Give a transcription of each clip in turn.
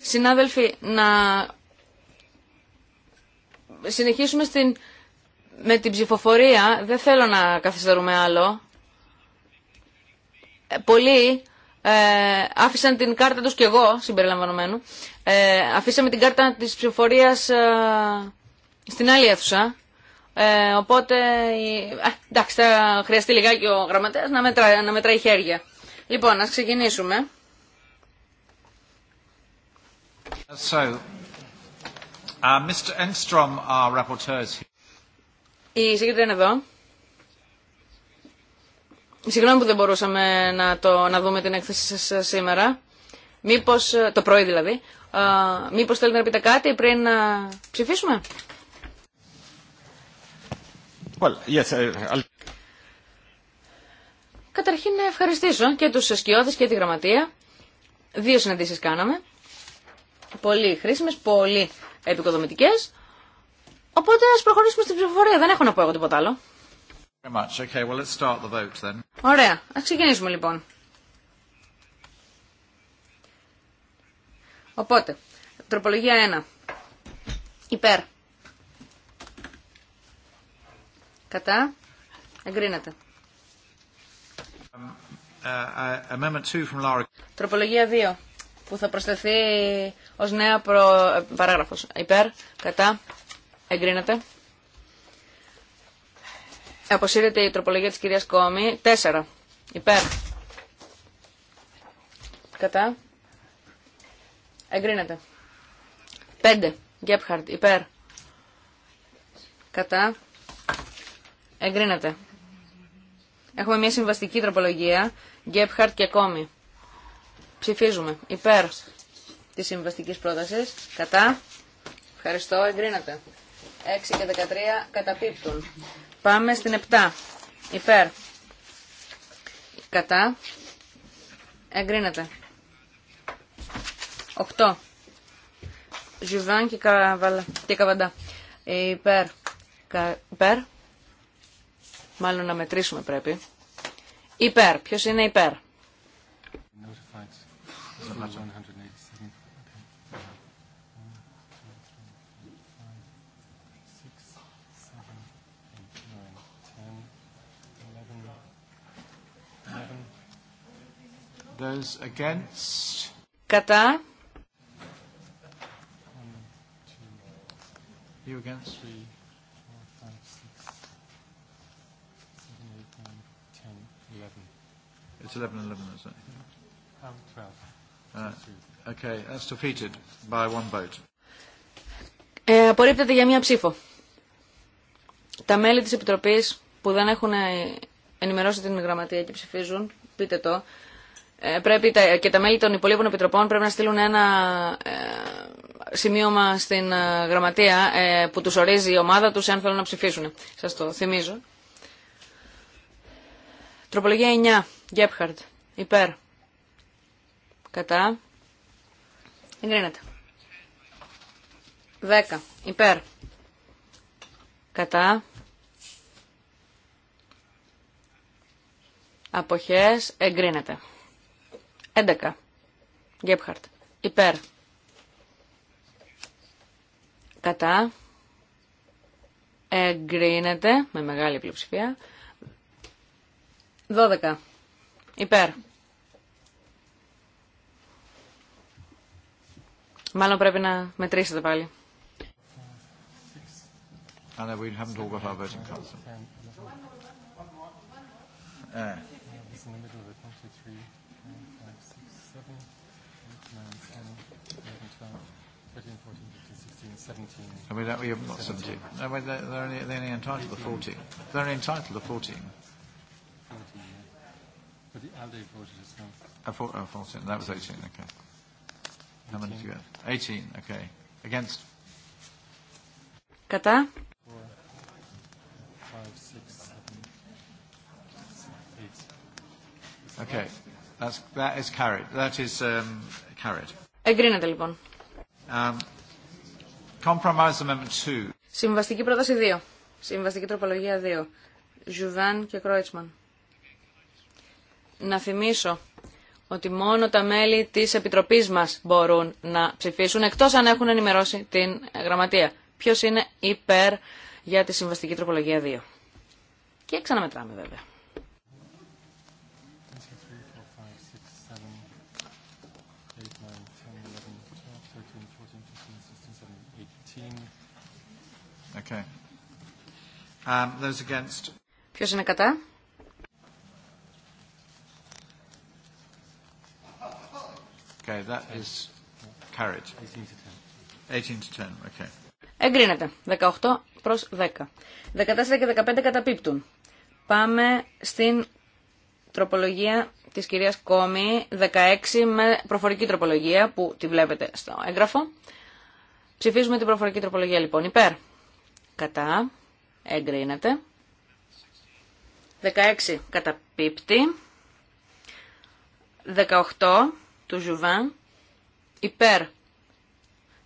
Συνάδελφοι, να συνεχίσουμε με την ψηφοφορία. Δεν θέλω να καθυστερούμε άλλο. Ε, πολλοί ε, άφησαν την κάρτα τους και εγώ, συμπεριλαμβανομένου. Ε, αφήσαμε την κάρτα της ψηφοφορίας στην άλλη αίθουσα. Ε, οπότε, εντάξει, θα χρειαστεί λιγάκι ο γραμματέας να, μετρά, να μετράει χέρια. Λοιπόν, ας ξεκινήσουμε. So, uh, Mr. Engstrom, our Η συγκέντρια είναι εδώ. Συγγνώμη που δεν μπορούσαμε να, το, να δούμε την έκθεση σας ε, σήμερα. Μήπως, ε, το πρωί δηλαδή, μήπως θέλετε να πείτε κάτι πριν να ψηφίσουμε. Καταρχήν να ευχαριστήσω και τους σκιώδες και τη γραμματεία. Δύο συναντήσεις κάναμε. Πολύ χρήσιμες, πολύ επικοδομητικές. Οπότε ας προχωρήσουμε στην ψηφοφορία. Δεν έχω να πω εγώ τίποτα άλλο. Okay, Ωραία. Ας ξεκινήσουμε λοιπόν. Οπότε, τροπολογία 1. Υπέρ. Κατά. Εγκρίνεται. Uh, uh, τροπολογία 2 που θα προσθεθεί ως νέα προ... παράγραφος. Υπέρ, κατά, εγκρίνεται. Αποσύρεται η τροπολογία της κυρίας Κόμη. 4. Υπέρ. Κατά. Εγκρίνεται. 5. Γκέπχαρτ. Υπέρ. Κατά. Εγκρίνεται. Έχουμε μια συμβαστική τροπολογία. Γκέπχαρτ και κόμι. Ψηφίζουμε. Υπέρ τη συμβαστική πρόταση. Κατά. Ευχαριστώ. Εγκρίνεται. 6 και 13 καταπίπτουν. Πάμε στην 7. Υπέρ. Κατά. Εγκρίνεται. 8. Ζιβάν και, καβαλα... και καβαντά. Υπέρ. Κα... Υπέρ. Μάλλον να μετρήσουμε πρέπει. Υπέρ. Ποιος είναι υπέρ. Κατά. You It's 11 11, 12. okay, defeated by one vote. Ε, απορρίπτεται για μία ψήφο. Τα μέλη της Επιτροπής που δεν έχουν ε, ενημερώσει την γραμματεία και ψηφίζουν, πείτε το, ε, πρέπει και τα μέλη των υπολείπων επιτροπών πρέπει να στείλουν ένα ε, σημείωμα στην γραμματεία που τους ορίζει η ομάδα τους αν θέλουν να ψηφίσουν. Σας το θυμίζω. Τροπολογία 9. Γκέπχαρτ. Υπέρ. Κατά. Εγκρίνεται. Δέκα, Υπέρ. Κατά. Αποχές. Εγκρίνεται. Έντεκα, Γκέπχαρτ. Υπέρ. Κατά. Εγκρίνεται με μεγάλη πλειοψηφία. Δώδεκα. Υπέρ. Μάλλον πρέπει να μετρήσετε πάλι. And we haven't all got our voting cards. Yeah. I mean, we have not 17. No, they're, they're, only, they're only entitled to 14. They're only entitled to 14. But the ALDE voted as no. I thought, oh, 14. That was 18, okay. How many did you get? 18, okay. Against? Kata? Okay. That's, that is carried. That is um, carried. Εγκρίνεται λοιπόν. Um, compromise amendment 2. Συμβαστική πρόταση 2. Συμβαστική τροπολογία 2. Ζουβάν και Κρόιτσμαν να θυμίσω ότι μόνο τα μέλη της Επιτροπής μας μπορούν να ψηφίσουν, εκτός αν έχουν ενημερώσει την γραμματεία. Ποιος είναι υπέρ για τη συμβαστική τροπολογία 2. Και ξαναμετράμε βέβαια. Okay. Um, Ποιος είναι κατά? Okay, is 18 to 10, okay. Εγκρίνεται. 18 προς 10. 14 και 15 καταπίπτουν. Πάμε στην τροπολογία της κυρίας Κόμη, 16 με προφορική τροπολογία που τη βλέπετε στο έγγραφο. Ψηφίζουμε την προφορική τροπολογία λοιπόν. Υπέρ. Κατά. Εγκρίνεται. 16 καταπίπτει. 18 του Ζουβάν υπέρ.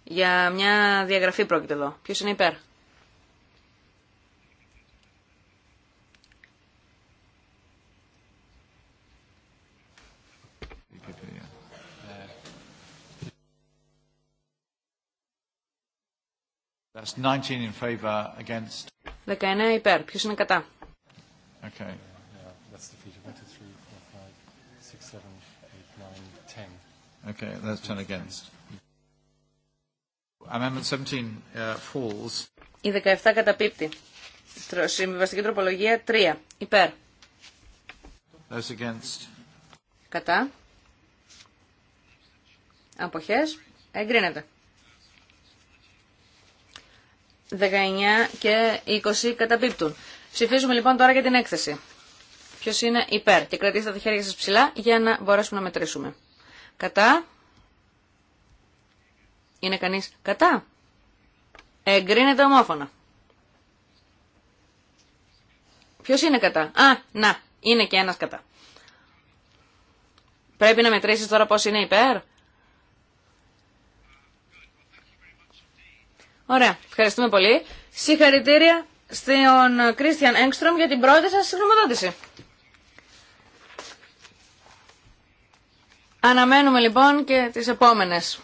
Για μια διαγραφή πρόκειται εδώ. Ποιος είναι υπέρ. That's 19 in favor against... 19 υπέρ. Ποιος είναι κατά. Okay. Okay, that's 10 against. Amendment 17 uh, falls. Η 17 καταπίπτει. Συμβιβαστική τροπολογία 3. Υπέρ. Those against. Κατά. Αποχές. Εγκρίνεται. 19 και 20 καταπίπτουν. Ψηφίζουμε λοιπόν τώρα για την έκθεση. Ποιο είναι υπέρ. Και κρατήστε τα χέρια σα ψηλά για να μπορέσουμε να μετρήσουμε. Κατά. Είναι κανεί κατά. Εγκρίνεται ομόφωνα. Ποιο είναι κατά. Α, να, είναι και ένα κατά. Πρέπει να μετρήσει τώρα πώ είναι υπέρ. Ωραία, ευχαριστούμε πολύ. Συγχαρητήρια στον Κρίστιαν Έγκστρομ για την πρώτη σας συγχρηματοδότηση. Αναμένουμε λοιπόν και τις επόμενες.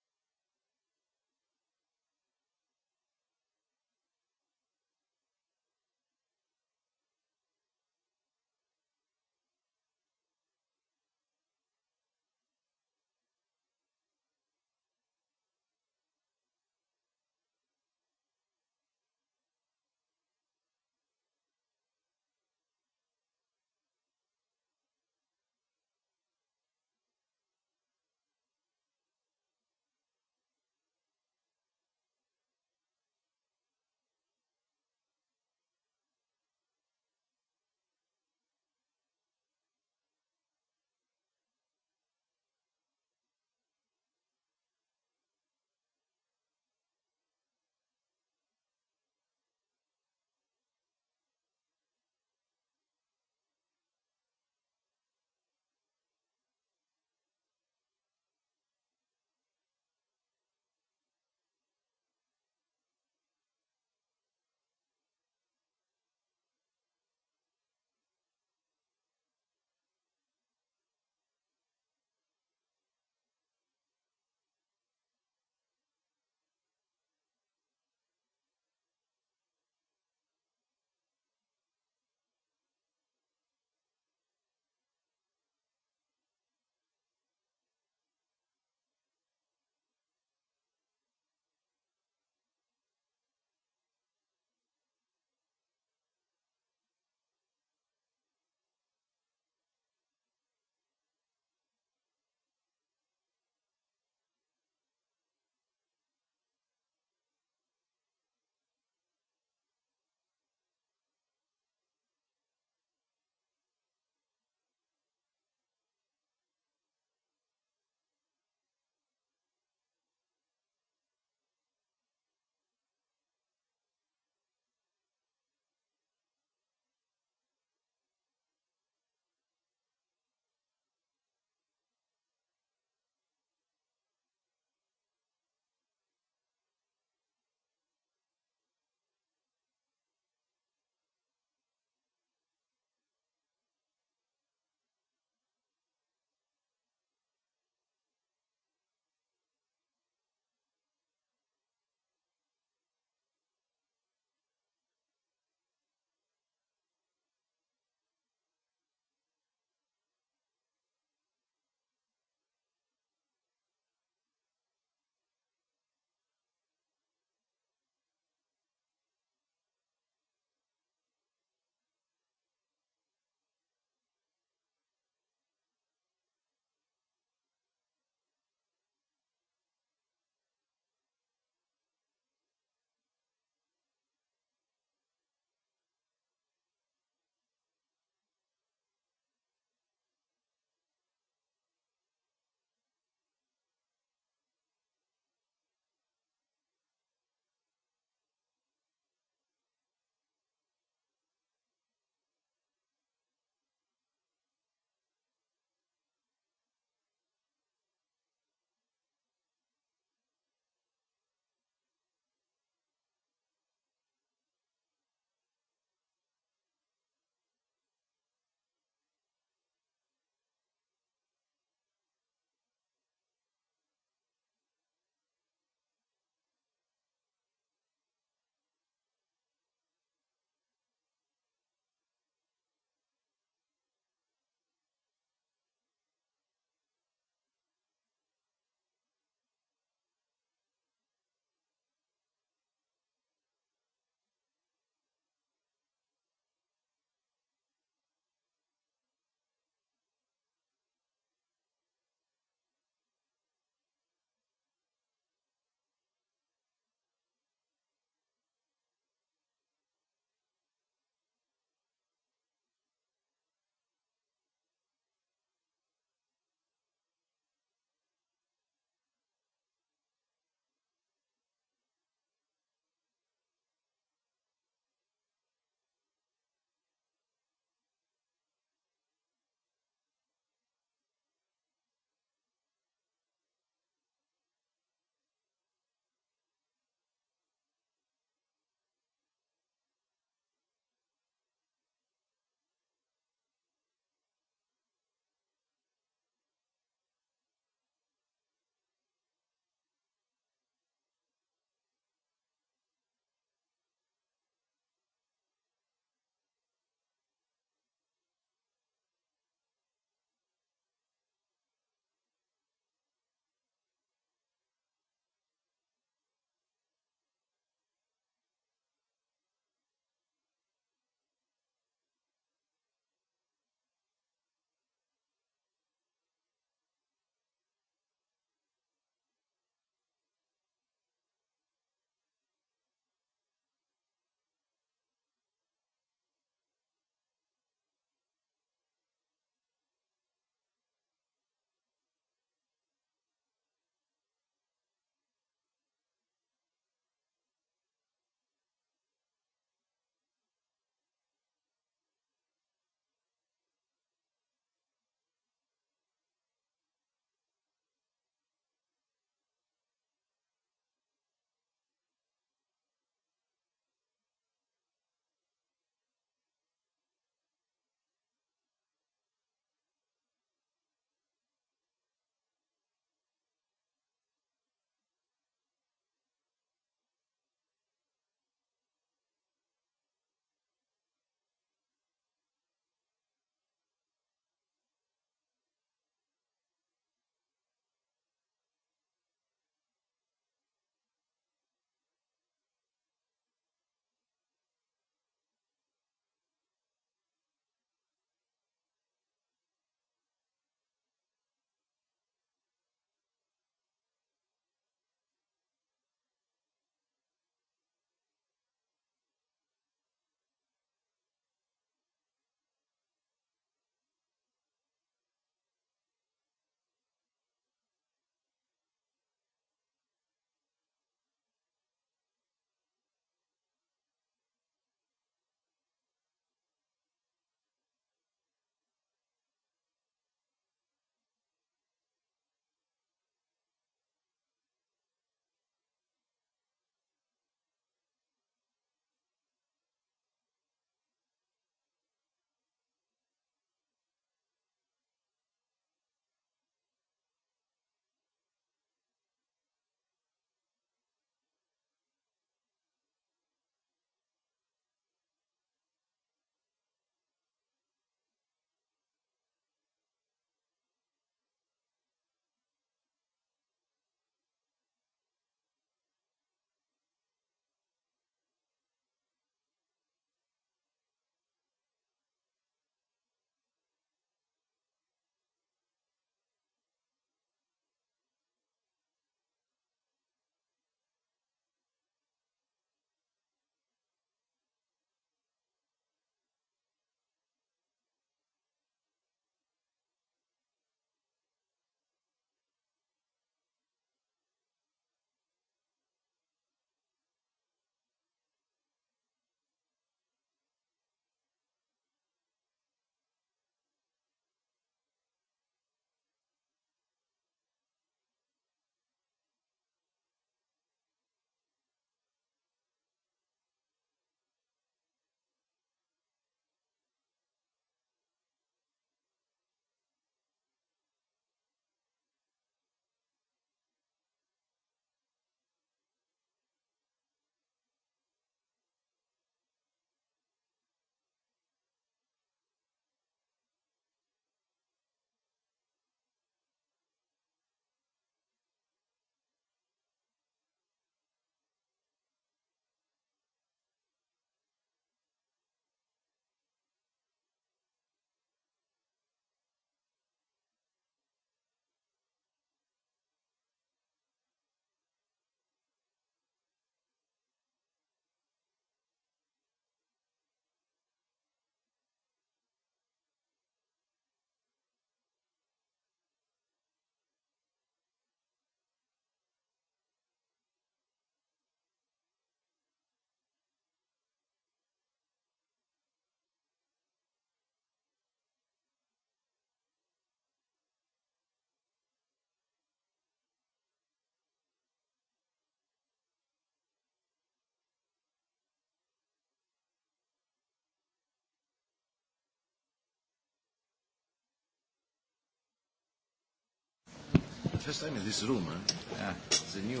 first time in this room. Yeah. It's a new.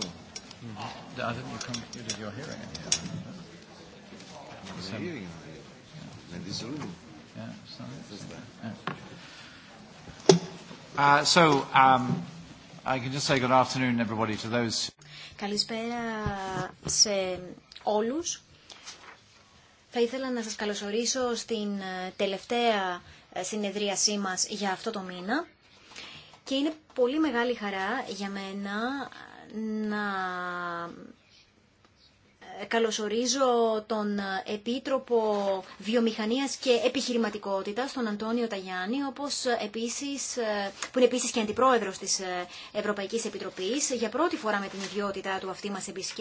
The other you come you did your hearing in here. It's a hearing in this room. Yeah. First time. so um, I can just say good afternoon, everybody, to those. Καλησπέρα σε όλους. Θα ήθελα να σας καλωσορίσω στην τελευταία συνεδρίασή μας για αυτό το μήνα. Και είναι πολύ μεγάλη χαρά για μένα να καλωσορίζω τον Επίτροπο Βιομηχανίας και Επιχειρηματικότητας, τον Αντώνιο Ταγιάννη, όπως επίσης, που είναι επίσης και αντιπρόεδρος της Ευρωπαϊκής Επιτροπής. Για πρώτη φορά με την ιδιότητά του αυτή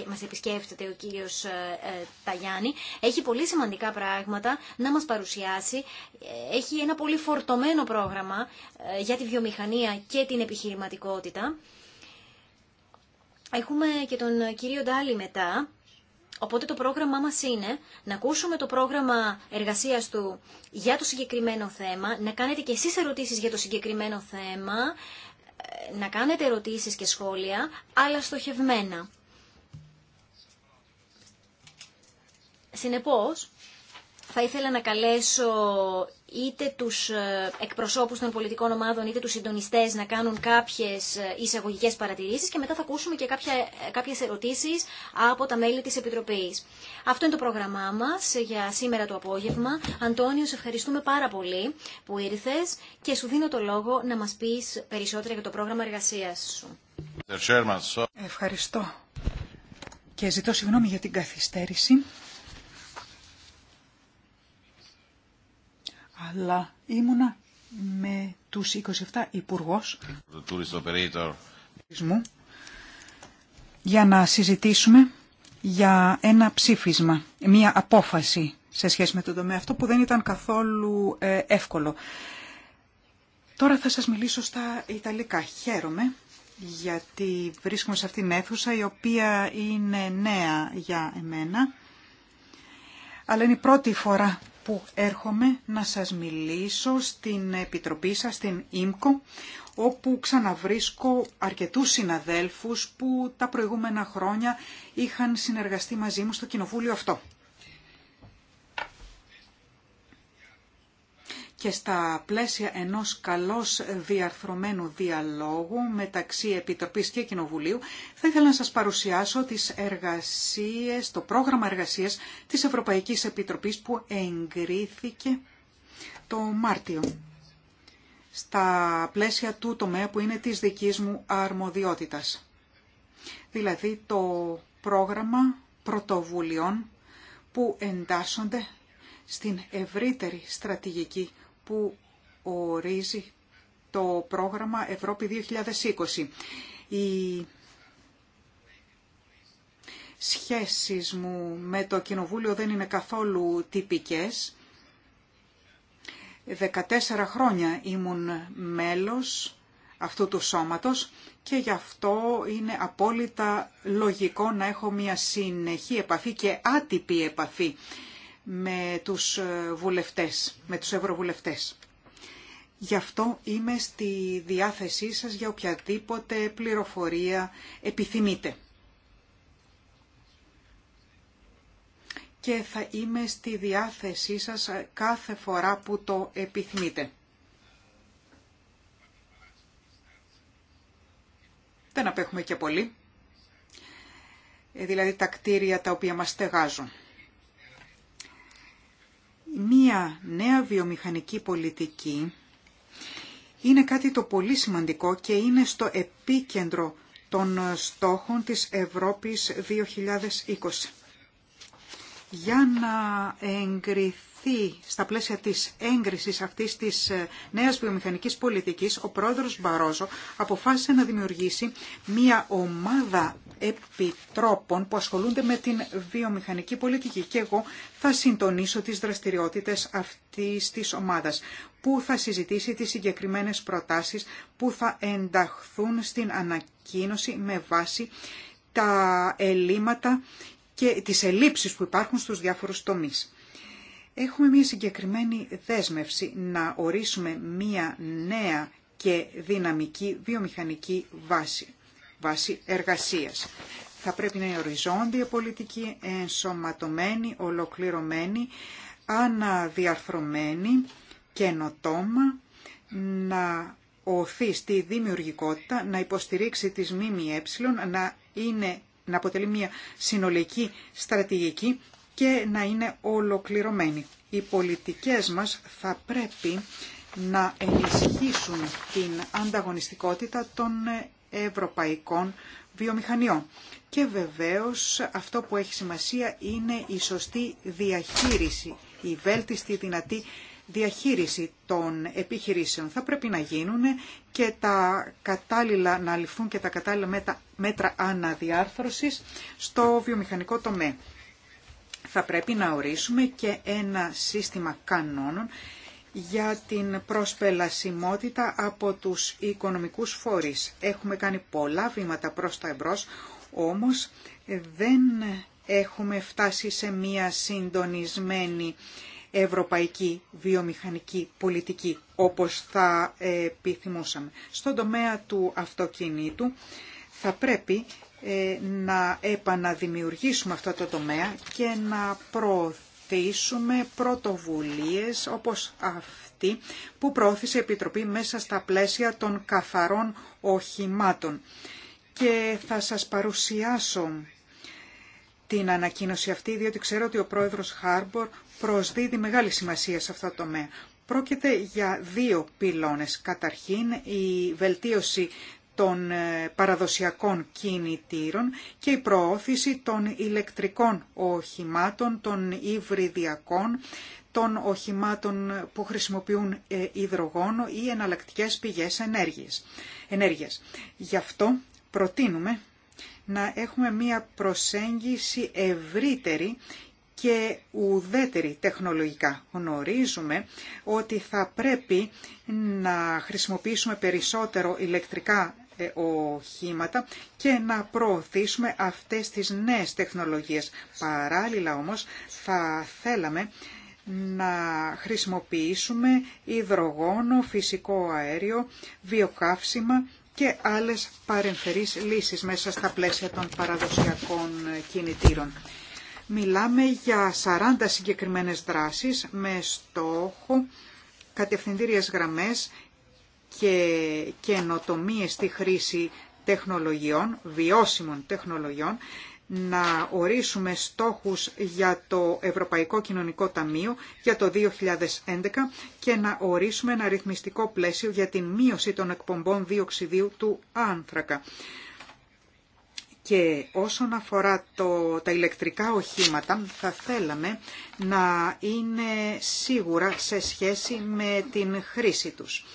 μας επισκέφτεται ο κύριος ε, Ταγιάννη. Έχει πολύ σημαντικά πράγματα να μας παρουσιάσει. Έχει ένα πολύ φορτωμένο πρόγραμμα ε, για τη βιομηχανία και την επιχειρηματικότητα. Έχουμε και τον κύριο Ντάλι μετά, Οπότε το πρόγραμμά μας είναι να ακούσουμε το πρόγραμμα εργασίας του για το συγκεκριμένο θέμα, να κάνετε και εσείς ερωτήσεις για το συγκεκριμένο θέμα, ε, να κάνετε ερωτήσεις και σχόλια, αλλά στοχευμένα. Συνεπώς, θα ήθελα να καλέσω είτε τους ε, εκπροσώπους των πολιτικών ομάδων είτε τους συντονιστές να κάνουν κάποιες ε, εισαγωγικέ παρατηρήσεις και μετά θα ακούσουμε και κάποια, ε, κάποιες ερωτήσεις από τα μέλη της Επιτροπής. Αυτό είναι το πρόγραμμά μας για σήμερα το απόγευμα. Αντώνιο, ευχαριστούμε πάρα πολύ που ήρθες και σου δίνω το λόγο να μας πεις περισσότερα για το πρόγραμμα εργασίας σου. Ευχαριστώ. Και ζητώ συγγνώμη για την καθυστέρηση. αλλά ήμουνα με τους 27 υπουργούς του για να συζητήσουμε για ένα ψήφισμα, μία απόφαση σε σχέση με τον τομέα αυτό που δεν ήταν καθόλου ε, εύκολο. Τώρα θα σας μιλήσω στα Ιταλικά. Χαίρομαι γιατί βρίσκομαι σε αυτήν την αίθουσα η οποία είναι νέα για εμένα αλλά είναι η πρώτη φορά που έρχομαι να σας μιλήσω στην Επιτροπή σας, στην ΙΜΚΟ, όπου ξαναβρίσκω αρκετούς συναδέλφους που τα προηγούμενα χρόνια είχαν συνεργαστεί μαζί μου στο κοινοβούλιο αυτό. και στα πλαίσια ενός καλώς διαρθρωμένου διαλόγου μεταξύ Επιτροπής και Κοινοβουλίου θα ήθελα να σας παρουσιάσω τις εργασίες, το πρόγραμμα εργασίας της Ευρωπαϊκής Επιτροπής που εγκρίθηκε το Μάρτιο στα πλαίσια του τομέα που είναι της δικής μου αρμοδιότητας. Δηλαδή το πρόγραμμα πρωτοβουλειών που εντάσσονται στην ευρύτερη στρατηγική που ορίζει το πρόγραμμα Ευρώπη 2020. Οι σχέσεις μου με το Κοινοβούλιο δεν είναι καθόλου τυπικές. 14 χρόνια ήμουν μέλος αυτού του σώματος και γι' αυτό είναι απόλυτα λογικό να έχω μια συνεχή επαφή και άτυπη επαφή με τους ε, βουλευτές, με τους ευρωβουλευτές. Γι' αυτό είμαι στη διάθεσή σας για οποιαδήποτε πληροφορία επιθυμείτε. Και θα είμαι στη διάθεσή σας ε, κάθε φορά που το επιθυμείτε. Δεν απέχουμε και πολύ. Ε, δηλαδή τα κτίρια τα οποία μας στεγάζουν μία νέα βιομηχανική πολιτική είναι κάτι το πολύ σημαντικό και είναι στο επίκεντρο των στόχων της Ευρώπης 2020. Για να εγκριθεί στα πλαίσια της έγκρισης αυτής της ε, νέας βιομηχανικής πολιτικής, ο πρόεδρος Μπαρόζο αποφάσισε να δημιουργήσει μια ομάδα επιτρόπων που ασχολούνται με την βιομηχανική πολιτική και εγώ θα συντονίσω τις δραστηριότητες αυτής της ομάδας που θα συζητήσει τις συγκεκριμένες προτάσεις που θα ενταχθούν στην ανακοίνωση με βάση τα ελλείμματα και τις ελλείψεις που υπάρχουν στους διάφορους τομείς. Έχουμε μια συγκεκριμένη δέσμευση να ορίσουμε μια νέα και δυναμική βιομηχανική βάση, βάση εργασίας. Θα πρέπει να είναι οριζόντια πολιτική, ενσωματωμένη, ολοκληρωμένη, αναδιαρθρωμένη, καινοτόμα, να οθεί στη δημιουργικότητα, να υποστηρίξει τις ΜΜΕ, να, είναι, να αποτελεί μια συνολική στρατηγική και να είναι ολοκληρωμένη. Οι πολιτικές μας θα πρέπει να ενισχύσουν την ανταγωνιστικότητα των ευρωπαϊκών βιομηχανιών. Και βεβαίως αυτό που έχει σημασία είναι η σωστή διαχείριση, η βέλτιστη δυνατή διαχείριση των επιχειρήσεων. Θα πρέπει να γίνουν και τα κατάλληλα, να ληφθούν και τα κατάλληλα μέτρα αναδιάρθρωσης στο βιομηχανικό τομέα θα πρέπει να ορίσουμε και ένα σύστημα κανόνων για την προσπελασιμότητα από τους οικονομικούς φορείς. Έχουμε κάνει πολλά βήματα προς τα εμπρός, όμως δεν έχουμε φτάσει σε μία συντονισμένη ευρωπαϊκή βιομηχανική πολιτική, όπως θα επιθυμούσαμε. Στον τομέα του αυτοκινήτου θα πρέπει ε, να επαναδημιουργήσουμε αυτό το τομέα και να προωθήσουμε πρωτοβουλίες όπως αυτή που προώθησε η Επιτροπή μέσα στα πλαίσια των καθαρών οχημάτων. Και θα σας παρουσιάσω την ανακοίνωση αυτή, διότι ξέρω ότι ο πρόεδρος Χάρμπορ προσδίδει μεγάλη σημασία σε αυτό το τομέα. Πρόκειται για δύο πυλώνες. Καταρχήν, η βελτίωση των ε, παραδοσιακών κινητήρων και η προώθηση των ηλεκτρικών οχημάτων, των υβριδιακών, των οχημάτων που χρησιμοποιούν ε, υδρογόνο ή εναλλακτικές πηγές ενέργειας. Γι' αυτό προτείνουμε να έχουμε μία προσέγγιση ευρύτερη και ουδέτερη τεχνολογικά. Γνωρίζουμε ότι θα πρέπει να χρησιμοποιήσουμε περισσότερο ηλεκτρικά οχήματα και να προωθήσουμε αυτές τις νέες τεχνολογίες. Παράλληλα όμως θα θέλαμε να χρησιμοποιήσουμε υδρογόνο, φυσικό αέριο, βιοκαύσιμα και άλλες παρεμφερείς λύσεις μέσα στα πλαίσια των παραδοσιακών κινητήρων. Μιλάμε για 40 συγκεκριμένες δράσεις με στόχο κατευθυντήριες γραμμές και καινοτομίες στη χρήση τεχνολογιών, βιώσιμων τεχνολογιών, να ορίσουμε στόχους για το Ευρωπαϊκό Κοινωνικό Ταμείο για το 2011 και να ορίσουμε ένα ρυθμιστικό πλαίσιο για την μείωση των εκπομπών διοξιδίου του άνθρακα. Και όσον αφορά το, τα ηλεκτρικά οχήματα, θα θέλαμε να είναι σίγουρα σε σχέση με την χρήση τους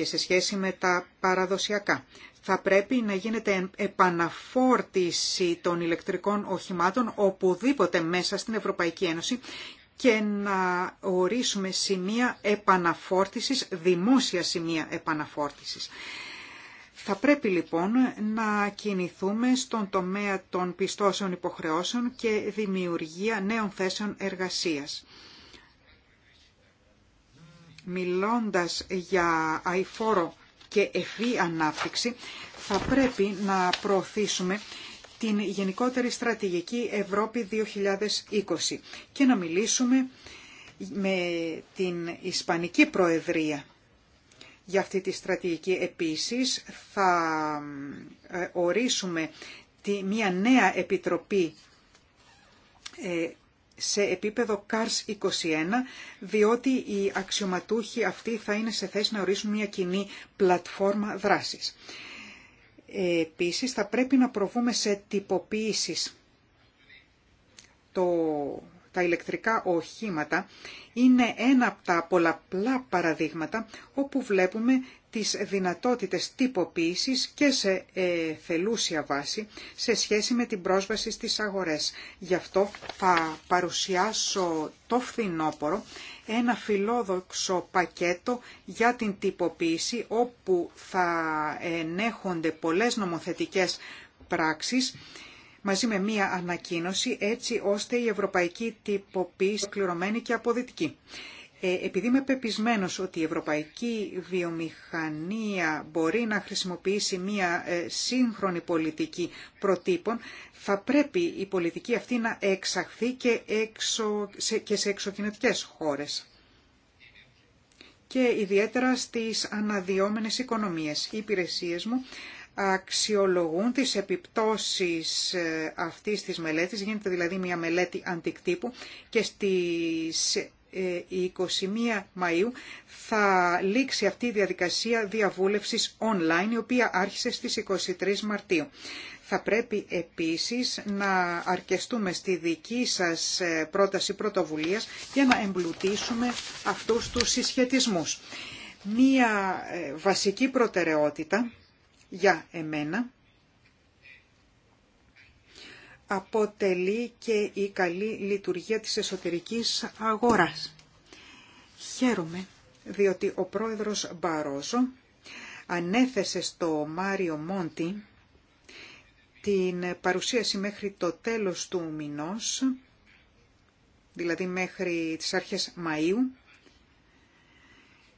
και σε σχέση με τα παραδοσιακά. Θα πρέπει να γίνεται επαναφόρτιση των ηλεκτρικών οχημάτων οπουδήποτε μέσα στην Ευρωπαϊκή Ένωση και να ορίσουμε σημεία επαναφόρτισης, δημόσια σημεία επαναφόρτισης. Θα πρέπει λοιπόν να κινηθούμε στον τομέα των πιστώσεων υποχρεώσεων και δημιουργία νέων θέσεων εργασίας. Μιλώντας για αηφόρο και ευφύ ανάπτυξη, θα πρέπει να προωθήσουμε την γενικότερη στρατηγική Ευρώπη 2020 και να μιλήσουμε με την Ισπανική Προεδρία. Για αυτή τη στρατηγική επίσης θα ε, ορίσουμε τη, μια νέα επιτροπή ε, σε επίπεδο CARS 21, διότι οι αξιωματούχοι αυτοί θα είναι σε θέση να ορίσουν μια κοινή πλατφόρμα δράσης. Ε, επίσης, θα πρέπει να προβούμε σε τυποποίησεις. Το... Τα ηλεκτρικά οχήματα είναι ένα από τα πολλαπλά παραδείγματα όπου βλέπουμε τις δυνατότητες τυποποίησης και σε ε, θελούσια βάση σε σχέση με την πρόσβαση στις αγορές. Γι' αυτό θα παρουσιάσω το φθινόπωρο ένα φιλόδοξο πακέτο για την τυποποίηση όπου θα ενέχονται πολλές νομοθετικές πράξεις μαζί με μία ανακοίνωση έτσι ώστε η ευρωπαϊκή τυποποίηση κληρωμένη και αποδυτική. Ε, επειδή είμαι πεπισμένος ότι η ευρωπαϊκή βιομηχανία μπορεί να χρησιμοποιήσει μία ε, σύγχρονη πολιτική προτύπων, θα πρέπει η πολιτική αυτή να εξαχθεί και, σε εξοκινητικές χώρες και ιδιαίτερα στις αναδυόμενες οικονομίες. Οι υπηρεσίες μου αξιολογούν τις επιπτώσεις ε, αυτής της μελέτης, γίνεται δηλαδή μια μελέτη αντικτύπου και στις η 21 Μαΐου θα λήξει αυτή η διαδικασία διαβούλευσης online, η οποία άρχισε στις 23 Μαρτίου. Θα πρέπει επίσης να αρκεστούμε στη δική σας ε, πρόταση πρωτοβουλίας για να εμπλουτίσουμε αυτούς τους συσχετισμούς. Μία ε, βασική προτεραιότητα για εμένα αποτελεί και η καλή λειτουργία της εσωτερικής αγοράς. Χαίρομαι, διότι ο πρόεδρος Μπαρόζο ανέθεσε στο Μάριο Μόντι την παρουσίαση μέχρι το τέλος του μηνός, δηλαδή μέχρι τις αρχές Μαΐου,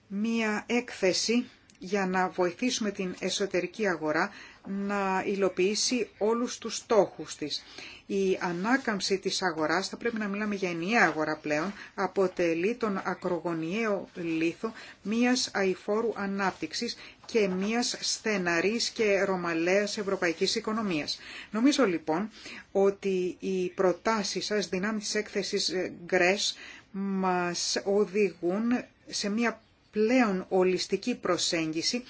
μία έκθεση για να βοηθήσουμε την εσωτερική αγορά να υλοποιήσει όλους τους στόχους της. Η ανάκαμψη της αγοράς, θα πρέπει να μιλάμε για ενιαία αγορά πλέον, αποτελεί τον ακρογωνιαίο λίθο μίας αηφόρου ανάπτυξης και μίας στεναρής και ρωμαλαίας ευρωπαϊκής οικονομίας. Νομίζω λοιπόν ότι οι προτάσεις σας δυνάμει της έκθεσης Γκρές μας οδηγούν σε μια πλέον ολιστική προσέγγιση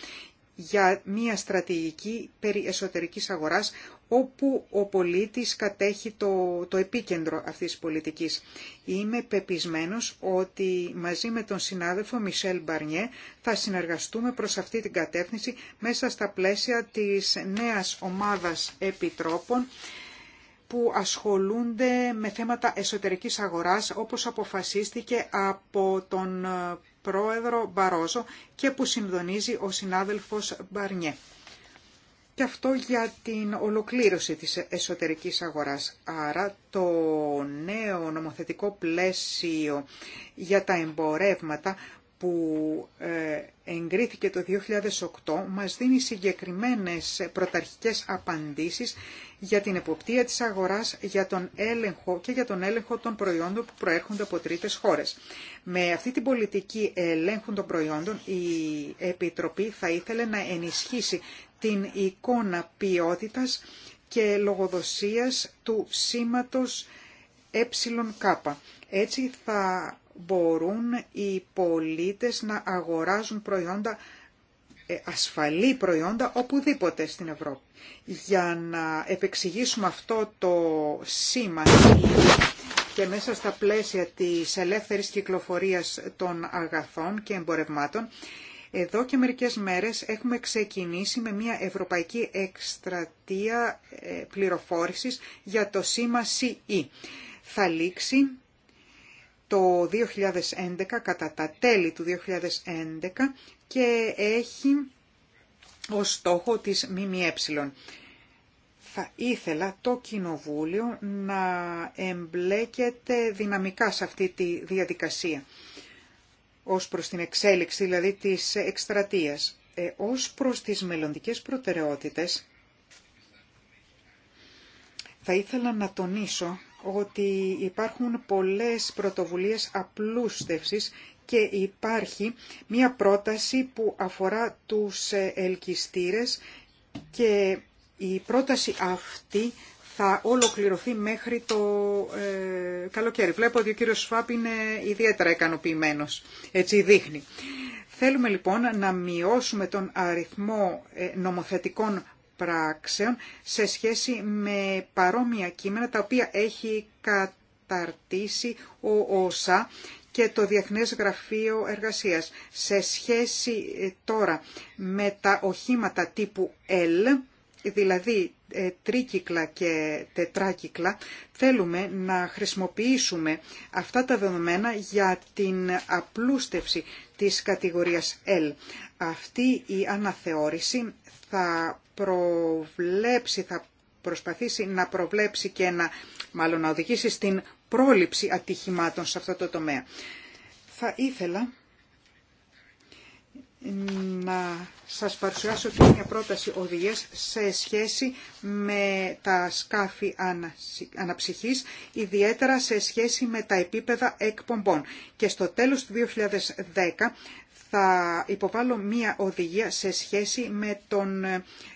για μια στρατηγική περί εσωτερικής αγοράς όπου ο πολίτης κατέχει το, το επίκεντρο αυτής της πολιτικής. Είμαι πεπισμένος ότι μαζί με τον συνάδελφο Μισελ Μπαρνιέ θα συνεργαστούμε προς αυτή την κατεύθυνση μέσα στα πλαίσια της νέας ομάδας επιτρόπων που ασχολούνται με θέματα εσωτερικής αγοράς όπως αποφασίστηκε από τον πρόεδρο Μπαρόζο και που συνδονίζει ο συνάδελφος Μπαρνιέ. Και αυτό για την ολοκλήρωση της εσωτερικής αγοράς. Άρα το νέο νομοθετικό πλαίσιο για τα εμπορεύματα που ε, εγκρίθηκε το 2008 μας δίνει συγκεκριμένες πρωταρχικές απαντήσεις για την εποπτεία της αγοράς για τον έλεγχο και για τον έλεγχο των προϊόντων που προέρχονται από τρίτες χώρες. Με αυτή την πολιτική ελέγχου των προϊόντων η Επιτροπή θα ήθελε να ενισχύσει την εικόνα ποιότητας και λογοδοσίας του σήματος ΕΚ. Έτσι θα μπορούν οι πολίτες να αγοράζουν προϊόντα ε, ασφαλή προϊόντα οπουδήποτε στην Ευρώπη. Για να επεξηγήσουμε αυτό το σήμα και μέσα στα πλαίσια της ελεύθερης κυκλοφορίας των αγαθών και εμπορευμάτων, εδώ και μερικές μέρες έχουμε ξεκινήσει με μια ευρωπαϊκή εκστρατεία ε, πληροφόρησης για το σήμα CE. Θα λήξει το 2011, κατά τα τέλη του 2011, και έχει ως στόχο της ΜΜΕ. Θα ήθελα το Κοινοβούλιο να εμπλέκεται δυναμικά σε αυτή τη διαδικασία ως προς την εξέλιξη δηλαδή της εκστρατείας. Ε, ως προς τις μελλοντικές προτεραιότητες θα ήθελα να τονίσω ότι υπάρχουν πολλές πρωτοβουλίες απλούστευσης και υπάρχει μία πρόταση που αφορά τους ε, ελκυστήρες και η πρόταση αυτή θα ολοκληρωθεί μέχρι το ε, καλοκαίρι. Βλέπω ότι ο κύριος Σφάπ είναι ιδιαίτερα ικανοποιημένος, έτσι δείχνει. Θέλουμε λοιπόν να μειώσουμε τον αριθμό ε, νομοθετικών πράξεων σε σχέση με παρόμοια κείμενα τα οποία έχει καταρτήσει ο ΩΣΑ και το Διεθνές Γραφείο Εργασίας. Σε σχέση ε, τώρα με τα οχήματα τύπου L, δηλαδή ε, τρίκυκλα και τετράκυκλα, θέλουμε να χρησιμοποιήσουμε αυτά τα δεδομένα για την απλούστευση της κατηγορίας L. Αυτή η αναθεώρηση θα προβλέψει, θα προσπαθήσει να προβλέψει και να, μάλλον να οδηγήσει στην πρόληψη ατυχημάτων σε αυτό το τομέα. Θα ήθελα να σας παρουσιάσω και μια πρόταση οδηγίας σε σχέση με τα σκάφη αναψυχής, ιδιαίτερα σε σχέση με τα επίπεδα εκπομπών. Και στο τέλος του 2010 θα υποβάλω μία οδηγία σε σχέση με τον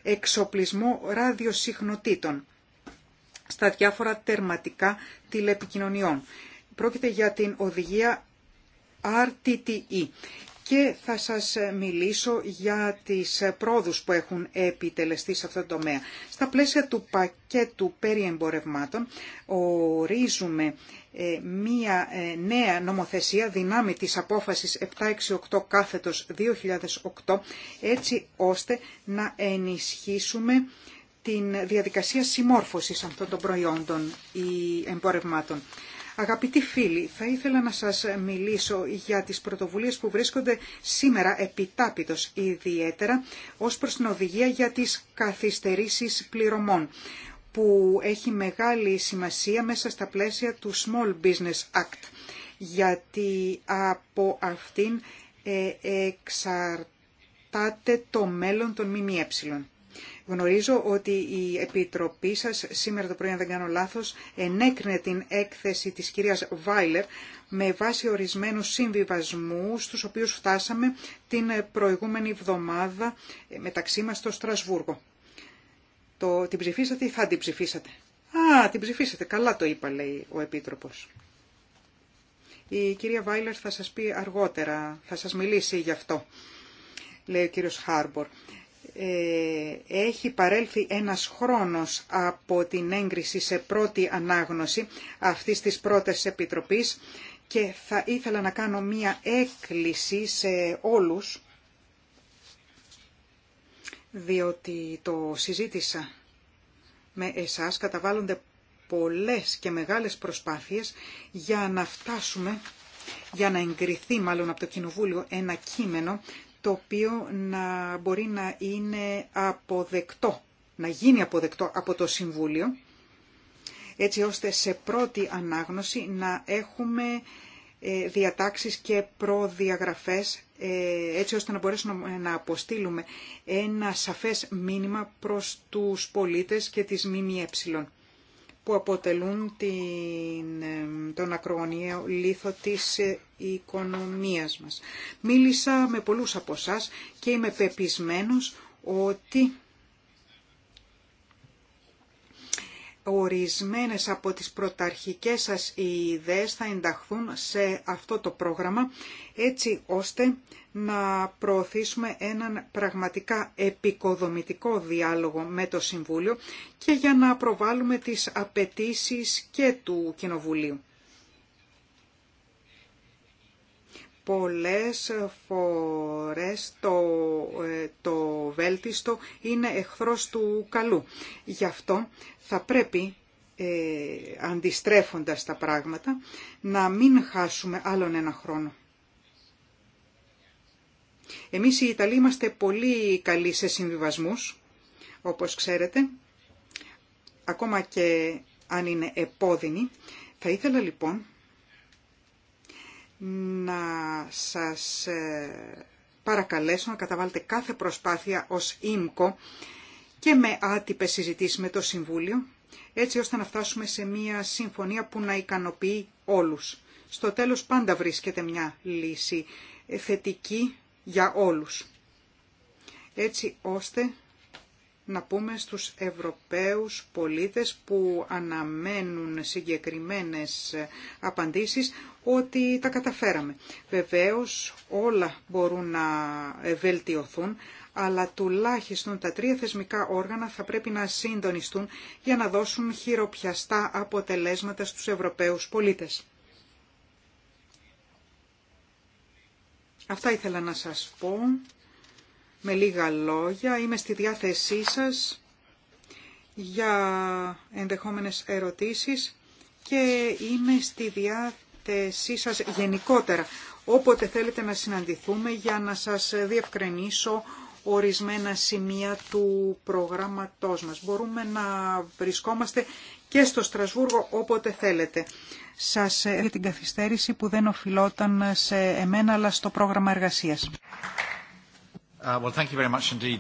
εξοπλισμό ραδιοσυχνοτήτων στα διάφορα τερματικά τηλεπικοινωνιών. Πρόκειται για την οδηγία RTTE και θα σας μιλήσω για τις πρόοδους που έχουν επιτελεστεί σε αυτό το τομέα. Στα πλαίσια του πακέτου περί εμπορευμάτων ορίζουμε ε, μία ε, νέα νομοθεσία δυνάμει της απόφασης 768 κάθετος 2008 έτσι ώστε να ενισχύσουμε την διαδικασία συμμόρφωσης αυτών των προϊόντων ή εμπορευμάτων. Αγαπητοί φίλοι, θα ήθελα να σας μιλήσω για τις πρωτοβουλίες που βρίσκονται σήμερα επιτάπητος ιδιαίτερα ως προς την οδηγία για τις καθυστερήσεις πληρωμών που έχει μεγάλη σημασία μέσα στα πλαίσια του Small Business Act γιατί από αυτήν ε, εξαρτάται το μέλλον των ΜΜΕ. Γνωρίζω ότι η Επιτροπή σας σήμερα το πρωί, αν δεν κάνω λάθος, ενέκρινε την έκθεση της κυρίας Βάιλερ με βάση ορισμένου συμβιβασμού τους οποίους φτάσαμε την προηγούμενη εβδομάδα μεταξύ μας στο Στρασβούργο. Το, την ψηφίσατε ή θα την ψηφίσατε. Α, την ψηφίσατε. Καλά το είπα, λέει ο Επίτροπος. Η κυρία Βάιλερ θα σας πει αργότερα, θα σας μιλήσει γι' αυτό, λέει ο κύριος Χάρμπορ. Ε, έχει παρέλθει ένας χρόνος από την έγκριση σε πρώτη ανάγνωση αυτής της πρώτης επιτροπής και θα ήθελα να κάνω μία έκκληση σε όλους διότι το συζήτησα με εσάς, καταβάλλονται πολλές και μεγάλες προσπάθειες για να φτάσουμε, για να εγκριθεί μάλλον από το Κοινοβούλιο ένα κείμενο το οποίο να μπορεί να είναι αποδεκτό, να γίνει αποδεκτό από το Συμβούλιο, έτσι ώστε σε πρώτη ανάγνωση να έχουμε ε, διατάξεις και προδιαγραφές ε, έτσι ώστε να μπορέσουμε να αποστείλουμε ένα σαφές μήνυμα προς τους πολίτες και τις ΜΜΕ που αποτελούν την, τον ακρογωνιαίο λίθο της ε, οικονομίας μας. Μίλησα με πολλούς από εσά και είμαι πεπισμένος ότι ορισμένες από τις πρωταρχικές σας ιδέες θα ενταχθούν σε αυτό το πρόγραμμα έτσι ώστε να προωθήσουμε έναν πραγματικά επικοδομητικό διάλογο με το Συμβούλιο και για να προβάλλουμε τις απαιτήσει και του Κοινοβουλίου. Πολλές φορές το, ε, το βέλτιστο είναι εχθρός του καλού. Γι' αυτό θα πρέπει ε, αντιστρέφοντας τα πράγματα, να μην χάσουμε άλλον ένα χρόνο. Εμείς οι Ιταλοί είμαστε πολύ καλοί σε συμβιβασμούς, όπως ξέρετε, ακόμα και αν είναι επώδυνοι. Θα ήθελα λοιπόν να σας ε, παρακαλέσω να καταβάλλετε κάθε προσπάθεια ως ΙΜΚΟ και με άτυπες συζητήσεις με το Συμβούλιο, έτσι ώστε να φτάσουμε σε μια συμφωνία που να ικανοποιεί όλους. Στο τέλος πάντα βρίσκεται μια λύση θετική για όλους. Έτσι ώστε να πούμε στους Ευρωπαίους πολίτες που αναμένουν συγκεκριμένες απαντήσεις ότι τα καταφέραμε. Βεβαίως όλα μπορούν να βελτιωθούν, αλλά τουλάχιστον τα τρία θεσμικά όργανα θα πρέπει να συντονιστούν για να δώσουν χειροπιαστά αποτελέσματα στους Ευρωπαίους πολίτες. Αυτά ήθελα να σας πω με λίγα λόγια. Είμαι στη διάθεσή σας για ενδεχόμενες ερωτήσεις και είμαι στη διάθεσή σας γενικότερα. Όποτε θέλετε να συναντηθούμε για να σας διευκρινίσω ορισμένα σημεία του προγράμματός μας. Μπορούμε να βρισκόμαστε και στο Στρασβούργο όποτε θέλετε. Σας για ε, την καθυστέρηση που δεν οφειλόταν σε εμένα αλλά στο πρόγραμμα εργασίας. Uh, well, thank you very much indeed.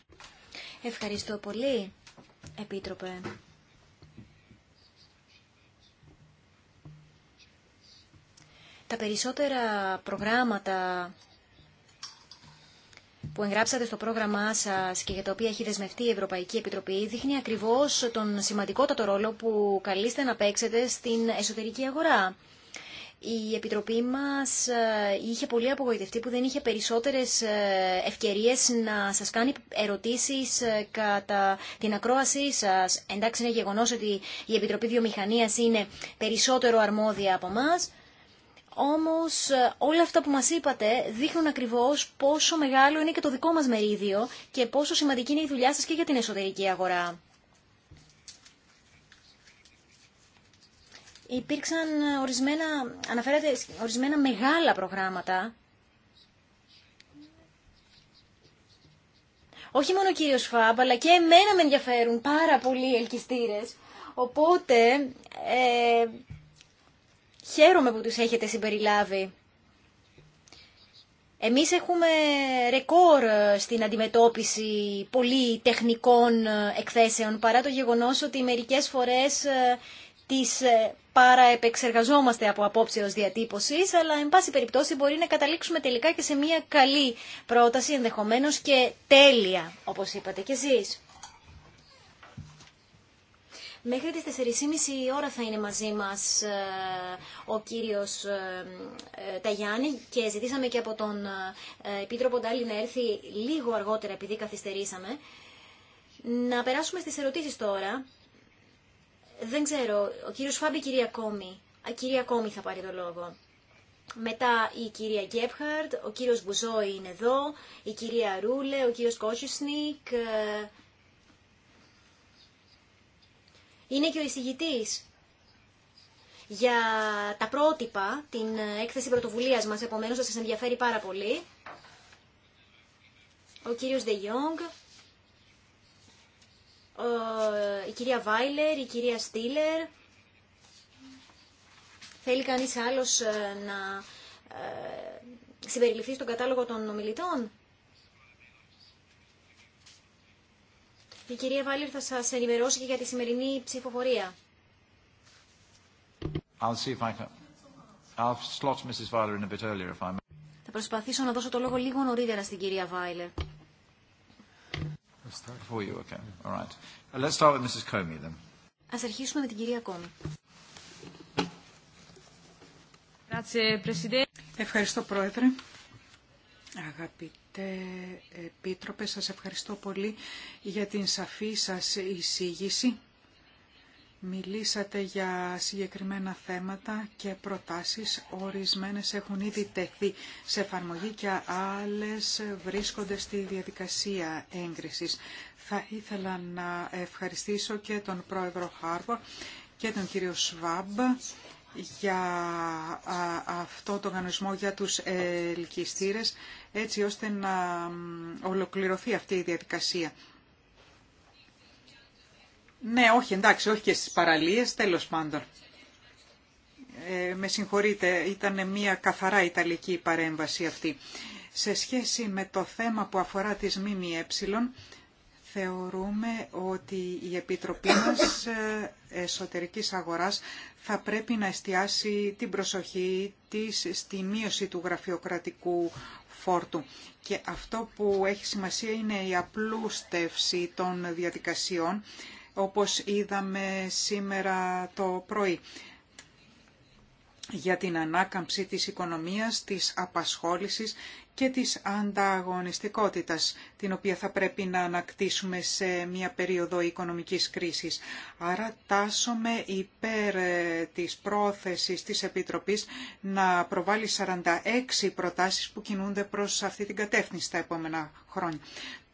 Ευχαριστώ πολύ, Επίτροπε. Τα περισσότερα προγράμματα που εγγράψατε στο πρόγραμμά σας και για το οποία έχει δεσμευτεί η Ευρωπαϊκή Επιτροπή δείχνει ακριβώς τον σημαντικότατο ρόλο που καλείστε να παίξετε στην εσωτερική αγορά. Η Επιτροπή μας ε, είχε πολύ απογοητευτεί που δεν είχε περισσότερες ε, ευκαιρίες να σας κάνει ερωτήσεις ε, κατά την ακρόασή σας. Εντάξει είναι γεγονός ότι η Επιτροπή Βιομηχανίας είναι περισσότερο αρμόδια από μας, όμως ε, όλα αυτά που μας είπατε δείχνουν ακριβώς πόσο μεγάλο είναι και το δικό μας μερίδιο και πόσο σημαντική είναι η δουλειά σας και για την εσωτερική αγορά. Υπήρξαν ορισμένα, αναφέρατε, ορισμένα μεγάλα προγράμματα όχι μόνο ο κύριος Φαμπ, αλλά και εμένα με ενδιαφέρουν πάρα πολύ οι ελκυστήρες. Οπότε, ε, Χαίρομαι που τους έχετε συμπεριλάβει. Εμείς έχουμε ρεκόρ στην αντιμετώπιση πολύ τεχνικών εκθέσεων, παρά το γεγονός ότι μερικές φορές ε, τις ε, παραεπεξεργαζόμαστε από απόψε ως διατύπωσης, αλλά εν πάση περιπτώσει μπορεί να καταλήξουμε τελικά και σε μια καλή πρόταση, ενδεχομένως και τέλεια, όπως είπατε κι εσείς. Μέχρι τις 4.30 η ώρα θα είναι μαζί μας ε, ο κύριος ε, ε, Ταγιάννη και ζητήσαμε και από τον Επίτροπο Ντάλι να έρθει λίγο αργότερα επειδή καθυστερήσαμε. Να περάσουμε στις ερωτήσεις τώρα. Δεν ξέρω, ο κύριος Φάμπη κυρία Κόμη. Α, κυρία Κόμη θα πάρει το λόγο. Μετά η κυρία Γκέπχαρτ, ο κύριος Μπουζόη είναι εδώ, η κυρία Ρούλε, ο κύριος Κότσουσνικ, είναι και ο εισηγητή για τα πρότυπα, την έκθεση πρωτοβουλίας μας, επομένως θα σας ενδιαφέρει πάρα πολύ. Ο κύριος De Jong, η κυρία Βάιλερ, η κυρία Στήλερ. Θέλει κανείς άλλος ε, να ε, συμπεριληφθεί στον κατάλογο των ομιλητών. Η κυρία Βάλιρ θα σας ενημερώσει και για τη σημερινή ψηφοφορία. Θα προσπαθήσω να δώσω το λόγο λίγο νωρίτερα στην κυρία Βάιλερ. Ας αρχίσουμε με την κυρία Κόμη. Ευχαριστώ, Πρόεδρε. Αγαπητέ Επίτροπε, σας ευχαριστώ πολύ για την σαφή σας εισήγηση. Μιλήσατε για συγκεκριμένα θέματα και προτάσεις. Ορισμένες έχουν ήδη τεθεί σε εφαρμογή και άλλες βρίσκονται στη διαδικασία έγκρισης. Θα ήθελα να ευχαριστήσω και τον πρόεδρο Χάρβο και τον κύριο Σβάμπ για αυτό το οργανισμό για τους ελκυστήρες έτσι ώστε να ολοκληρωθεί αυτή η διαδικασία. Ναι, όχι, εντάξει, όχι και στις παραλίες, τέλος πάντων. Ε, με συγχωρείτε, ήταν μια καθαρά Ιταλική παρέμβαση αυτή. Σε σχέση με το θέμα που αφορά τις ΜΜΕ, θεωρούμε ότι η Επιτροπή μας ε, Εσωτερικής Αγοράς θα πρέπει να εστιάσει την προσοχή της στη μείωση του γραφειοκρατικού φόρτου. Και αυτό που έχει σημασία είναι η απλούστευση των διαδικασιών, όπως είδαμε σήμερα το πρωί για την ανάκαμψη της οικονομίας, της απασχόλησης και της ανταγωνιστικότητας, την οποία θα πρέπει να ανακτήσουμε σε μια περίοδο οικονομικής κρίσης. Άρα τάσομαι υπέρ ε, της πρόθεσης της Επιτροπής να προβάλλει 46 προτάσεις που κινούνται προς αυτή την κατεύθυνση τα επόμενα χρόνια.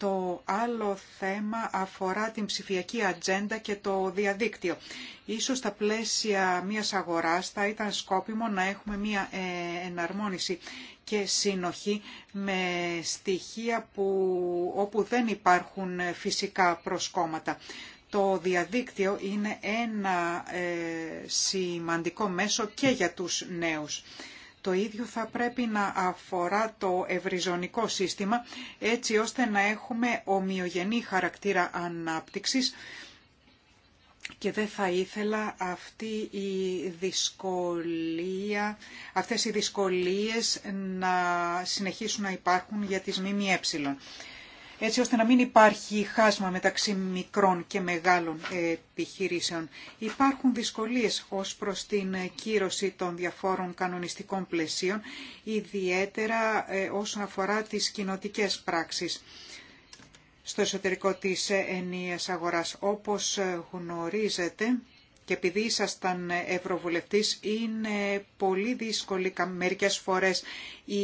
Το άλλο θέμα αφορά την ψηφιακή ατζέντα και το διαδίκτυο. Ίσως στα πλαίσια μιας αγοράς θα ήταν σκόπιμο να έχουμε μια ε, εναρμόνιση και συνοχή με στοιχεία που, όπου δεν υπάρχουν φυσικά προσκόμματα. Το διαδίκτυο είναι ένα ε, σημαντικό μέσο και για τους νέους. Το ίδιο θα πρέπει να αφορά το ευρυζωνικό σύστημα έτσι ώστε να έχουμε ομοιογενή χαρακτήρα ανάπτυξης και δεν θα ήθελα αυτή η αυτές οι δυσκολίες να συνεχίσουν να υπάρχουν για τις ΜΜΕ έτσι ώστε να μην υπάρχει χάσμα μεταξύ μικρών και μεγάλων επιχειρήσεων. Υπάρχουν δυσκολίες ως προς την κύρωση των διαφόρων κανονιστικών πλαισίων, ιδιαίτερα ε, όσον αφορά τις κοινοτικές πράξεις στο εσωτερικό της ενίας αγοράς. Όπως ε, γνωρίζετε, και επειδή ήσασταν ευρωβουλευτής είναι πολύ δύσκολη μερικές φορές η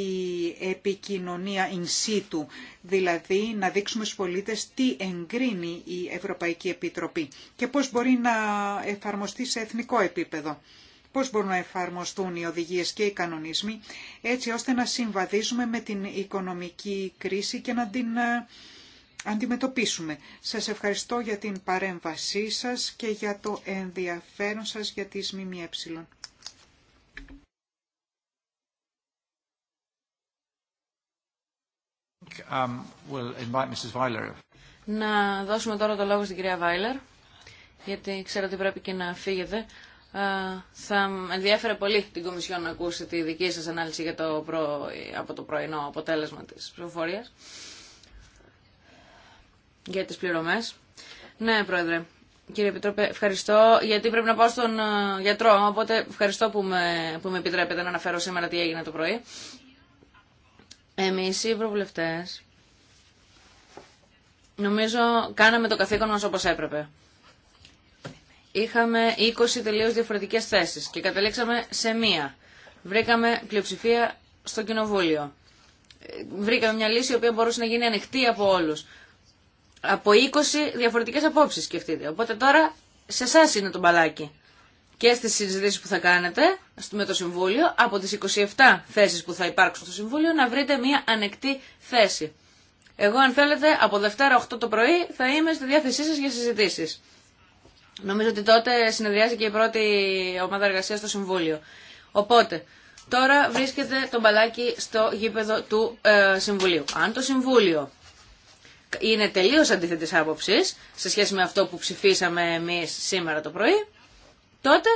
επικοινωνία in situ, δηλαδή να δείξουμε στους πολίτες τι εγκρίνει η Ευρωπαϊκή Επιτροπή και πώς μπορεί να εφαρμοστεί σε εθνικό επίπεδο. Πώς μπορούν να εφαρμοστούν οι οδηγίες και οι κανονισμοί έτσι ώστε να συμβαδίζουμε με την οικονομική κρίση και να την ε, αντιμετωπίσουμε. Σας ευχαριστώ για την παρέμβασή σας και για το ενδιαφέρον σας για τις ΜΜΕ. Um, να δώσουμε τώρα το λόγο στην κυρία Βάιλερ, γιατί ξέρω ότι πρέπει και να φύγετε. Θα ενδιαφέρε πολύ την Κομισιόν να ακούσει τη δική σας ανάλυση για το προ... από το πρωινό αποτέλεσμα της ψηφοφορίας για τις πληρωμές. Ναι, Πρόεδρε. Κύριε Επιτρόπε, ευχαριστώ γιατί πρέπει να πάω στον ε, γιατρό, οπότε ευχαριστώ που με, που με επιτρέπετε να αναφέρω σήμερα τι έγινε το πρωί. Εμείς οι προβουλευτές νομίζω κάναμε το καθήκον μας όπως έπρεπε. Είχαμε 20 τελείως διαφορετικές θέσεις και καταλήξαμε σε μία. Βρήκαμε πλειοψηφία στο κοινοβούλιο. Ε, βρήκαμε μια λύση η οποία μπορούσε να γίνει ανοιχτή από όλους από 20 διαφορετικές απόψεις σκεφτείτε. Οπότε τώρα σε εσά είναι το μπαλάκι. Και στις συζητήσεις που θα κάνετε με το Συμβούλιο, από τις 27 θέσεις που θα υπάρξουν στο Συμβούλιο, να βρείτε μια ανεκτή θέση. Εγώ αν θέλετε από Δευτέρα 8 το πρωί θα είμαι στη διάθεσή σας για συζητήσεις. Νομίζω ότι τότε συνεδριάζει και η πρώτη ομάδα εργασία στο Συμβούλιο. Οπότε, τώρα βρίσκεται το μπαλάκι στο γήπεδο του ε, Συμβουλίου. Αν το Συμβούλιο είναι τελείω αντίθετη άποψη σε σχέση με αυτό που ψηφίσαμε εμεί σήμερα το πρωί, τότε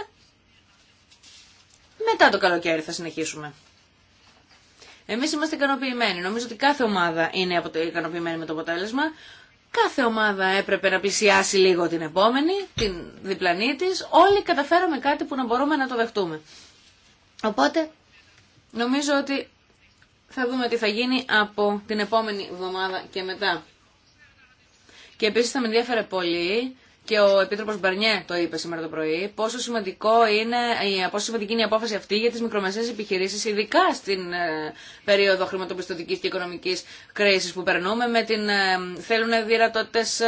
μετά το καλοκαίρι θα συνεχίσουμε. Εμεί είμαστε ικανοποιημένοι. Νομίζω ότι κάθε ομάδα είναι ικανοποιημένη με το αποτέλεσμα. Κάθε ομάδα έπρεπε να πλησιάσει λίγο την επόμενη, την διπλανή τη. Όλοι καταφέραμε κάτι που να μπορούμε να το δεχτούμε. Οπότε, νομίζω ότι θα δούμε τι θα γίνει από την επόμενη εβδομάδα και μετά. Και επίση θα με ενδιαφέρε πολύ και ο επίτροπο Μπαρνιέ το είπε σήμερα το πρωί, πόσο, σημαντικό είναι, πόσο σημαντική είναι η απόφαση αυτή για τι μικρομεσαίες επιχειρήσει ειδικά στην ε, περίοδο χρηματοπιστωτικής και οικονομική κρίση που περνούμε, με την, ε, θέλουν δυνατότητες ε,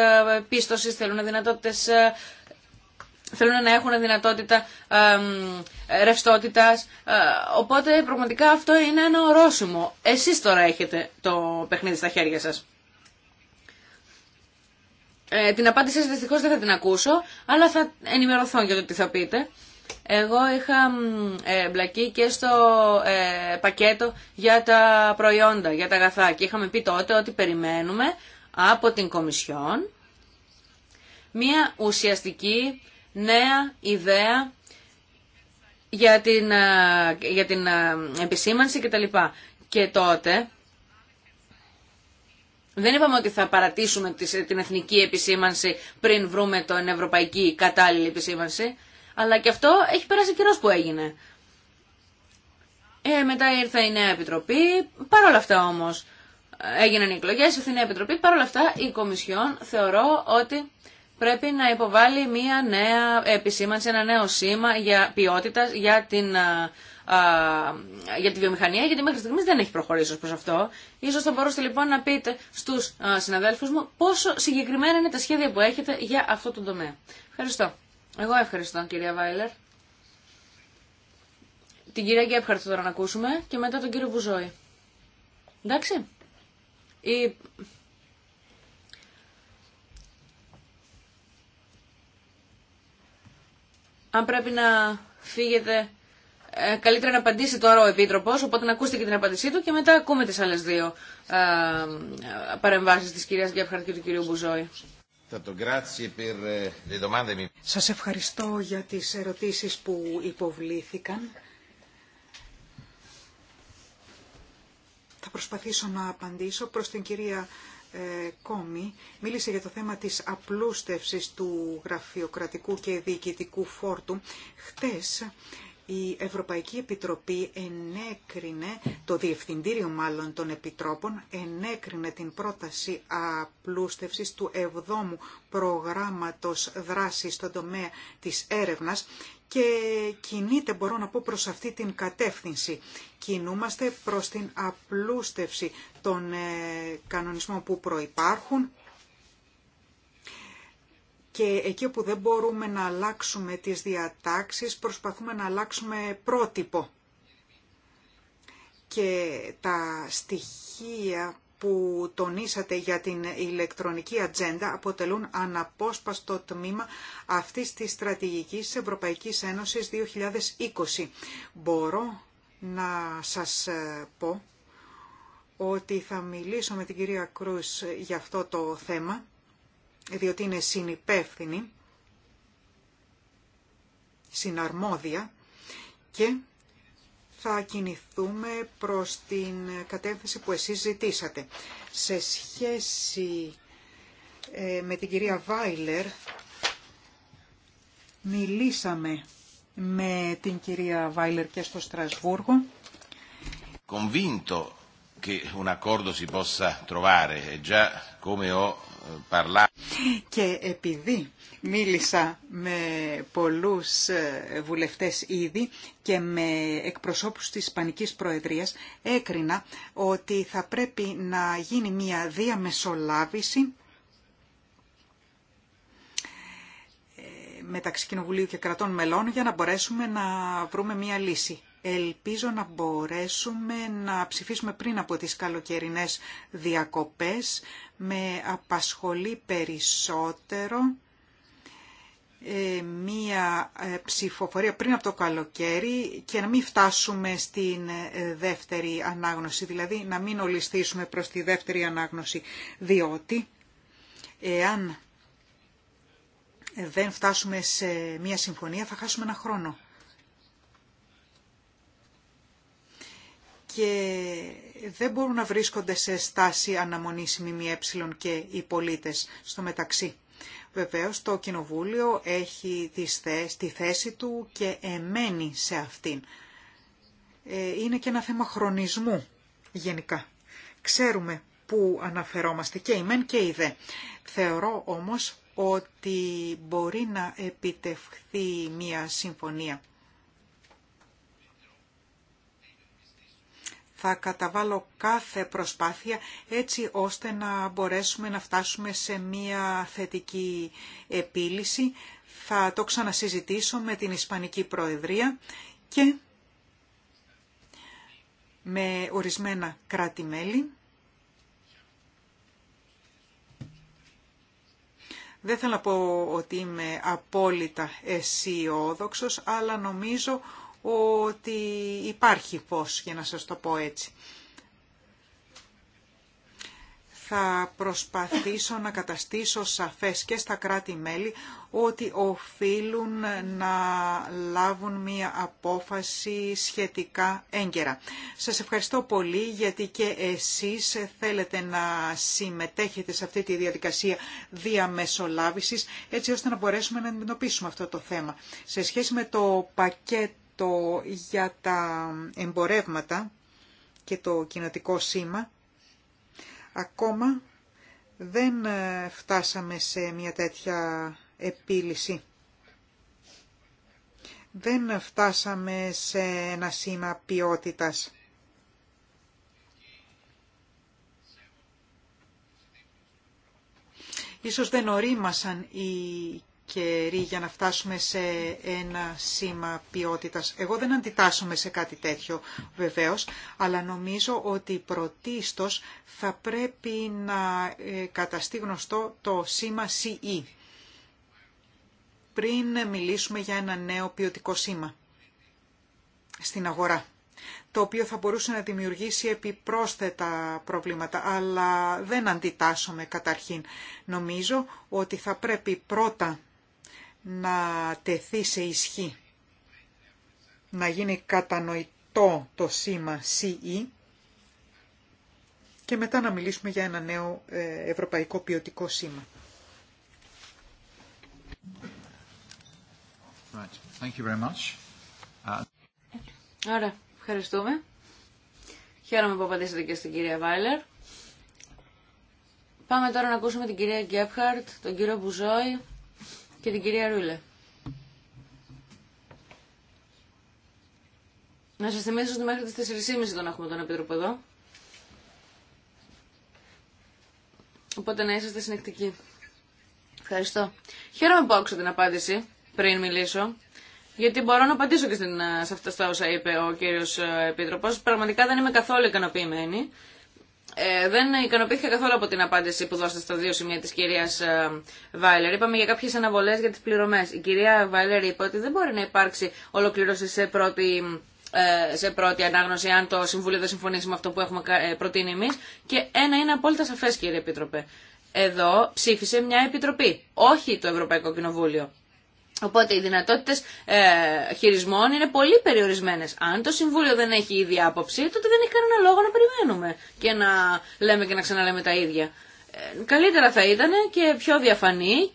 πίστοση, θέλουν θέλουν να έχουν δυνατότητα ε, ρευστότητας. οπότε πραγματικά αυτό είναι ένα ορόσημο. Εσεί τώρα έχετε το παιχνίδι στα χέρια σα. Ε, την απάντησή σα δυστυχώς δεν θα την ακούσω, αλλά θα ενημερωθώ για το τι θα πείτε. Εγώ είχα ε, μπλακεί και στο ε, πακέτο για τα προϊόντα, για τα αγαθά και είχαμε πει τότε ότι περιμένουμε από την Κομισιόν μία ουσιαστική νέα ιδέα για την, ε, για την επισήμανση κτλ. Και τότε δεν είπαμε ότι θα παρατήσουμε την εθνική επισήμανση πριν βρούμε την ευρωπαϊκή κατάλληλη επισήμανση, αλλά και αυτό έχει περάσει καιρός που έγινε. Ε, μετά ήρθε η Νέα Επιτροπή, παρ' όλα αυτά όμως έγιναν οι εκλογέ ήρθε η Νέα Επιτροπή, παρόλα αυτά η Κομισιόν θεωρώ ότι πρέπει να υποβάλει μια νέα επισήμανση, ένα νέο σήμα για ποιότητα για την για τη βιομηχανία, γιατί μέχρι στιγμή δεν έχει προχωρήσει ω προ αυτό. Ίσως θα μπορούσατε λοιπόν να πείτε στου συναδέλφου μου πόσο συγκεκριμένα είναι τα σχέδια που έχετε για αυτό το τομέα. Ευχαριστώ. Εγώ ευχαριστώ κυρία Βάιλερ. Την κυρία Γκέπχαρτ τώρα να ακούσουμε και μετά τον κύριο Βουζόη Εντάξει. Αν πρέπει να φύγετε ε, καλύτερα να απαντήσει τώρα ο επίτροπο οπότε να ακούστε και την απάντησή του και μετά ακούμε τις άλλε δύο ε, παρεμβάσεις της κυρίας Γκέφχαρτ και του κυρίου Μπουζόη. Ε, Σας ευχαριστώ για τις ερωτήσεις που υποβλήθηκαν. Θα προσπαθήσω να απαντήσω προς την κυρία ε, Κόμη. Μίλησε για το θέμα της απλούστευσης του γραφειοκρατικού και διοικητικού φόρτου. Χτες η Ευρωπαϊκή Επιτροπή ενέκρινε, το Διευθυντήριο μάλλον των Επιτρόπων, ενέκρινε την πρόταση απλούστευσης του 7ου προγράμματος δράσης στον τομέα της έρευνας και κινείται, μπορώ να πω, προς αυτή την κατεύθυνση. Κινούμαστε προς την απλούστευση των ε, κανονισμών που προϋπάρχουν και εκεί όπου δεν μπορούμε να αλλάξουμε τις διατάξεις προσπαθούμε να αλλάξουμε πρότυπο. Και τα στοιχεία που τονίσατε για την ηλεκτρονική ατζέντα αποτελούν αναπόσπαστο τμήμα αυτής της στρατηγικής Ευρωπαϊκής Ένωσης 2020. Μπορώ να σας ε, πω ότι θα μιλήσω με την κυρία Κρούς για αυτό το θέμα διότι είναι συνυπεύθυνη, συναρμόδια και θα κινηθούμε προς την κατεύθυνση που εσείς ζητήσατε. Σε σχέση ε, με την κυρία Βάιλερ, μιλήσαμε με την κυρία Βάιλερ και στο Στρασβούργο. Convinto che un accordo si possa trovare, già come ho eh, parlato. Και επειδή μίλησα με πολλούς ε, βουλευτές ήδη και με εκπροσώπους της Ισπανικής Προεδρίας, έκρινα ότι θα πρέπει να γίνει μια διαμεσολάβηση ε, μεταξύ Κοινοβουλίου και κρατών μελών για να μπορέσουμε να βρούμε μια λύση. Ελπίζω να μπορέσουμε να ψηφίσουμε πριν από τις καλοκαιρινές διακοπές με απασχολεί περισσότερο ε, μία ε, ψηφοφορία πριν από το καλοκαίρι και να μην φτάσουμε στην ε, δεύτερη ανάγνωση, δηλαδή να μην ολιστήσουμε προς τη δεύτερη ανάγνωση, διότι εάν δεν φτάσουμε σε μία συμφωνία θα χάσουμε ένα χρόνο. Και δεν μπορούν να βρίσκονται σε στάση αναμονής ΜΜΕ και οι πολίτες στο μεταξύ. Βεβαίως το Κοινοβούλιο έχει τη θέση του και εμένει σε αυτήν. Ε, είναι και ένα θέμα χρονισμού γενικά. Ξέρουμε που αναφερόμαστε και η μεν και η δε. Θεωρώ όμως ότι μπορεί να επιτευχθεί μια συμφωνία θα καταβάλω κάθε προσπάθεια έτσι ώστε να μπορέσουμε να φτάσουμε σε μία θετική επίλυση. Θα το ξανασυζητήσω με την Ισπανική Προεδρία και με ορισμένα κράτη-μέλη. Δεν θέλω να πω ότι είμαι απόλυτα αισιόδοξο, αλλά νομίζω ότι υπάρχει πώς, για να σας το πω έτσι. Θα προσπαθήσω να καταστήσω σαφές και στα κράτη-μέλη ότι οφείλουν να λάβουν μία απόφαση σχετικά έγκαιρα. Σας ευχαριστώ πολύ γιατί και εσείς θέλετε να συμμετέχετε σε αυτή τη διαδικασία διαμεσολάβησης έτσι ώστε να μπορέσουμε να αντιμετωπίσουμε αυτό το θέμα. Σε σχέση με το πακέτο το, για τα εμπορεύματα και το κοινοτικό σήμα, ακόμα δεν ε, φτάσαμε σε μια τέτοια επίλυση. Δεν φτάσαμε σε ένα σήμα ποιότητας. Ίσως δεν ορίμασαν οι για να φτάσουμε σε ένα σήμα ποιότητας. Εγώ δεν αντιτάσσομαι σε κάτι τέτοιο βεβαίως, αλλά νομίζω ότι πρωτίστως θα πρέπει να ε, καταστεί γνωστό το σήμα CE πριν μιλήσουμε για ένα νέο ποιοτικό σήμα στην αγορά το οποίο θα μπορούσε να δημιουργήσει επιπρόσθετα προβλήματα, αλλά δεν αντιτάσσομαι καταρχήν. Νομίζω ότι θα πρέπει πρώτα να τεθεί σε ισχύ, να γίνει κατανοητό το σήμα CE και μετά να μιλήσουμε για ένα νέο ε, ευρωπαϊκό ποιοτικό σήμα. Ε, ωραία, ευχαριστούμε. Χαίρομαι που απαντήσατε και στην κυρία Βάιλερ. Πάμε τώρα να ακούσουμε την κυρία Γκέφχαρτ τον κύριο Μπουζόη και την κυρία Ρούλε. Να σας θυμίσω ότι μέχρι τις 4.30 τον έχουμε τον Επίτροπο εδώ. Οπότε να είσαστε συνεκτικοί. Ευχαριστώ. Χαίρομαι που άκουσα την απάντηση πριν μιλήσω. Γιατί μπορώ να απαντήσω και στην, σε αυτά όσα είπε ο κύριος ε, Επίτροπος. Πραγματικά δεν είμαι καθόλου ικανοποιημένη ε, δεν ικανοποιήθηκα καθόλου από την απάντηση που δώσατε στα δύο σημεία της κυρίας ε, Βάιλερ. Είπαμε για κάποιες αναβολές για τις πληρωμές. Η κυρία Βάιλερ είπε ότι δεν μπορεί να υπάρξει ολοκλήρωση σε πρώτη, ε, σε πρώτη ανάγνωση αν το Συμβούλιο δεν συμφωνήσει με αυτό που έχουμε ε, προτείνει εμεί. Και ένα είναι απόλυτα σαφέ, κύριε Επίτροπε. Εδώ ψήφισε μια επιτροπή, όχι το Ευρωπαϊκό Κοινοβούλιο. Οπότε οι δυνατότητες ε, χειρισμών είναι πολύ περιορισμένες. Αν το Συμβούλιο δεν έχει ήδη άποψη, τότε δεν έχει κανένα λόγο να περιμένουμε και να λέμε και να ξαναλέμε τα ίδια. Ε, καλύτερα θα ήταν και πιο διαφανή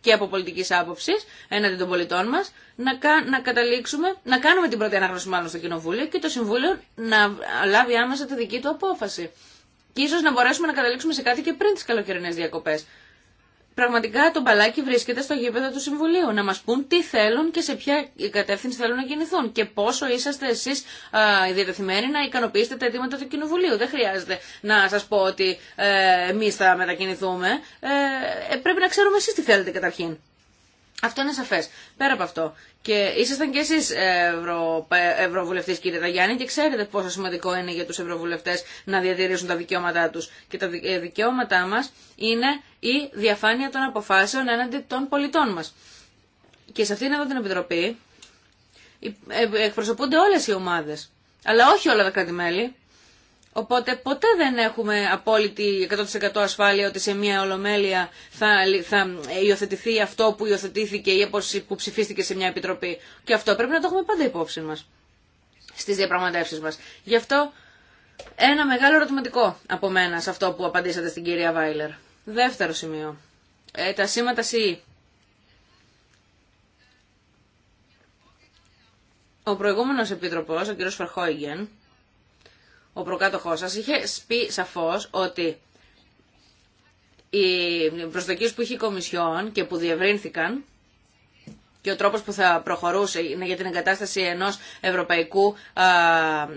και από πολιτικής άποψης έναντι των πολιτών μας να, κα, να καταλήξουμε, να κάνουμε την πρώτη ανάγνωση μάλλον στο Κοινοβούλιο και το Συμβούλιο να λάβει άμεσα τη δική του απόφαση. Και ίσως να μπορέσουμε να καταλήξουμε σε κάτι και πριν τις καλοκαιρινές διακοπές. Πραγματικά το μπαλάκι βρίσκεται στο γήπεδο του Συμβουλίου να μας πούν τι θέλουν και σε ποια κατεύθυνση θέλουν να κινηθούν και πόσο είσαστε εσείς διατεθειμένοι να ικανοποιήσετε τα αιτήματα του Κοινοβουλίου. Δεν χρειάζεται να σας πω ότι ε, εμείς θα μετακινηθούμε. Ε, ε πρέπει να ξέρουμε εσείς τι θέλετε καταρχήν. Αυτό είναι σαφέ. Πέρα από αυτό. Και ήσασταν και εσεί ε, Ευρω... Ε, Ευρωβουλευτή, κύριε Ταγιάννη, και ξέρετε πόσο σημαντικό είναι για του Ευρωβουλευτέ να διατηρήσουν τα δικαιώματά του. Και τα ε, δικαιώματά μα είναι η διαφάνεια των αποφάσεων έναντι των πολιτών μα. Και σε αυτήν εδώ την Επιτροπή εκπροσωπούνται όλε οι ομάδε. Αλλά όχι όλα τα κράτη-μέλη. Οπότε ποτέ δεν έχουμε απόλυτη 100% ασφάλεια ότι σε μια ολομέλεια θα, θα υιοθετηθεί αυτό που υιοθετήθηκε ή που ψηφίστηκε σε μια επιτροπή. Και αυτό πρέπει να το έχουμε πάντα υπόψη μας στις διαπραγματεύσεις μας. Γι' αυτό ένα μεγάλο ερωτηματικό από μένα σε αυτό που απαντήσατε στην κυρία Βάιλερ. Δεύτερο σημείο. Ε, τα σήματα ΣΥΗ. Ο προηγούμενος επίτροπος, ο κύριος Φερχόιγεν, ο προκάτοχός σας είχε πει σαφώς ότι οι προσδοκίες που είχε η Κομισιόν και που διευρύνθηκαν και ο τρόπος που θα προχωρούσε είναι για την εγκατάσταση ενός ευρωπαϊκού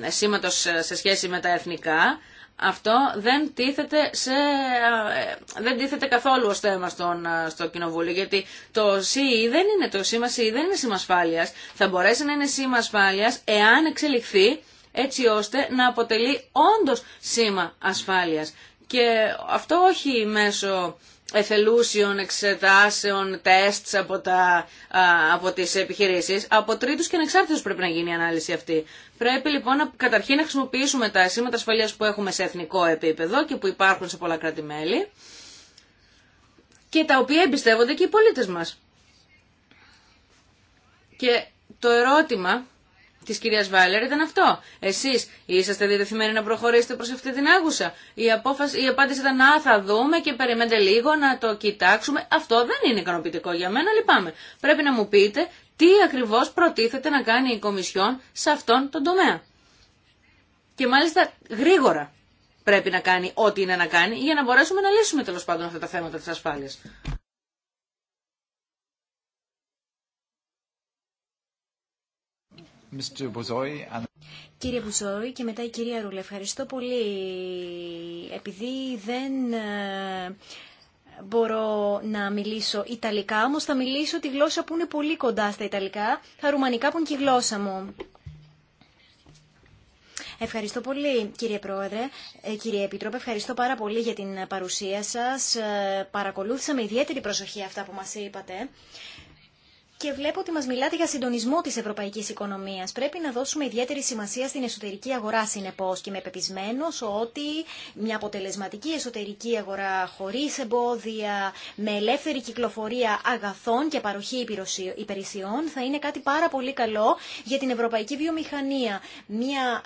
σήματος σε σχέση με τα εθνικά, αυτό δεν τίθεται, σε, ε, δεν τίθεται καθόλου ως θέμα στο Κοινοβούλιο, γιατί το δεν είναι το σήμα ΣΥΙ, δεν είναι σήμα ασφάλειας. Θα μπορέσει να είναι σήμα ασφάλειας εάν εξελιχθεί έτσι ώστε να αποτελεί όντως σήμα ασφάλειας. Και αυτό όχι μέσω εθελούσιων εξετάσεων, τεστ από, τα, από τις επιχειρήσεις. Από τρίτους και ανεξάρτητους πρέπει να γίνει η ανάλυση αυτή. Πρέπει λοιπόν να, καταρχήν να χρησιμοποιήσουμε τα σήματα ασφαλείας που έχουμε σε εθνικό επίπεδο και που υπάρχουν σε πολλά κράτη-μέλη και τα οποία εμπιστεύονται και οι πολίτες μας. Και το ερώτημα Τη κυρία Βάλερ ήταν αυτό. Εσεί είσαστε διατεθειμένοι να προχωρήσετε προ αυτή την άγουσα. Η, απόφαση, η απάντηση ήταν να θα δούμε και περιμένετε λίγο να το κοιτάξουμε. Αυτό δεν είναι ικανοποιητικό για μένα, λυπάμαι. Πρέπει να μου πείτε τι ακριβώ προτίθεται να κάνει η Κομισιόν σε αυτόν τον τομέα. Και μάλιστα γρήγορα πρέπει να κάνει ό,τι είναι να κάνει για να μπορέσουμε να λύσουμε τέλο πάντων αυτά τα θέματα τη ασφάλεια. Κύριε Μπουζόη και μετά η κυρία Ρούλε, Ευχαριστώ πολύ. Επειδή δεν ε, μπορώ να μιλήσω Ιταλικά, όμως θα μιλήσω τη γλώσσα που είναι πολύ κοντά στα Ιταλικά, τα Ρουμανικά που είναι και η γλώσσα μου. Ευχαριστώ πολύ κύριε Πρόεδρε, ε, κύριε Επιτρόπε, ευχαριστώ πάρα πολύ για την παρουσία σας. Ε, παρακολούθησα με ιδιαίτερη προσοχή αυτά που μας είπατε και βλέπω ότι μα μιλάτε για συντονισμό τη Ευρωπαϊκή Οικονομία. Πρέπει να δώσουμε ιδιαίτερη σημασία στην εσωτερική αγορά, συνεπώ και είμαι πεπισμένο ότι μια αποτελεσματική εσωτερική αγορά χωρί εμπόδια, με ελεύθερη κυκλοφορία αγαθών και παροχή υπηρεσιών θα είναι κάτι πάρα πολύ καλό για την ευρωπαϊκή βιομηχανία. Μια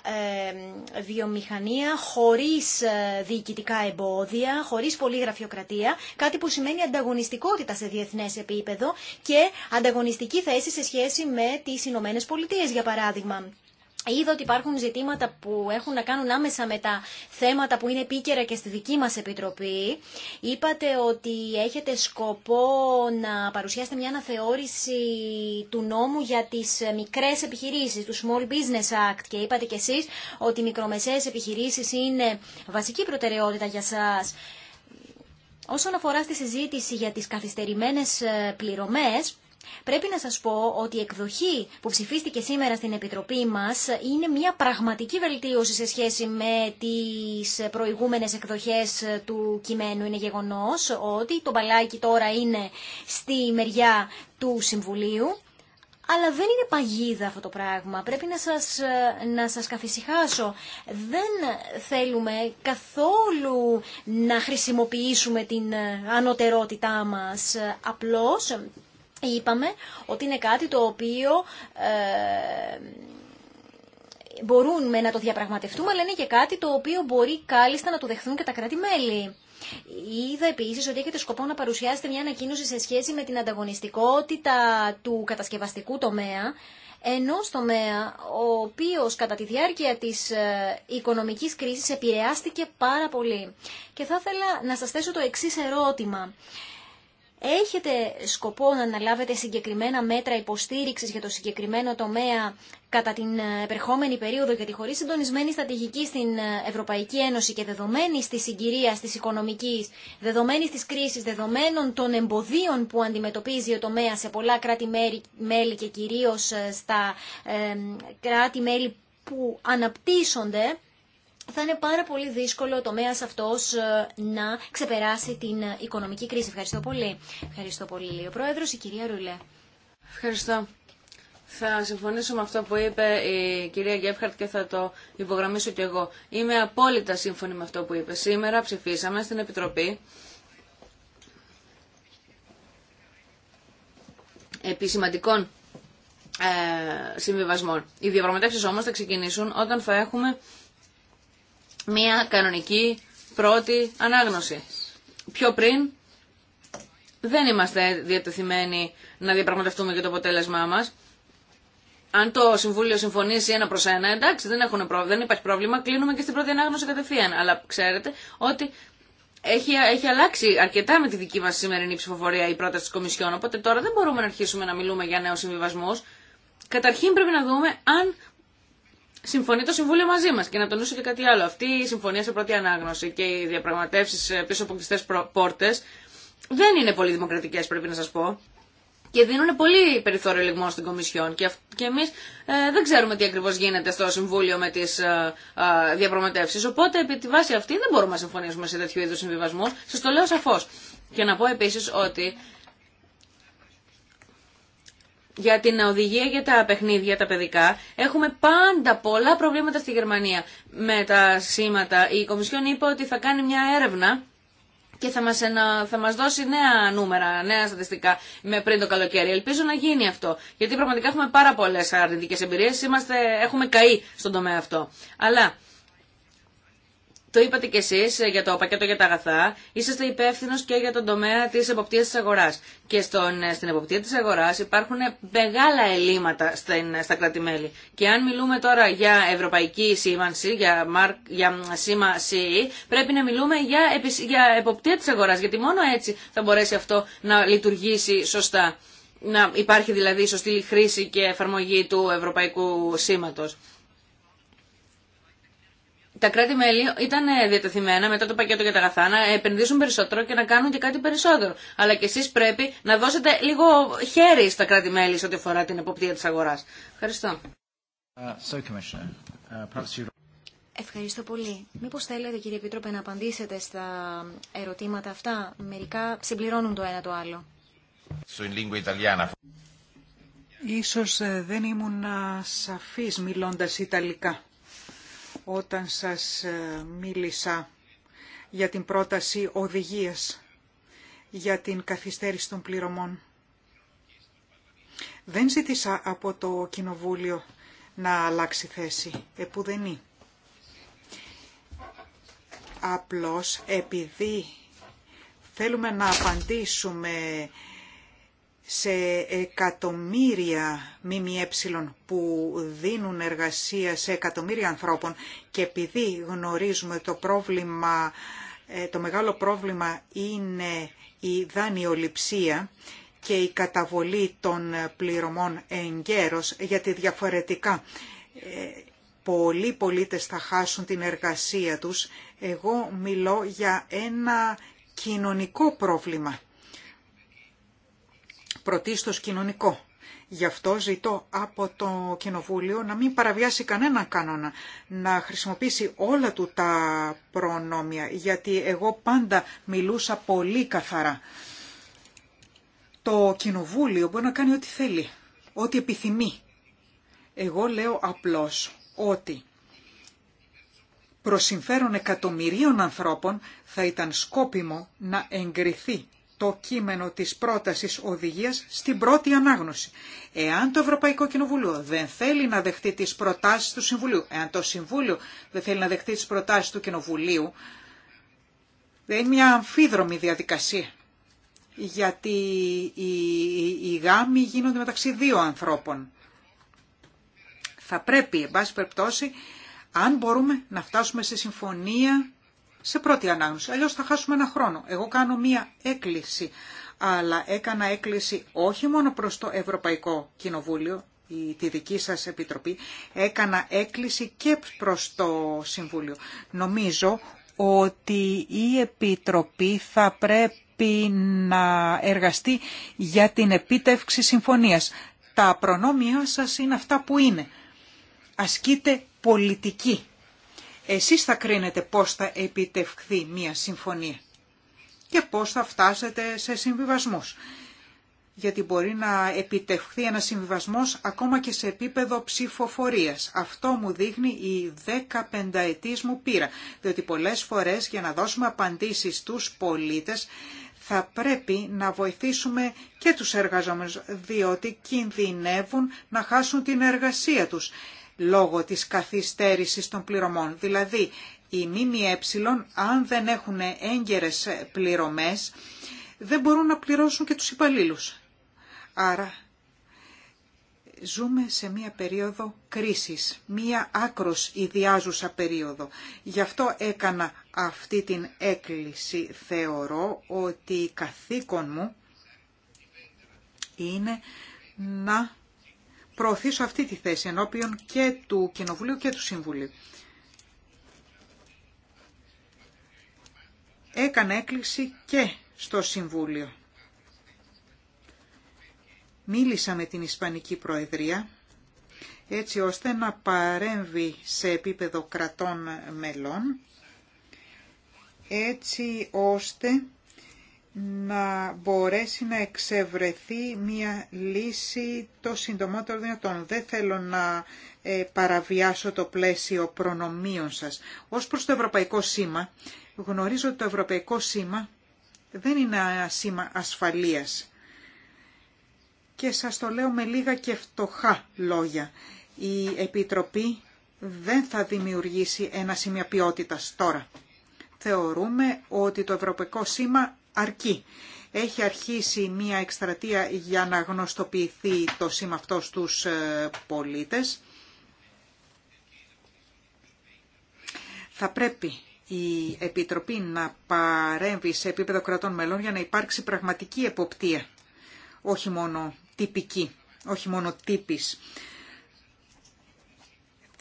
ε, βιομηχανία χωρίς ε, διοικητικά εμπόδια, χωρί πολλή γραφειοκρατία, κάτι που σημαίνει ανταγωνιστικότητα σε διεθνέ επίπεδο και ανταγωνιστικότητα ανταγωνιστική θέση σε σχέση με τις Ηνωμένε Πολιτείε, για παράδειγμα. Είδα ότι υπάρχουν ζητήματα που έχουν να κάνουν άμεσα με τα θέματα που είναι επίκαιρα και στη δική μας Επιτροπή. Είπατε ότι έχετε σκοπό να παρουσιάσετε μια αναθεώρηση του νόμου για τις μικρές επιχειρήσεις, του Small Business Act και είπατε κι εσείς ότι οι μικρομεσαίες επιχειρήσεις είναι βασική προτεραιότητα για σας. Όσον αφορά στη συζήτηση για τις καθυστερημένες ε, πληρωμές, Πρέπει να σας πω ότι η εκδοχή που ψηφίστηκε σήμερα στην Επιτροπή μας είναι μια πραγματική βελτίωση σε σχέση με τις προηγούμενες εκδοχές του κειμένου. Είναι γεγονός ότι το μπαλάκι τώρα είναι στη μεριά του Συμβουλίου. Αλλά δεν είναι παγίδα αυτό το πράγμα. Πρέπει να σας, να σας καθησυχάσω. Δεν θέλουμε καθόλου να χρησιμοποιήσουμε την ανωτερότητά μας. Απλώς είπαμε ότι είναι κάτι το οποίο ε, μπορούμε να το διαπραγματευτούμε, αλλά είναι και κάτι το οποίο μπορεί κάλλιστα να το δεχθούν και τα κράτη-μέλη. Είδα επίσης ότι έχετε σκοπό να παρουσιάσετε μια ανακοίνωση σε σχέση με την ανταγωνιστικότητα του κατασκευαστικού τομέα, ενό τομέα ο οποίος κατά τη διάρκεια τη ε, οικονομική κρίση επηρεάστηκε πάρα πολύ. Και θα ήθελα να σας θέσω το εξής ερώτημα έχετε σκοπό να αναλάβετε συγκεκριμένα μέτρα υποστήριξης για το συγκεκριμένο τομέα κατά την ε, επερχόμενη περίοδο, γιατί χωρίς συντονισμένη στρατηγική στην ε, Ευρωπαϊκή Ένωση και δεδομένη τη συγκυρία τη οικονομική, δεδομένη τη κρίση, δεδομένων των εμποδίων που αντιμετωπίζει ο τομέα σε πολλά κράτη-μέλη και κυρίω ε, στα κράτη-μέλη που αναπτύσσονται, θα είναι πάρα πολύ δύσκολο ο τομέας αυτός ε, να ξεπεράσει την ε, οικονομική κρίση. Ευχαριστώ πολύ. Ευχαριστώ πολύ, λέει Πρόεδρος, η κυρία Ρουλέ. Ευχαριστώ. Θα συμφωνήσω με αυτό που είπε η κυρία Γκέφχαρτ και θα το υπογραμμίσω κι εγώ. Είμαι απόλυτα σύμφωνη με αυτό που είπε. Σήμερα ψηφίσαμε στην Επιτροπή επί σημαντικών ε, συμβιβασμών. Οι διαπραγματεύσει όμως θα ξεκινήσουν όταν θα έχουμε μια κανονική πρώτη ανάγνωση. Πιο πριν δεν είμαστε διατεθειμένοι να διαπραγματευτούμε για το αποτέλεσμά μας. Αν το Συμβούλιο συμφωνήσει ένα προ ένα, εντάξει, δεν, έχουν, δεν υπάρχει πρόβλημα, κλείνουμε και στην πρώτη ανάγνωση κατευθείαν. Αλλά ξέρετε ότι έχει, έχει αλλάξει αρκετά με τη δική μα σημερινή ψηφοφορία η πρόταση της Κομισιόν. Οπότε τώρα δεν μπορούμε να αρχίσουμε να μιλούμε για νέους συμβιβασμού. Καταρχήν πρέπει να δούμε αν συμφωνεί το Συμβούλιο μαζί μα Και να τονίσω και κάτι άλλο. Αυτή η συμφωνία σε πρώτη ανάγνωση και οι διαπραγματεύσει πίσω από κλειστέ πόρτες δεν είναι πολύ δημοκρατικέ πρέπει να σα πω. Και δίνουν πολύ περιθώριο λιγμό στην Κομισιόν. Και, και εμεί ε, δεν ξέρουμε τι ακριβώ γίνεται στο Συμβούλιο με τι ε, ε διαπραγματεύσει. Οπότε, επί τη βάση αυτή, δεν μπορούμε να συμφωνήσουμε σε τέτοιου είδου συμβιβασμού. Σα το λέω σαφώ. Και να πω επίση ότι για την οδηγία για τα παιχνίδια τα παιδικά, έχουμε πάντα πολλά προβλήματα στη Γερμανία με τα σήματα. Η Κομισιόν είπε ότι θα κάνει μια έρευνα και θα μας, ενα... θα μας δώσει νέα νούμερα, νέα στατιστικά με πριν το καλοκαίρι. Ελπίζω να γίνει αυτό, γιατί πραγματικά έχουμε πάρα πολλές αρνητικές εμπειρίες, Είμαστε... έχουμε καεί στον τομέα αυτό. Αλλά το είπατε κι εσεί για το πακέτο για τα αγαθά, είσαστε υπεύθυνο και για τον τομέα τη εποπτεία τη αγορά. Και στον, ε, στην εποπτεία τη αγορά υπάρχουν μεγάλα ελλείμματα στην, ε, στα κρατημέλη. Και αν μιλούμε τώρα για ευρωπαϊκή σήμανση, για, μαρ, για σήμα ΣΥΗ, πρέπει να μιλούμε για, για εποπτεία τη αγορά. Γιατί μόνο έτσι θα μπορέσει αυτό να λειτουργήσει σωστά. Να υπάρχει δηλαδή σωστή χρήση και εφαρμογή του ευρωπαϊκού σήματο τα κράτη-μέλη ήταν ε, διατεθειμένα μετά το πακέτο για τα αγαθά να επενδύσουν περισσότερο και να κάνουν και κάτι περισσότερο. Αλλά και εσεί πρέπει να δώσετε λίγο χέρι στα κράτη-μέλη σε ό,τι αφορά την εποπτεία τη αγορά. Ευχαριστώ. Uh, uh, Ευχαριστώ πολύ. Μήπω θέλετε, κύριε Επίτροπε, να απαντήσετε στα ερωτήματα αυτά. Μερικά συμπληρώνουν το ένα το άλλο. Ίσως ε, δεν ήμουν σαφής μιλώντας Ιταλικά όταν σας ε, μίλησα για την πρόταση οδηγίας για την καθυστέρηση των πληρωμών. Δεν ζήτησα από το Κοινοβούλιο να αλλάξει θέση, επουδενή. Απλώς επειδή θέλουμε να απαντήσουμε σε εκατομμύρια ΜΜΕ που δίνουν εργασία σε εκατομμύρια ανθρώπων και επειδή γνωρίζουμε το πρόβλημα, ε, το μεγάλο πρόβλημα είναι η δανειοληψία και η καταβολή των πληρωμών εγκαίρως, γιατί διαφορετικά ε, πολλοί πολίτες θα χάσουν την εργασία τους. Εγώ μιλώ για ένα κοινωνικό πρόβλημα πρωτίστως κοινωνικό. Γι' αυτό ζητώ από το Κοινοβούλιο να μην παραβιάσει κανέναν κανόνα, να χρησιμοποιήσει όλα του τα προνόμια, γιατί εγώ πάντα μιλούσα πολύ καθαρά. Το Κοινοβούλιο μπορεί να κάνει ό,τι θέλει, ό,τι επιθυμεί. Εγώ λέω απλώς ότι προς συμφέρον εκατομμυρίων ανθρώπων θα ήταν σκόπιμο να εγκριθεί το κείμενο της πρότασης οδηγίας στην πρώτη ανάγνωση. Εάν το Ευρωπαϊκό Κοινοβούλιο δεν θέλει να δεχτεί τις προτάσεις του Συμβουλίου, εάν το Συμβούλιο δεν θέλει να δεχτεί τις προτάσεις του Κοινοβουλίου, δεν είναι μια αμφίδρομη διαδικασία. Γιατί οι γάμοι γίνονται μεταξύ δύο ανθρώπων. Θα πρέπει, εν πάση περιπτώσει, αν μπορούμε να φτάσουμε σε συμφωνία σε πρώτη ανάγνωση. Αλλιώ θα χάσουμε ένα χρόνο. Εγώ κάνω μία έκκληση, αλλά έκανα έκκληση όχι μόνο προς το Ευρωπαϊκό Κοινοβούλιο, τη δική σας Επιτροπή, έκανα έκκληση και προς το Συμβούλιο. Νομίζω ότι η Επιτροπή θα πρέπει να εργαστεί για την επίτευξη συμφωνίας. Τα προνόμια σας είναι αυτά που είναι. Ασκείτε πολιτική εσείς θα κρίνετε πώς θα επιτευχθεί μία συμφωνία και πώς θα φτάσετε σε συμβιβασμούς. Γιατί μπορεί να επιτευχθεί ένα συμβιβασμός ακόμα και σε επίπεδο ψηφοφορίας. Αυτό μου δείχνει η 15 ετής μου πείρα. Διότι πολλές φορές για να δώσουμε απαντήσεις στους πολίτες θα πρέπει να βοηθήσουμε και τους εργαζόμενους, διότι κινδυνεύουν να χάσουν την εργασία τους λόγω της καθυστέρησης των πληρωμών. Δηλαδή, οι ΜΜΕ, αν δεν έχουν έγκαιρες πληρωμές, δεν μπορούν να πληρώσουν και τους υπαλλήλους. Άρα, ζούμε σε μία περίοδο κρίσης, μία άκρος ιδιάζουσα περίοδο. Γι' αυτό έκανα αυτή την έκκληση. Θεωρώ ότι η καθήκον μου είναι να προωθήσω αυτή τη θέση ενώπιον και του Κοινοβουλίου και του Συμβουλίου. Έκανε έκκληση και στο Συμβούλιο. Μίλησα με την Ισπανική Προεδρία έτσι ώστε να παρέμβει σε επίπεδο κρατών μελών, έτσι ώστε να μπορέσει να εξευρεθεί μία λύση το συντομότερο δυνατόν. Δεν θέλω να ε, παραβιάσω το πλαίσιο προνομίων σας. Ως προς το Ευρωπαϊκό Σήμα, γνωρίζω ότι το Ευρωπαϊκό Σήμα δεν είναι ένα σήμα ασφαλείας. Και σας το λέω με λίγα και φτωχά λόγια. Η Επιτροπή δεν θα δημιουργήσει ένα σημείο ποιότητας τώρα. Θεωρούμε ότι το Ευρωπαϊκό Σήμα αρκεί. Έχει αρχίσει μία εκστρατεία για να γνωστοποιηθεί το σήμα αυτό στους ε, πολίτες. Θα πρέπει η Επιτροπή να παρέμβει σε επίπεδο κρατών μελών για να υπάρξει πραγματική εποπτεία, όχι μόνο τυπική, όχι μόνο τύπης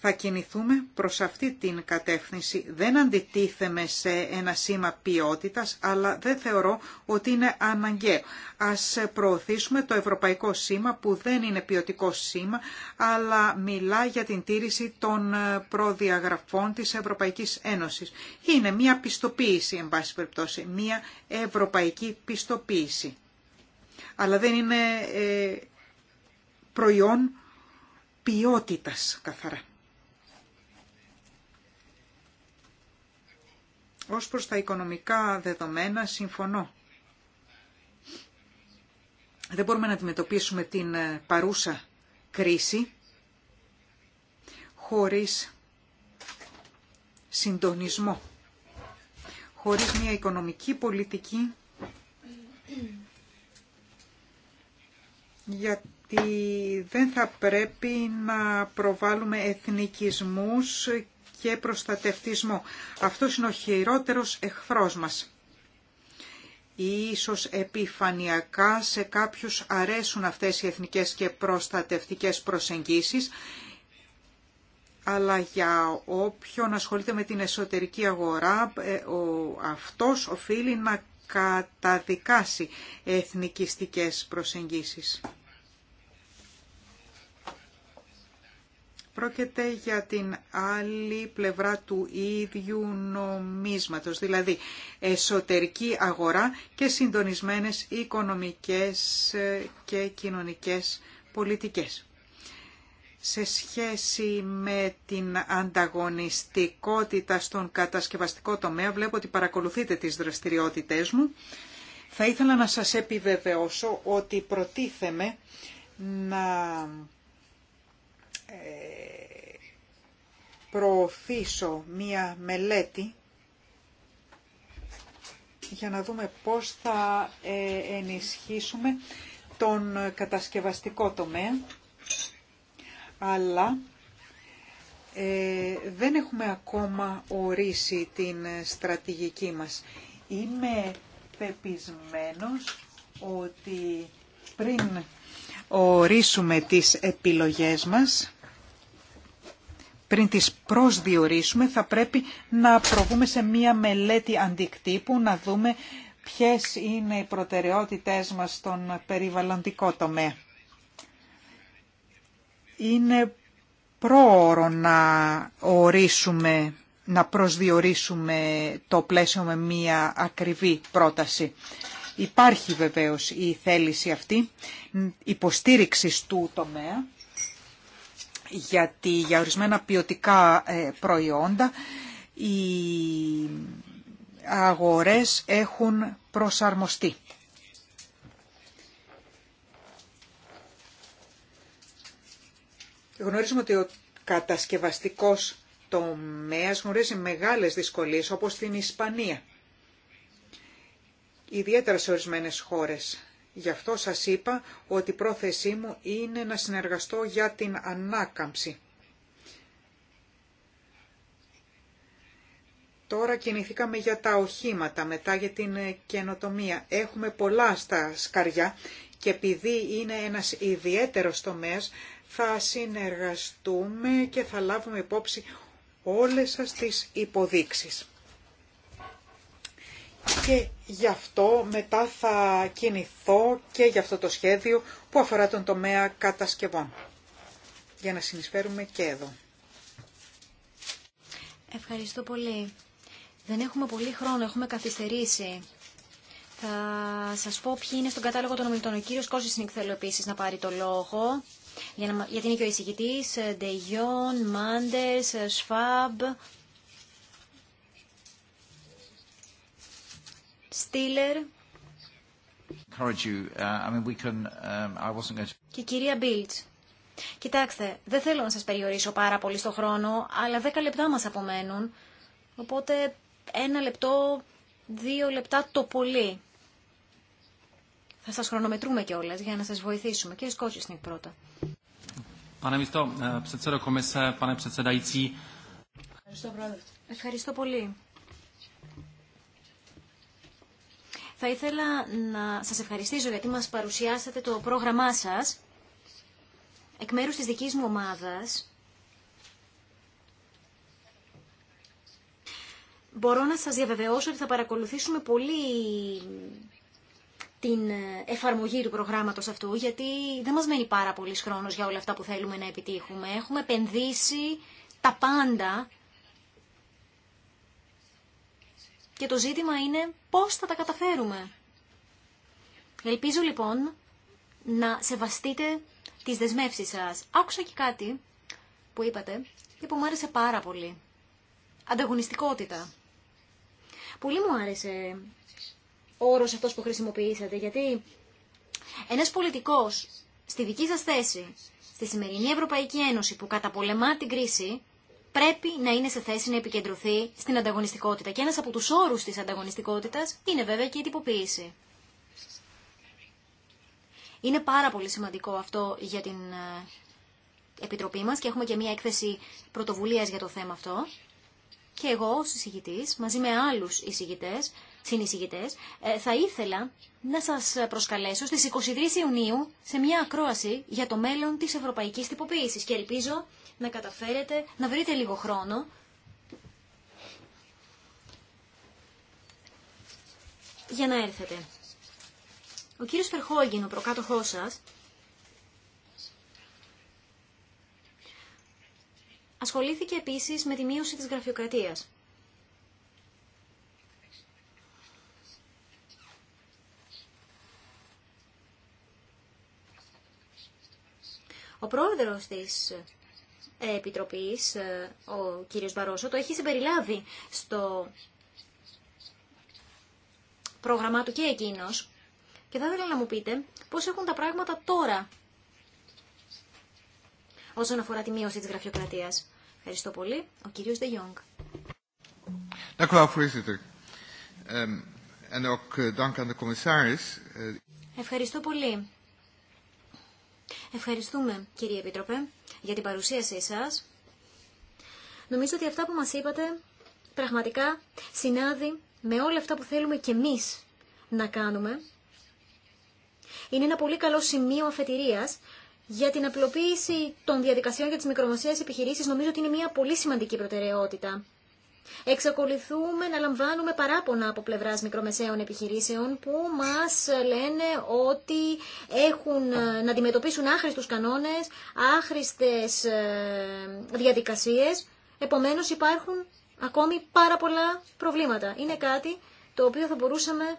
θα κινηθούμε προς αυτή την κατεύθυνση. Δεν αντιτίθεμαι σε ένα σήμα ποιότητας, αλλά δεν θεωρώ ότι είναι αναγκαίο. Ας προωθήσουμε το ευρωπαϊκό σήμα που δεν είναι ποιοτικό σήμα, αλλά μιλά για την τήρηση των ε, προδιαγραφών της Ευρωπαϊκής Ένωσης. Είναι μια πιστοποίηση, εν πάση περιπτώσει, μια ευρωπαϊκή πιστοποίηση. Αλλά δεν είναι ε, προϊόν ποιότητας καθαρά. Ως προς τα οικονομικά δεδομένα συμφωνώ. Δεν μπορούμε να αντιμετωπίσουμε την ε, παρούσα κρίση χωρίς συντονισμό, χωρίς μια οικονομική πολιτική γιατί δεν θα πρέπει να προβάλλουμε εθνικισμούς και προστατευτισμό. Αυτός είναι ο χειρότερος εχθρός μας. Ίσως επιφανειακά σε κάποιους αρέσουν αυτές οι εθνικές και προστατευτικές προσεγγίσεις, αλλά για όποιον ασχολείται με την εσωτερική αγορά, ε, ο, αυτός οφείλει να καταδικάσει εθνικιστικές προσεγγίσεις. Πρόκειται για την άλλη πλευρά του ίδιου νομίσματος, δηλαδή εσωτερική αγορά και συντονισμένες οικονομικές και κοινωνικές πολιτικές. Σε σχέση με την ανταγωνιστικότητα στον κατασκευαστικό τομέα, βλέπω ότι παρακολουθείτε τις δραστηριότητές μου. Θα ήθελα να σας επιβεβαιώσω ότι προτίθεμαι να προωθήσω μία μελέτη για να δούμε πώς θα ε, ενισχύσουμε τον κατασκευαστικό τομέα, αλλά ε, δεν έχουμε ακόμα ορίσει την στρατηγική μας. Είμαι πεπισμένος ότι πριν ορίσουμε τις επιλογές μας, πριν τις προσδιορίσουμε θα πρέπει να προβούμε σε μία μελέτη αντικτύπου, να δούμε ποιες είναι οι προτεραιότητές μας στον περιβαλλοντικό τομέα. Είναι πρόωρο να ορίσουμε, να προσδιορίσουμε το πλαίσιο με μία ακριβή πρόταση. Υπάρχει βεβαίως η θέληση αυτή υποστήριξης του τομέα γιατί για ορισμένα ποιοτικά ε, προϊόντα οι αγορές έχουν προσαρμοστεί. Γνωρίζουμε ότι ο κατασκευαστικός τομέας γνωρίζει μεγάλες δυσκολίες όπως στην Ισπανία, ιδιαίτερα σε ορισμένες χώρες Γι' αυτό σας είπα ότι η πρόθεσή μου είναι να συνεργαστώ για την ανάκαμψη. Τώρα κινηθήκαμε για τα οχήματα, μετά για την καινοτομία. Έχουμε πολλά στα σκαριά και επειδή είναι ένας ιδιαίτερος τομέας, θα συνεργαστούμε και θα λάβουμε υπόψη όλες σας τις υποδείξεις και γι' αυτό μετά θα κινηθώ και για αυτό το σχέδιο που αφορά τον τομέα κατασκευών. Για να συνεισφέρουμε και εδώ. Ευχαριστώ πολύ. Δεν έχουμε πολύ χρόνο, έχουμε καθυστερήσει. Θα σας πω ποιοι είναι στον κατάλογο των ομιλητών. Ο κύριος Κώσης θέλω επίσης να πάρει το λόγο, για να, γιατί είναι και ο εισηγητής, Ντεγιόν, Μάντες, Σφάμπ, Στήλερ και κυρία Μπίλτς. Κοιτάξτε, δεν θέλω να σας περιορίσω πάρα πολύ στο χρόνο, αλλά δέκα λεπτά μας απομένουν, οπότε ένα λεπτό, δύο λεπτά το πολύ. Θα σας χρονομετρούμε κιόλα για να σας βοηθήσουμε. Κύριε Σκότσισνικ πρώτα. Eh, Ευχαριστώ, Πρόεδρε. Ευχαριστώ πολύ. Θα ήθελα να σας ευχαριστήσω γιατί μας παρουσιάσατε το πρόγραμμά σας εκ μέρους της δικής μου ομάδας. Μπορώ να σας διαβεβαιώσω ότι θα παρακολουθήσουμε πολύ την ε, εφαρμογή του προγράμματος αυτού, γιατί δεν μας μένει πάρα πολύς χρόνος για όλα αυτά που θέλουμε να επιτύχουμε. Έχουμε επενδύσει τα πάντα και το ζήτημα είναι πώς θα τα καταφέρουμε. Ελπίζω λοιπόν να σεβαστείτε τις δεσμεύσεις σας. Άκουσα και κάτι που είπατε και που μου άρεσε πάρα πολύ. Ανταγωνιστικότητα. Πολύ μου άρεσε ο όρος αυτός που χρησιμοποιήσατε, γιατί ένας πολιτικός στη δική σας θέση, στη σημερινή Ευρωπαϊκή Ένωση που καταπολεμά την κρίση, πρέπει να είναι σε θέση να επικεντρωθεί στην ανταγωνιστικότητα. Και ένας από τους όρους της ανταγωνιστικότητας είναι βέβαια και η τυποποίηση. Είναι πάρα πολύ σημαντικό αυτό για την ε, Επιτροπή μας και έχουμε και μία έκθεση πρωτοβουλίας για το θέμα αυτό. Και εγώ ως εισηγητής, μαζί με άλλους εισηγητές, ε, θα ήθελα να σας προσκαλέσω στι 23 Ιουνίου σε μια ακρόαση για το μέλλον της ευρωπαϊκής Τυποποίηση. και ελπίζω να καταφέρετε να βρείτε λίγο χρόνο για να έρθετε. Ο κύριος Φερχόγγιν, ο προκάτοχός σας, ασχολήθηκε επίσης με τη μείωση της γραφειοκρατίας. Ο πρόεδρος της Επιτροπής, ε, ο κύριος Μπαρόσο, το έχει συμπεριλάβει στο πρόγραμμά του και εκείνος. Και θα ήθελα να μου πείτε πώς έχουν τα πράγματα τώρα όσον αφορά τη μείωση της γραφειοκρατίας. Ευχαριστώ πολύ. Ο κύριος Δε Ιόγκ. Ehm, eh, Ευχαριστώ πολύ. Ευχαριστούμε, κύριε Επίτροπε, για την παρουσίασή σας. Νομίζω ότι αυτά που μας είπατε πραγματικά συνάδει με όλα αυτά που θέλουμε και εμείς να κάνουμε. Είναι ένα πολύ καλό σημείο αφετηρίας για την απλοποίηση των διαδικασιών για τις μικρομεσαίες επιχειρήσεις. Νομίζω ότι είναι μια πολύ σημαντική προτεραιότητα. Εξακολουθούμε να λαμβάνουμε παράπονα από πλευράς μικρομεσαίων επιχειρήσεων που μας λένε ότι έχουν ε, να αντιμετωπίσουν άχρηστου κανόνες, άχρηστε ε, διαδικασίες. Επομένως υπάρχουν ακόμη πάρα πολλά προβλήματα. Είναι κάτι το οποίο θα μπορούσαμε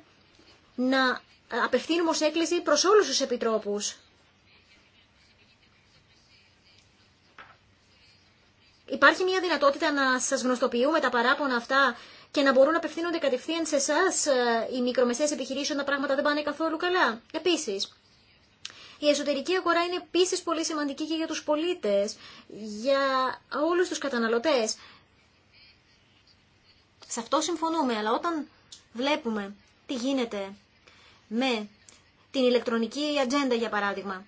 να απευθύνουμε ως έκκληση προς όλους τους επιτρόπους Υπάρχει μια δυνατότητα να σας γνωστοποιούμε τα παράπονα αυτά και να μπορούν να απευθύνονται κατευθείαν σε εσά ε, οι μικρομεσαίες επιχειρήσεις όταν τα πράγματα δεν πάνε καθόλου καλά. Επίση, η εσωτερική αγορά είναι επίση πολύ σημαντική και για τους πολίτες, για όλους τους καταναλωτές. Σε αυτό συμφωνούμε, αλλά όταν βλέπουμε τι γίνεται με την ηλεκτρονική ατζέντα, για παράδειγμα,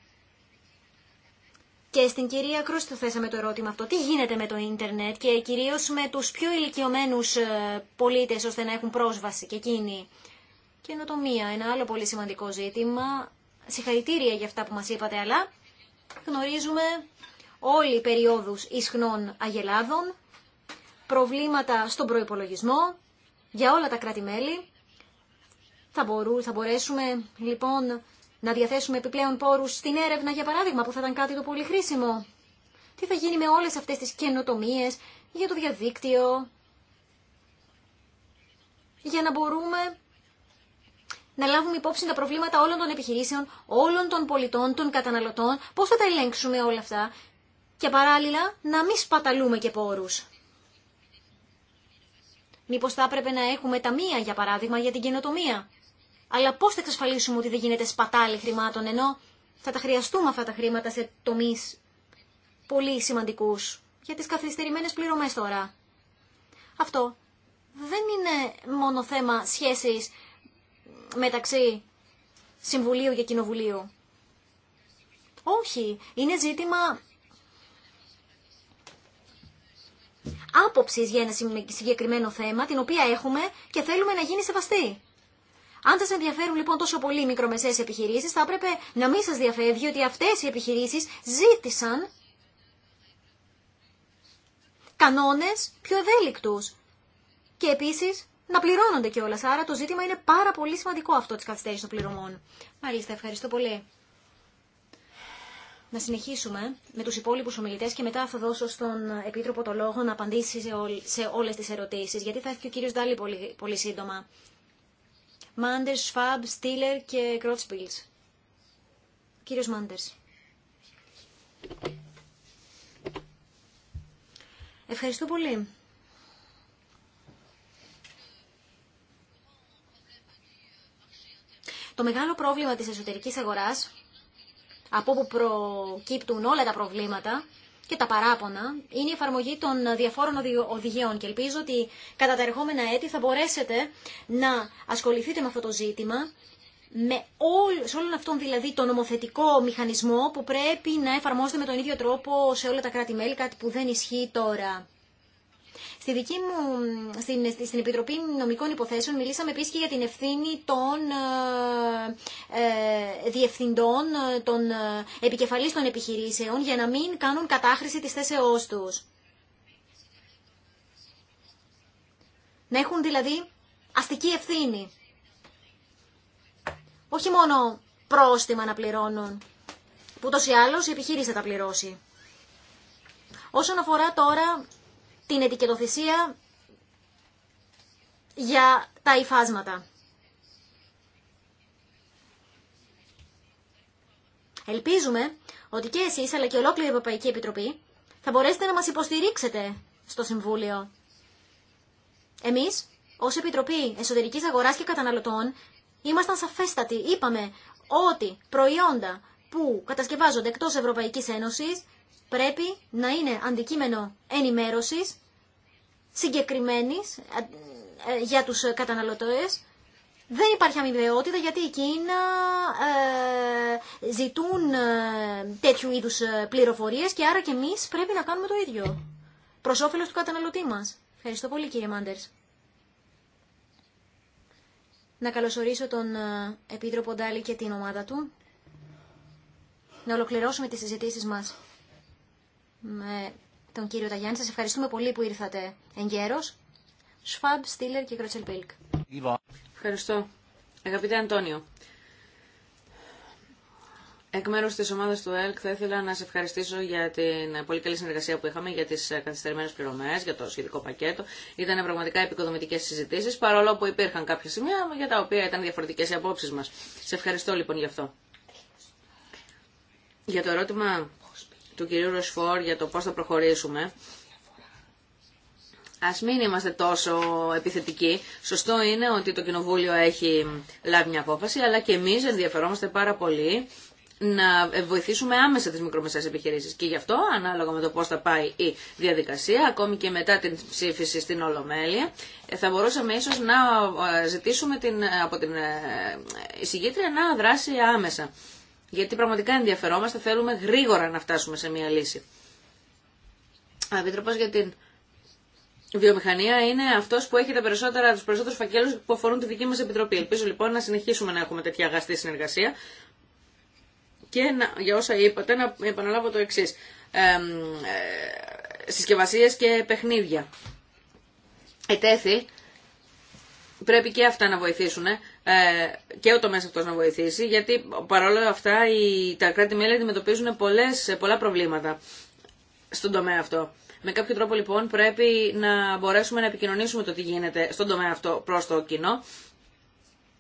και στην κυρία κρούστο θέσαμε το ερώτημα αυτό. Τι γίνεται με το ίντερνετ και κυρίως με τους πιο ηλικιωμένους ε, πολίτες ώστε να έχουν πρόσβαση και εκείνοι. Καινοτομία, ένα άλλο πολύ σημαντικό ζήτημα. Συγχαρητήρια για αυτά που μας είπατε, αλλά γνωρίζουμε όλοι οι περιόδους ισχνών αγελάδων, προβλήματα στον προϋπολογισμό για όλα τα κράτη-μέλη. Θα, μπορού, θα μπορέσουμε λοιπόν να διαθέσουμε επιπλέον πόρους στην έρευνα, για παράδειγμα, που θα ήταν κάτι το πολύ χρήσιμο. Τι θα γίνει με όλες αυτές τις καινοτομίε για το διαδίκτυο, για να μπορούμε να λάβουμε υπόψη τα προβλήματα όλων των επιχειρήσεων, όλων των πολιτών, των καταναλωτών, πώς θα τα ελέγξουμε όλα αυτά και παράλληλα να μην σπαταλούμε και πόρους. Μήπως θα έπρεπε να έχουμε ταμεία, για παράδειγμα, για την καινοτομία. Αλλά πώς θα εξασφαλίσουμε ότι δεν γίνεται σπατάλη χρημάτων, ενώ θα τα χρειαστούμε αυτά τα χρήματα σε τομεί πολύ σημαντικούς. Για τις καθυστερημένε πληρωμές τώρα. Αυτό δεν είναι μόνο θέμα σχέσης μεταξύ Συμβουλίου και Κοινοβουλίου. Όχι, είναι ζήτημα άποψης για ένα συγκεκριμένο θέμα, την οποία έχουμε και θέλουμε να γίνει σεβαστή. Αν σα ενδιαφέρουν λοιπόν τόσο πολύ οι μικρομεσαίε επιχειρήσει, θα έπρεπε να μην σα διαφεύγει ότι αυτέ οι επιχειρήσει ζήτησαν κανόνε πιο ευέλικτου. Και επίση να πληρώνονται κιόλα. Άρα το ζήτημα είναι πάρα πολύ σημαντικό αυτό τη καθυστέρηση των πληρωμών. Μάλιστα, ευχαριστώ πολύ. Να συνεχίσουμε με τους υπόλοιπους ομιλητές και μετά θα δώσω στον Επίτροπο το λόγο να απαντήσει σε, σε όλες τις ερωτήσεις, γιατί θα έρθει και ο κύριος Ντάλι πολύ, πολύ σύντομα. Μάντερ, Σφαμπ, Στήλερ και Κρότσπιλς. Κύριος Μάντερ. Ευχαριστώ πολύ. Το μεγάλο πρόβλημα της εσωτερικής αγοράς, από όπου προκύπτουν όλα τα προβλήματα, και τα παράπονα είναι η εφαρμογή των διαφόρων οδηγιών και ελπίζω ότι κατά τα ερχόμενα έτη θα μπορέσετε να ασχοληθείτε με αυτό το ζήτημα με όλ, σε όλον αυτόν δηλαδή τον νομοθετικό μηχανισμό που πρέπει να εφαρμόζεται με τον ίδιο τρόπο σε όλα τα κράτη-μέλη, κάτι που δεν ισχύει τώρα. Στη δική μου, στην, στην Επιτροπή Νομικών Υποθέσεων μιλήσαμε επίση και για την ευθύνη των ε, ε διευθυντών, ε, των ε, επικεφαλής των επιχειρήσεων για να μην κάνουν κατάχρηση της θέσεώς τους. Να έχουν δηλαδή αστική ευθύνη. Όχι μόνο πρόστιμα να πληρώνουν, που ούτως ή άλλως η επιχείρηση θα τα πληρώσει. Όσον αφορά τώρα την ετικετοθεσία για τα υφάσματα. Ελπίζουμε ότι και εσείς αλλά και ολόκληρη η Ευρωπαϊκή Επιτροπή θα μπορέσετε να μας υποστηρίξετε στο Συμβούλιο. Εμείς, ως Επιτροπή Εσωτερικής Αγοράς και Καταναλωτών, ήμασταν σαφέστατοι. Είπαμε ότι προϊόντα που κατασκευάζονται εκτός Ευρωπαϊκής Ένωσης πρέπει να είναι αντικείμενο ενημέρωσης συγκεκριμένης ε, ε, για τους καταναλωτές. Δεν υπάρχει αμοιβαιότητα γιατί εκείνα ε, ζητούν τέτοιου είδους πληροφορίες και άρα και εμείς πρέπει να κάνουμε το ίδιο. Προς όφελος του καταναλωτή μας. Ευχαριστώ πολύ κύριε Μάντερς. Να καλωσορίσω τον Επίτροπο Ντάλη και την ομάδα του. Να ολοκληρώσουμε τις συζητήσεις μας με τον κύριο Ταγιάννη. Σας ευχαριστούμε πολύ που ήρθατε εγκαίρως. Σφαμπ, Στήλερ και Κρότσελ Πίλκ. Ευχαριστώ. Αγαπητέ Αντώνιο, Εκ μέρους τη ομάδα του ΕΛΚ θα ήθελα να σε ευχαριστήσω για την πολύ καλή συνεργασία που είχαμε για τι καθυστερημένες πληρωμές, για το σχετικό πακέτο. Ήταν πραγματικά επικοδομητικές συζητήσει, παρόλο που υπήρχαν κάποια σημεία για τα οποία ήταν διαφορετικέ οι απόψει μα. Σε ευχαριστώ λοιπόν γι' αυτό. Για το ερώτημα του κυρίου Ροσφόρ για το πώς θα προχωρήσουμε. Ας μην είμαστε τόσο επιθετικοί. Σωστό είναι ότι το Κοινοβούλιο έχει λάβει μια απόφαση, αλλά και εμείς ενδιαφερόμαστε πάρα πολύ να βοηθήσουμε άμεσα τις μικρομεσαίες επιχειρήσεις. Και γι' αυτό, ανάλογα με το πώς θα πάει η διαδικασία, ακόμη και μετά την ψήφιση στην Ολομέλεια, ε, θα μπορούσαμε ίσως να ε, ζητήσουμε την, ε, από την εισηγήτρια να δράσει άμεσα γιατί πραγματικά ενδιαφερόμαστε, θέλουμε γρήγορα να φτάσουμε σε μια λύση. Ο Επίτροπο για την βιομηχανία είναι αυτός που έχει τα περισσότερα, τους περισσότερους φακέλους που αφορούν τη δική μας Επιτροπή. Ελπίζω λοιπόν να συνεχίσουμε να έχουμε τέτοια αγαστή συνεργασία και για όσα είπατε να επαναλάβω το εξή. Ε, συσκευασίες και παιχνίδια. Ετέθη πρέπει και αυτά να βοηθήσουν ε, ε, και ο τομέας αυτός να βοηθήσει γιατί παρόλα αυτά οι, τα κράτη-μέλη αντιμετωπίζουν πολλές, πολλά προβλήματα στον τομέα αυτό. Με κάποιο τρόπο λοιπόν πρέπει να μπορέσουμε να επικοινωνήσουμε το τι γίνεται στον τομέα αυτό προς το κοινό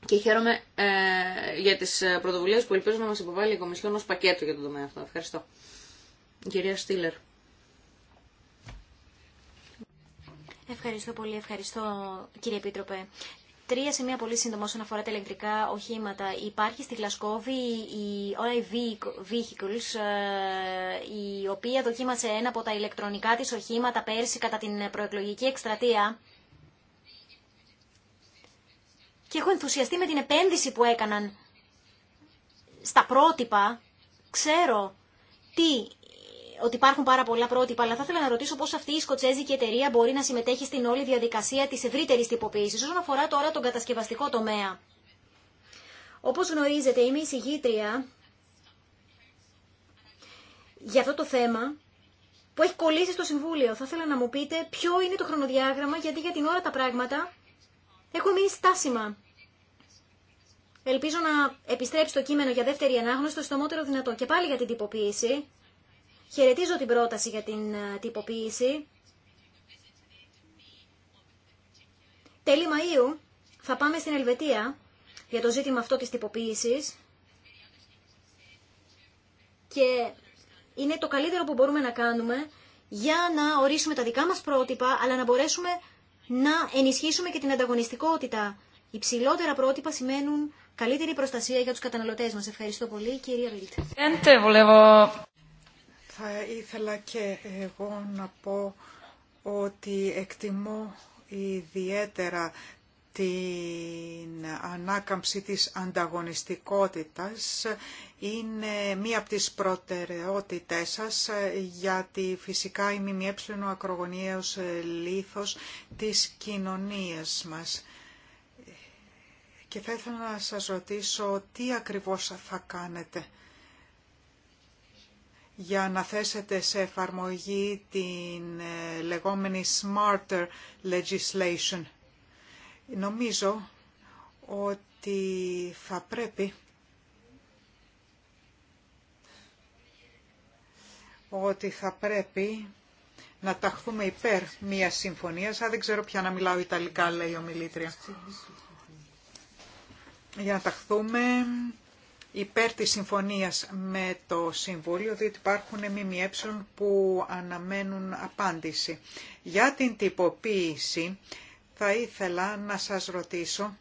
και χαίρομαι ε, για τις πρωτοβουλίες που ελπίζω να μα υποβάλει η Κομισιόν ω πακέτο για τον τομέα αυτό. Ευχαριστώ. κυρία Στήλερ. Ευχαριστώ πολύ, ευχαριστώ κύριε Επίτροπε. Τρία σημεία πολύ σύντομα όσον αφορά τα ηλεκτρικά οχήματα. Υπάρχει στη Γλασκόβη η OI Vehicles, ε, η οποία δοκίμασε ένα από τα ηλεκτρονικά της οχήματα πέρσι κατά την προεκλογική εκστρατεία. Και έχω ενθουσιαστεί με την επένδυση που έκαναν στα πρότυπα. Ξέρω τι ότι υπάρχουν πάρα πολλά πρότυπα, αλλά θα ήθελα να ρωτήσω πώ αυτή η σκοτσέζικη εταιρεία μπορεί να συμμετέχει στην όλη διαδικασία τη ευρύτερη τυποποίηση, όσον αφορά τώρα τον κατασκευαστικό τομέα. Όπω γνωρίζετε, είμαι η συγγήτρια για αυτό το θέμα που έχει κολλήσει στο Συμβούλιο. Θα ήθελα να μου πείτε ποιο είναι το χρονοδιάγραμμα, γιατί για την ώρα τα πράγματα έχουν μείνει στάσιμα. Ελπίζω να επιστρέψει το κείμενο για δεύτερη ανάγνωση το στομότερο δυνατό. Και πάλι για την τυποποίηση. Χαιρετίζω την πρόταση για την ε, τυποποίηση. Τέλη Μαΐου θα πάμε στην Ελβετία για το ζήτημα αυτό της τυποποίησης και είναι το καλύτερο που μπορούμε να κάνουμε για να ορίσουμε τα δικά μας πρότυπα, αλλά να μπορέσουμε να ενισχύσουμε και την ανταγωνιστικότητα. ψηλότερα πρότυπα σημαίνουν καλύτερη προστασία για τους καταναλωτές μας. Ευχαριστώ πολύ, κυρία Βίλτ. Θα ήθελα και εγώ να πω ότι εκτιμώ ιδιαίτερα την ανάκαμψη της ανταγωνιστικότητας είναι μία από τις προτεραιότητές σας γιατί φυσικά η ΜΜΕ ο ακρογωνιαίος λήθος της κοινωνίας μας. Και θα ήθελα να σας ρωτήσω τι ακριβώς θα κάνετε για να θέσετε σε εφαρμογή την ε, λεγόμενη smarter legislation. Νομίζω ότι θα πρέπει ότι θα πρέπει να ταχθούμε υπέρ μια συμφωνία. Αν δεν ξέρω πια να μιλάω Ιταλικά, λέει ο Μιλήτρια. Για να ταχθούμε υπέρ της συμφωνίας με το Συμβούλιο, διότι υπάρχουν ΜΜΕ που αναμένουν απάντηση. Για την τυποποίηση θα ήθελα να σας ρωτήσω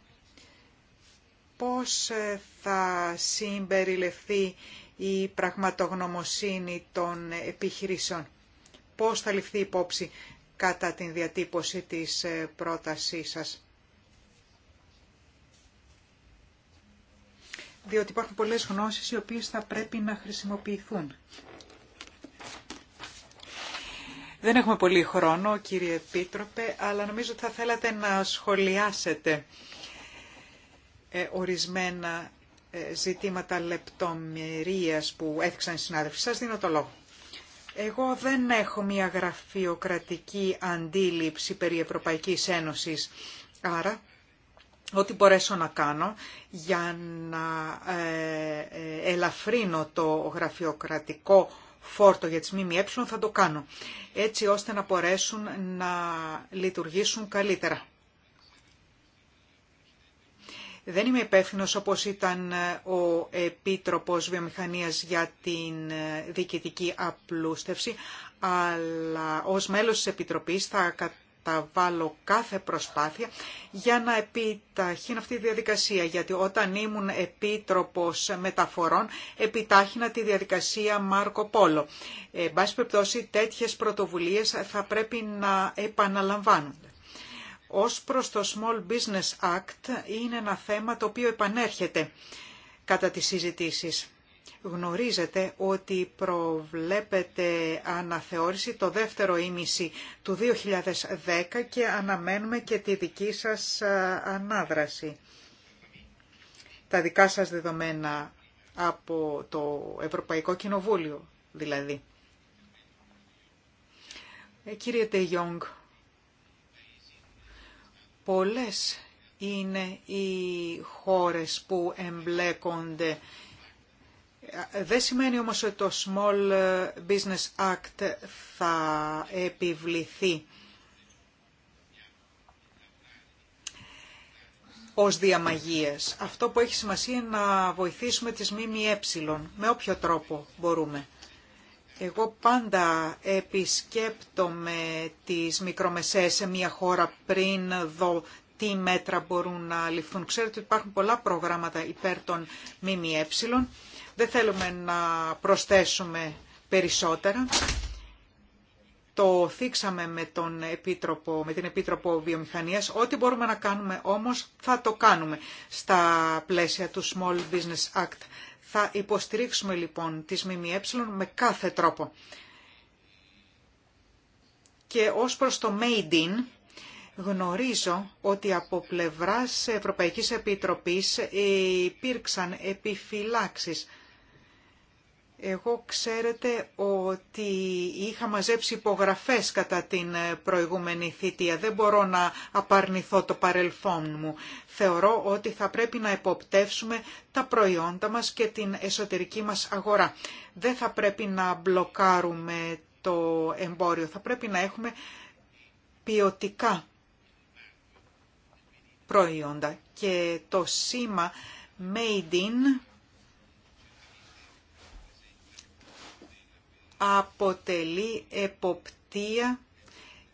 πώς θα συμπεριληφθεί η πραγματογνωμοσύνη των επιχειρήσεων. Πώς θα ληφθεί υπόψη κατά την διατύπωση της πρότασής σας. διότι υπάρχουν πολλές γνώσεις οι οποίες θα πρέπει να χρησιμοποιηθούν. Δεν έχουμε πολύ χρόνο, κύριε Επίτροπε, αλλά νομίζω ότι θα θέλατε να σχολιάσετε ε, ορισμένα ε, ζητήματα λεπτομερίας που έθιξαν οι συνάδελφοι. Σας δίνω το λόγο. Εγώ δεν έχω μια γραφειοκρατική αντίληψη περί Ευρωπαϊκής Ένωσης, άρα ό,τι μπορέσω να κάνω για να ε, ε, ελαφρύνω το γραφειοκρατικό φόρτο για τις ΜΜΕ θα το κάνω, έτσι ώστε να μπορέσουν να λειτουργήσουν καλύτερα. Δεν είμαι υπεύθυνο όπως ήταν ο Επίτροπος Βιομηχανίας για την διοικητική απλούστευση, αλλά ως μέλος της Επιτροπής θα βάλω κάθε προσπάθεια για να επιταχύνω αυτή τη διαδικασία, γιατί όταν ήμουν επίτροπος μεταφορών επιτάχυνα τη διαδικασία Μάρκο Πόλο. Ε, εν πάση περιπτώσει τέτοιες πρωτοβουλίες θα πρέπει να επαναλαμβάνονται. Ως προς το Small Business Act είναι ένα θέμα το οποίο επανέρχεται κατά τις συζητήσεις Γνωρίζετε ότι προβλέπεται αναθεώρηση το δεύτερο ήμιση του 2010 και αναμένουμε και τη δική σας ανάδραση. Τα δικά σας δεδομένα από το Ευρωπαϊκό Κοινοβούλιο δηλαδή. Ε, κύριε Τεγιόγκ, πολλές είναι οι χώρες που εμπλέκονται δεν σημαίνει όμως ότι το Small Business Act θα επιβληθεί ως διαμαγίες. Αυτό που έχει σημασία είναι να βοηθήσουμε τις ΜΜΕ με όποιο τρόπο μπορούμε. Εγώ πάντα επισκέπτομαι τις μικρομεσαίες σε μια χώρα πριν δω τι μέτρα μπορούν να ληφθούν. Ξέρετε ότι υπάρχουν πολλά προγράμματα υπέρ των ΜΜΕ δεν θέλουμε να προσθέσουμε περισσότερα. Το θίξαμε με, τον Επίτροπο, με την Επίτροπο Βιομηχανίας. Ό,τι μπορούμε να κάνουμε όμως θα το κάνουμε στα πλαίσια του Small Business Act. Θα υποστηρίξουμε λοιπόν τις ΜΜΕ με κάθε τρόπο. Και ως προς το Made in, γνωρίζω ότι από πλευράς Ευρωπαϊκής Επιτροπής υπήρξαν επιφυλάξεις εγώ ξέρετε ότι είχα μαζέψει υπογραφές κατά την ε, προηγούμενη θητεία. Δεν μπορώ να απαρνηθώ το παρελθόν μου. Θεωρώ ότι θα πρέπει να εποπτεύσουμε τα προϊόντα μας και την εσωτερική μας αγορά. Δεν θα πρέπει να μπλοκάρουμε το εμπόριο. Θα πρέπει να έχουμε ποιοτικά προϊόντα. Και το σήμα Made in αποτελεί εποπτεία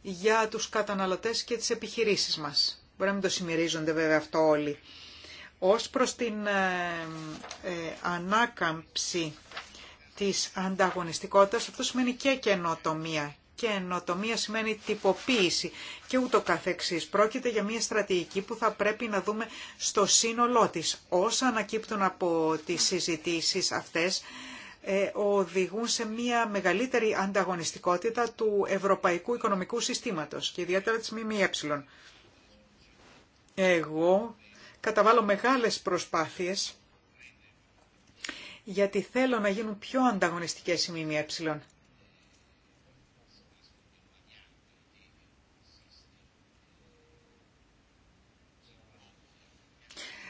για τους καταναλωτές και τις επιχειρήσεις μας. Μπορεί να μην το συμμερίζονται βέβαια αυτό όλοι. Ως προς την ε, ε, ανάκαμψη της ανταγωνιστικότητας, αυτό σημαίνει και καινοτομία. Καινοτομία σημαίνει τυποποίηση και ούτω καθεξής. Πρόκειται για μια στρατηγική που θα πρέπει να δούμε στο σύνολό της. Όσα ανακύπτουν από τις συζητήσεις αυτές ε, οδηγούν σε μια μεγαλύτερη ανταγωνιστικότητα του ευρωπαϊκού οικονομικού συστήματος και ιδιαίτερα της ΜΜΕ. Εγώ καταβάλω μεγάλες προσπάθειες γιατί θέλω να γίνουν πιο ανταγωνιστικές οι ΜΜΕ.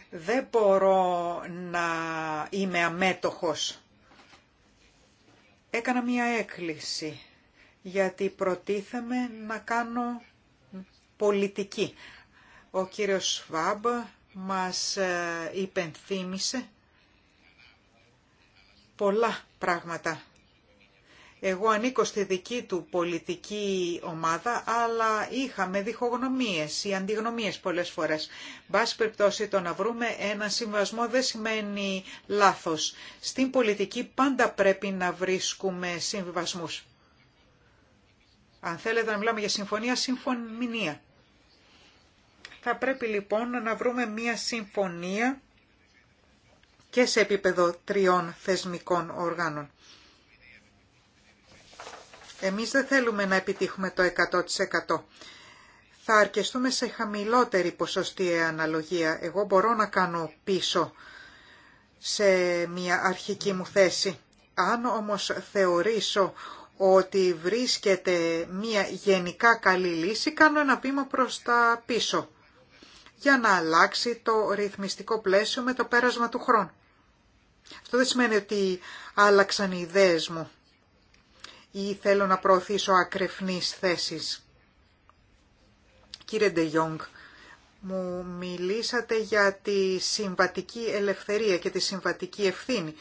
Δεν μπορώ να είμαι αμέτωχος έκανα μία έκκληση γιατί προτίθεμαι να κάνω πολιτική. Ο κύριος Σβάμπ μας ε, υπενθύμησε πολλά πράγματα εγώ ανήκω στη δική του πολιτική ομάδα, αλλά είχαμε διχογνωμίες ή αντιγνωμίες πολλές φορές. Μπάς περιπτώσει το να βρούμε ένα συμβασμό δεν σημαίνει λάθος. Στην πολιτική πάντα πρέπει να βρίσκουμε συμβασμούς. Αν θέλετε να μιλάμε για συμφωνία, συμφωνία. Θα πρέπει λοιπόν να βρούμε μία συμφωνία και σε επίπεδο τριών θεσμικών οργάνων. Εμείς δεν θέλουμε να επιτύχουμε το 100%. Θα αρκεστούμε σε χαμηλότερη ποσοστή ε, αναλογία. Εγώ μπορώ να κάνω πίσω σε μια αρχική μου θέση. Αν όμως θεωρήσω ότι βρίσκεται μια γενικά καλή λύση, κάνω ένα βήμα προς τα πίσω για να αλλάξει το ρυθμιστικό πλαίσιο με το πέρασμα του χρόνου. Αυτό δεν σημαίνει ότι άλλαξαν οι ιδέες μου ή θέλω να προωθήσω ακρεφνείς θέσεις. Κύριε Ντεγιόγκ, μου μιλήσατε για τη συμβατική ελευθερία και τη συμβατική ευθύνη.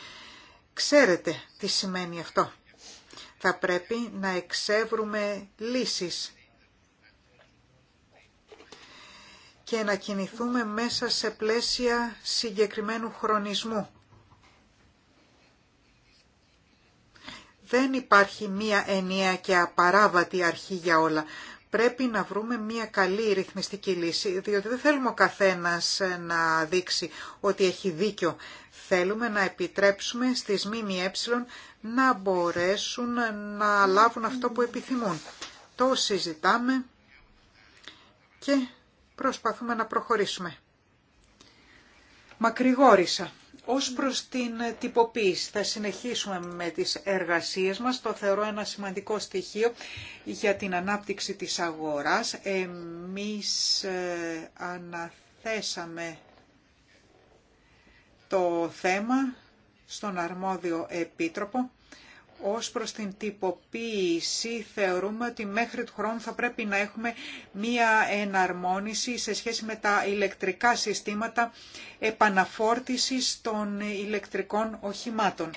Ξέρετε τι σημαίνει αυτό. Θα πρέπει να εξεύρουμε λύσεις και να κινηθούμε μέσα σε πλαίσια συγκεκριμένου χρονισμού. δεν υπάρχει μία ενιαία και απαράβατη αρχή για όλα. Πρέπει να βρούμε μία καλή ρυθμιστική λύση, διότι δεν θέλουμε ο καθένας ε, να δείξει ότι έχει δίκιο. Θέλουμε να επιτρέψουμε στις ΜΜΕ να μπορέσουν ε, να λάβουν αυτό που επιθυμούν. Το συζητάμε και προσπαθούμε να προχωρήσουμε. Μακρηγόρησα. Ως προς την τυποποίηση, θα συνεχίσουμε με τις εργασίες μας. Το θεωρώ ένα σημαντικό στοιχείο για την ανάπτυξη της αγοράς. Εμείς ε, αναθέσαμε το θέμα στον αρμόδιο επίτροπο ως προς την τυποποίηση θεωρούμε ότι μέχρι του χρόνου θα πρέπει να έχουμε μία εναρμόνιση σε σχέση με τα ηλεκτρικά συστήματα επαναφόρτισης των ηλεκτρικών οχημάτων.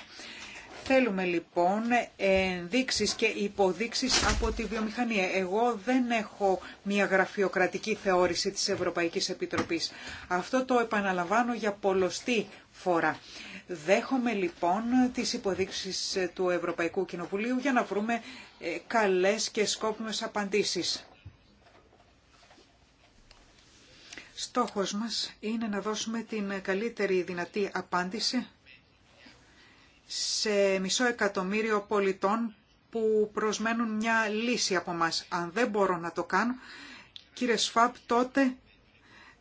Θέλουμε λοιπόν ενδείξεις και υποδείξεις από τη βιομηχανία. Εγώ δεν έχω μια γραφειοκρατική θεώρηση της Ευρωπαϊκής Επιτροπής. Αυτό το επαναλαμβάνω για πολλωστή φορά. Δέχομαι λοιπόν τις υποδείξεις του Ευρωπαϊκού Κοινοβουλίου για να βρούμε ε, καλές και σκόπιμες απαντήσεις. Στόχος μας είναι να δώσουμε την καλύτερη δυνατή απάντηση σε μισό εκατομμύριο πολιτών που προσμένουν μια λύση από μας. Αν δεν μπορώ να το κάνω, κύριε Σφάπ, τότε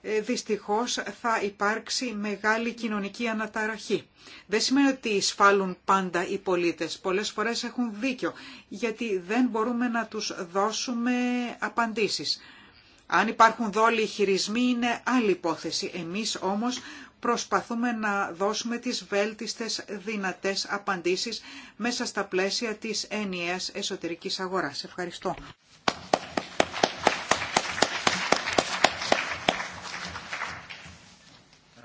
ε, δυστυχώς θα υπάρξει μεγάλη κοινωνική αναταραχή. Δεν σημαίνει ότι εισφάλουν πάντα οι πολίτες. Πολλές φορές έχουν δίκιο, γιατί δεν μπορούμε να τους δώσουμε απαντήσεις. Αν υπάρχουν δόλοι χειρισμοί είναι άλλη υπόθεση. Εμείς όμως προσπαθούμε να δώσουμε τις βέλτιστες δυνατές απαντήσεις μέσα στα πλαίσια της ενιαίας εσωτερικής αγοράς. Ευχαριστώ.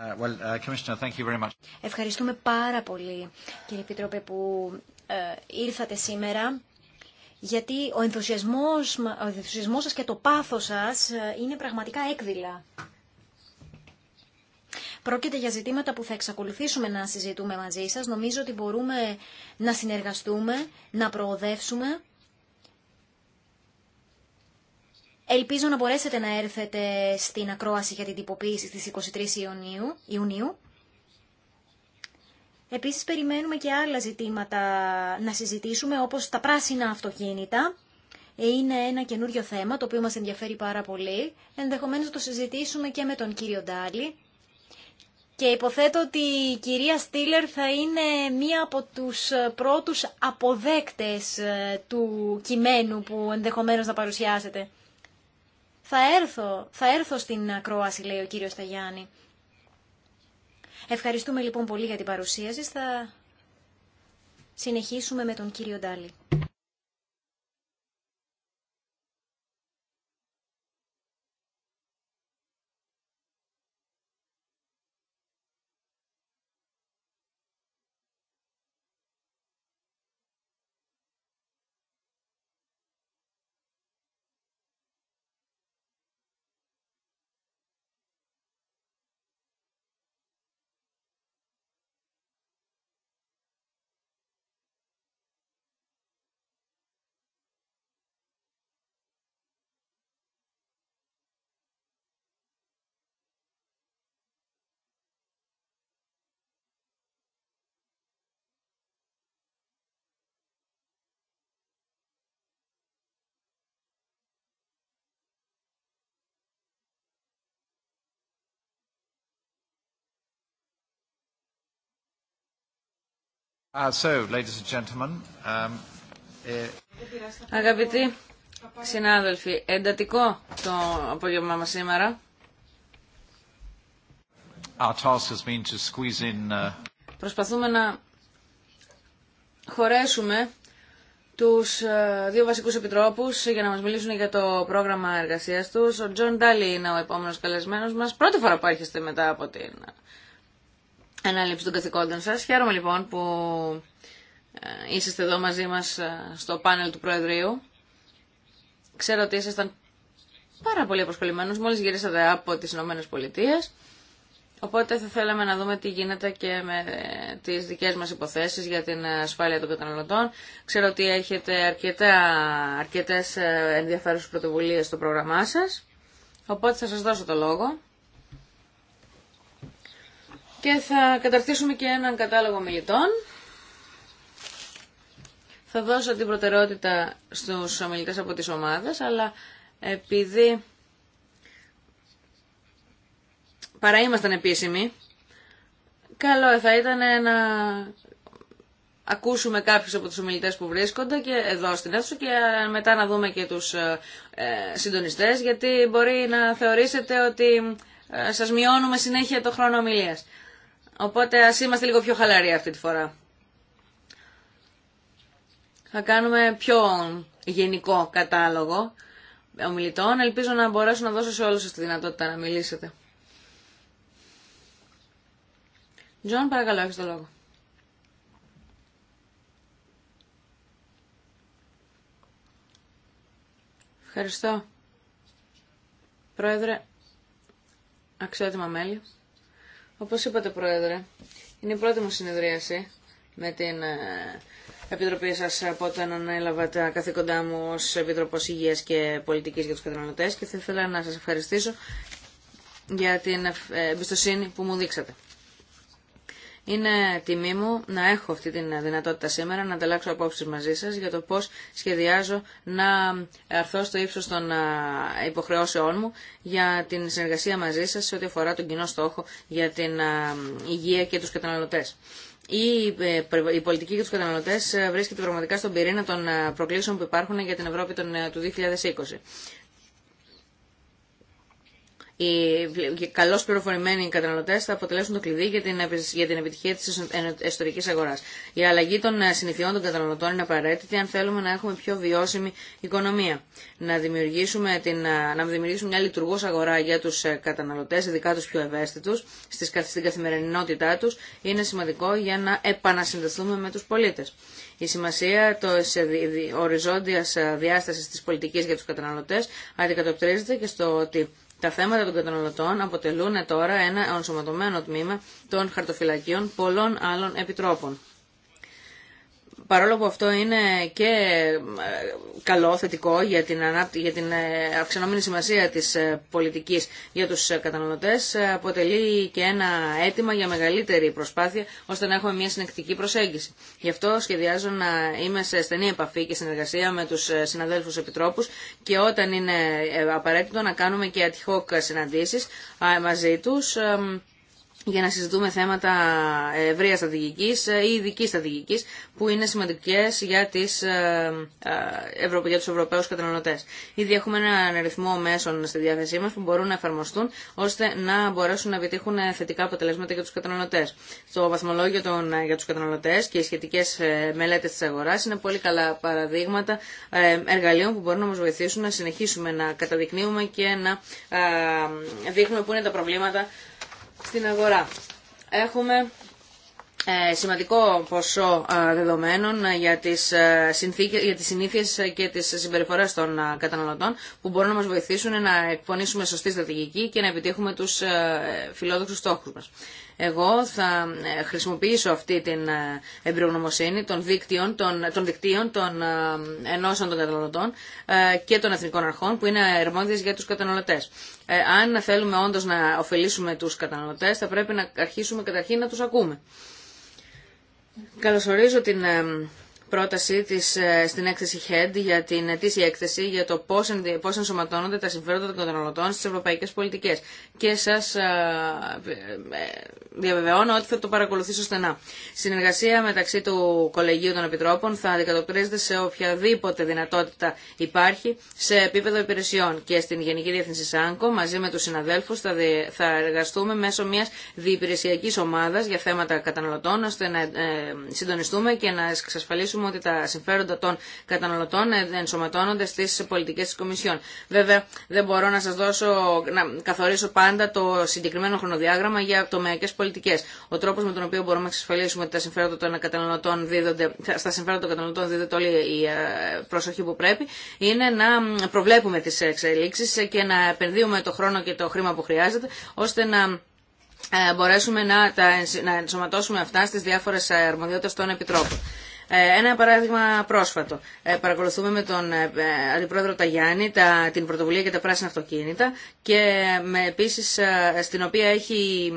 Uh, uh, Ευχαριστούμε πάρα πολύ, κύριε Επίτροπε, που ε, ήρθατε σήμερα. Γιατί ο ενθουσιασμός, ο ενθουσιασμός σας και το πάθος σας ε, είναι πραγματικά έκδηλα. Πρόκειται για ζητήματα που θα εξακολουθήσουμε να συζητούμε μαζί σας. Νομίζω ότι μπορούμε να συνεργαστούμε, να προοδεύσουμε Ελπίζω να μπορέσετε να έρθετε στην ακρόαση για την τυποποίηση στις 23 Ιουνίου. Ιουνίου. Επίσης περιμένουμε και άλλα ζητήματα να συζητήσουμε όπως τα πράσινα αυτοκίνητα. Είναι ένα καινούριο θέμα το οποίο μας ενδιαφέρει πάρα πολύ. Ενδεχομένως το συζητήσουμε και με τον κύριο Ντάλι. Και υποθέτω ότι η κυρία Στήλερ θα είναι μία από τους πρώτους αποδέκτες ε, του κειμένου που ενδεχομένως να παρουσιάσετε. Θα έρθω, θα έρθω στην ακρόαση, λέει ο κύριος Σταγιάννη. Ευχαριστούμε λοιπόν πολύ για την παρουσίαση. Θα συνεχίσουμε με τον κύριο Ντάλι. ladies and um, ε, Αγαπητοί συνάδελφοι, εντατικό το απόγευμά μας σήμερα. Our task has been to squeeze in, uh... Προσπαθούμε να χωρέσουμε τους ε, δύο βασικούς επιτρόπους για να μας μιλήσουν για το πρόγραμμα εργασίας τους. Ο Τζον Ντάλι είναι ο επόμενος καλεσμένος μας. Πρώτη φορά που έρχεστε μετά από την ανάληψη των καθηκόντων σας. Χαίρομαι λοιπόν που ε, είσαστε εδώ μαζί μας ε, στο πάνελ του Προεδρείου. Ξέρω ότι ήσασταν πάρα πολύ απασχολημένος μόλις γυρίσατε από τις Ηνωμένες Πολιτείες. Οπότε θα θέλαμε να δούμε τι γίνεται και με ε, τις δικές μας υποθέσεις για την ασφάλεια των καταναλωτών. Ξέρω ότι έχετε αρκετά, αρκετές ενδιαφέρουσες πρωτοβουλίες στο πρόγραμμά σας. Οπότε θα σας δώσω το λόγο και θα καταρτήσουμε και έναν κατάλογο μιλητών. Θα δώσω την προτεραιότητα στους ομιλητές από τις ομάδες, αλλά επειδή παρά ήμασταν επίσημοι, καλό θα ήταν να ακούσουμε κάποιους από τους ομιλητές που βρίσκονται και εδώ στην αίθουσα και μετά να δούμε και τους ε, συντονιστές, γιατί μπορεί να θεωρήσετε ότι ε, σας μειώνουμε συνέχεια το χρόνο ομιλίας. Οπότε ας είμαστε λίγο πιο χαλαροί αυτή τη φορά. Θα κάνουμε πιο γενικό κατάλογο ομιλητών. Ελπίζω να μπορέσω να δώσω σε όλους σας τη δυνατότητα να μιλήσετε. Τζον, παρακαλώ, έχεις το λόγο. Ευχαριστώ. Πρόεδρε, αξιότιμα μέλη. Όπως είπατε, Πρόεδρε, είναι η πρώτη μου συνεδρίαση με την ε, Επιτροπή σας από όταν ανέλαβα τα καθήκοντά μου ως Επιτροπός Υγείας και Πολιτικής για τους καταναλωτές και θα ήθελα να σας ευχαριστήσω για την ε, εμπιστοσύνη που μου δείξατε. Είναι τιμή μου να έχω αυτή τη δυνατότητα σήμερα να ανταλλάξω απόψεις μαζί σας για το πώς σχεδιάζω να αρθώ στο ύψος των υποχρεώσεών μου για την συνεργασία μαζί σας σε ό,τι αφορά τον κοινό στόχο για την υγεία και τους καταναλωτές. Η ε, πολιτική για τους καταναλωτές ε, βρίσκεται πραγματικά στον πυρήνα των προκλήσεων που υπάρχουν για την Ευρώπη ε, του 2020 οι καλώ πληροφορημένοι καταναλωτέ θα αποτελέσουν το κλειδί για την, επιτυχία τη εσωτερική αγορά. Η αλλαγή των ε, συνηθιών των καταναλωτών είναι απαραίτητη αν θέλουμε να έχουμε πιο βιώσιμη οικονομία. Να δημιουργήσουμε, την, ε, να δημιουργήσουμε μια λειτουργό αγορά για του ε, καταναλωτέ, ειδικά του πιο ευαίσθητου, στην καθημερινότητά του, είναι σημαντικό για να επανασυνδεθούμε με του πολίτε. Η σημασία της οριζόντιας διάστασης της πολιτικής για τους καταναλωτές αντικατοπτρίζεται και στο ότι τα θέματα των καταναλωτών αποτελούν τώρα ένα ενσωματωμένο τμήμα των χαρτοφυλακίων πολλών άλλων επιτρόπων παρόλο που αυτό είναι και ε, καλό, θετικό για την, για την ε, αυξανόμενη σημασία της ε, πολιτικής για τους καταναλωτές, αποτελεί και ένα αίτημα για μεγαλύτερη προσπάθεια ώστε να έχουμε μια συνεκτική προσέγγιση. Γι' αυτό σχεδιάζω να είμαι σε στενή επαφή και συνεργασία με τους συναδέλφους επιτρόπους και όταν είναι απαραίτητο να κάνουμε και ad συναντήσεις μαζί τους για να συζητούμε θέματα ευρεία στρατηγική ή ειδική στρατηγική που είναι σημαντικέ για, τις, ε, ε, για τους Ευρωπαίους καταναλωτέ. Ήδη έχουμε έναν αριθμό μέσων στη διάθεσή μα που μπορούν να εφαρμοστούν ώστε να μπορέσουν να επιτύχουν θετικά αποτελέσματα για του καταναλωτέ. Το βαθμολόγιο των, ε, για του καταναλωτέ και οι σχετικές μελέτες της αγοράς είναι πολύ καλά παραδείγματα εργαλείων που μπορούν να μα βοηθήσουν να συνεχίσουμε να καταδεικνύουμε και να δείχνουμε πού είναι τα προβλήματα στην αγορά. Έχουμε ε, σημαντικό ποσό ε, δεδομένων ε, για τις, συνθήκες, για τις συνήθειες και τις συμπεριφορές των καταναλωτών που μπορούν να μας βοηθήσουν να εκπονήσουμε σωστή στρατηγική και να επιτύχουμε τους φιλόδοξους στόχους μας. Εγώ θα ε, χρησιμοποιήσω αυτή την ε, εμπειρογνωμοσύνη των δικτύων των, των, δικτύων, των ε, ενώσεων των καταναλωτών και των εθνικών αρχών που είναι αρμόδιες για τους καταναλωτές. αν θέλουμε όντως να ωφελήσουμε τους καταναλωτές θα πρέπει να αρχίσουμε καταρχήν να τους ακούμε. Καλωσορίζω την πρότασή τη ε, στην έκθεση HED για την ετήσια έκθεση για το πώ ενσωματώνονται τα συμφέροντα των καταναλωτών στι ευρωπαϊκέ πολιτικέ. Και σα ε, ε, διαβεβαιώνω ότι θα το παρακολουθήσω στενά. Συνεργασία μεταξύ του Κολεγίου των Επιτρόπων θα αντικατοπτρίζεται σε οποιαδήποτε δυνατότητα υπάρχει σε επίπεδο υπηρεσιών και στην Γενική Διεθνή ΣΑΝΚΟ μαζί με του συναδέλφου, θα, θα εργαστούμε μέσω μια διυπηρεσιακή ομάδα για θέματα καταναλωτών ώστε να συντονιστούμε και να εξασφαλίσουμε ότι τα συμφέροντα των καταναλωτών ε, ενσωματώνονται στι πολιτικέ τη Κομισιόν. Βέβαια, δεν μπορώ να σα δώσω, να καθορίσω πάντα το συγκεκριμένο χρονοδιάγραμμα για τομεακέ πολιτικέ. Ο τρόπο με τον οποίο μπορούμε να εξασφαλίσουμε ότι τα συμφέροντα των καταναλωτών δίδονται, στα συμφέροντα των καταναλωτών δίδεται όλη η ε, προσοχή που πρέπει, είναι να προβλέπουμε τι εξελίξει και να επενδύουμε το χρόνο και το χρήμα που χρειάζεται, ώστε να ε, μπορέσουμε να, τα, να ενσωματώσουμε αυτά στις διάφορες αρμοδιότητες των επιτρόπων. Ε, ένα παράδειγμα πρόσφατο. Ε, παρακολουθούμε με τον ε, Αντιπρόεδρο Ταγιάννη την πρωτοβουλία για τα πράσινα αυτοκίνητα και με, επίσης στην οποία έχει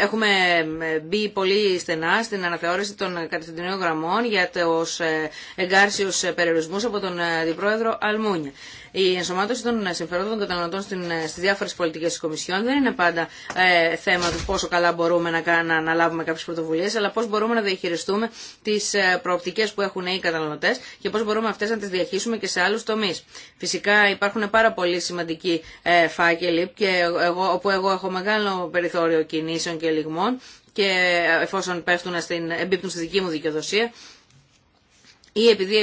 Έχουμε μπει πολύ στενά στην αναθεώρηση των κατευθυντηρίων γραμμών για τους εγκάρσιους περιορισμούς από τον Αντιπρόεδρο Αλμούνια. Η ενσωμάτωση των συμφερόντων των καταναλωτών ε, στι διάφορε πολιτικέ τη Κομισιόν δεν είναι πάντα ε, θέμα του πόσο καλά μπορούμε να, να, να λάβουμε κάποιε πρωτοβουλίε, αλλά πώ μπορούμε να διαχειριστούμε τι ε, προοπτικέ που έχουν οι καταναλωτέ και πώ μπορούμε αυτέ να τι διαχύσουμε και σε άλλου τομεί. Φυσικά υπάρχουν πάρα πολύ σημαντικοί ε, φάκελοι και εγώ, όπου εγώ έχω μεγάλο περιθώριο κινήσεων και λιγμών και ε, εφόσον πέφτουν στην, εμπίπτουν στη δική μου δικαιοδοσία ή επειδή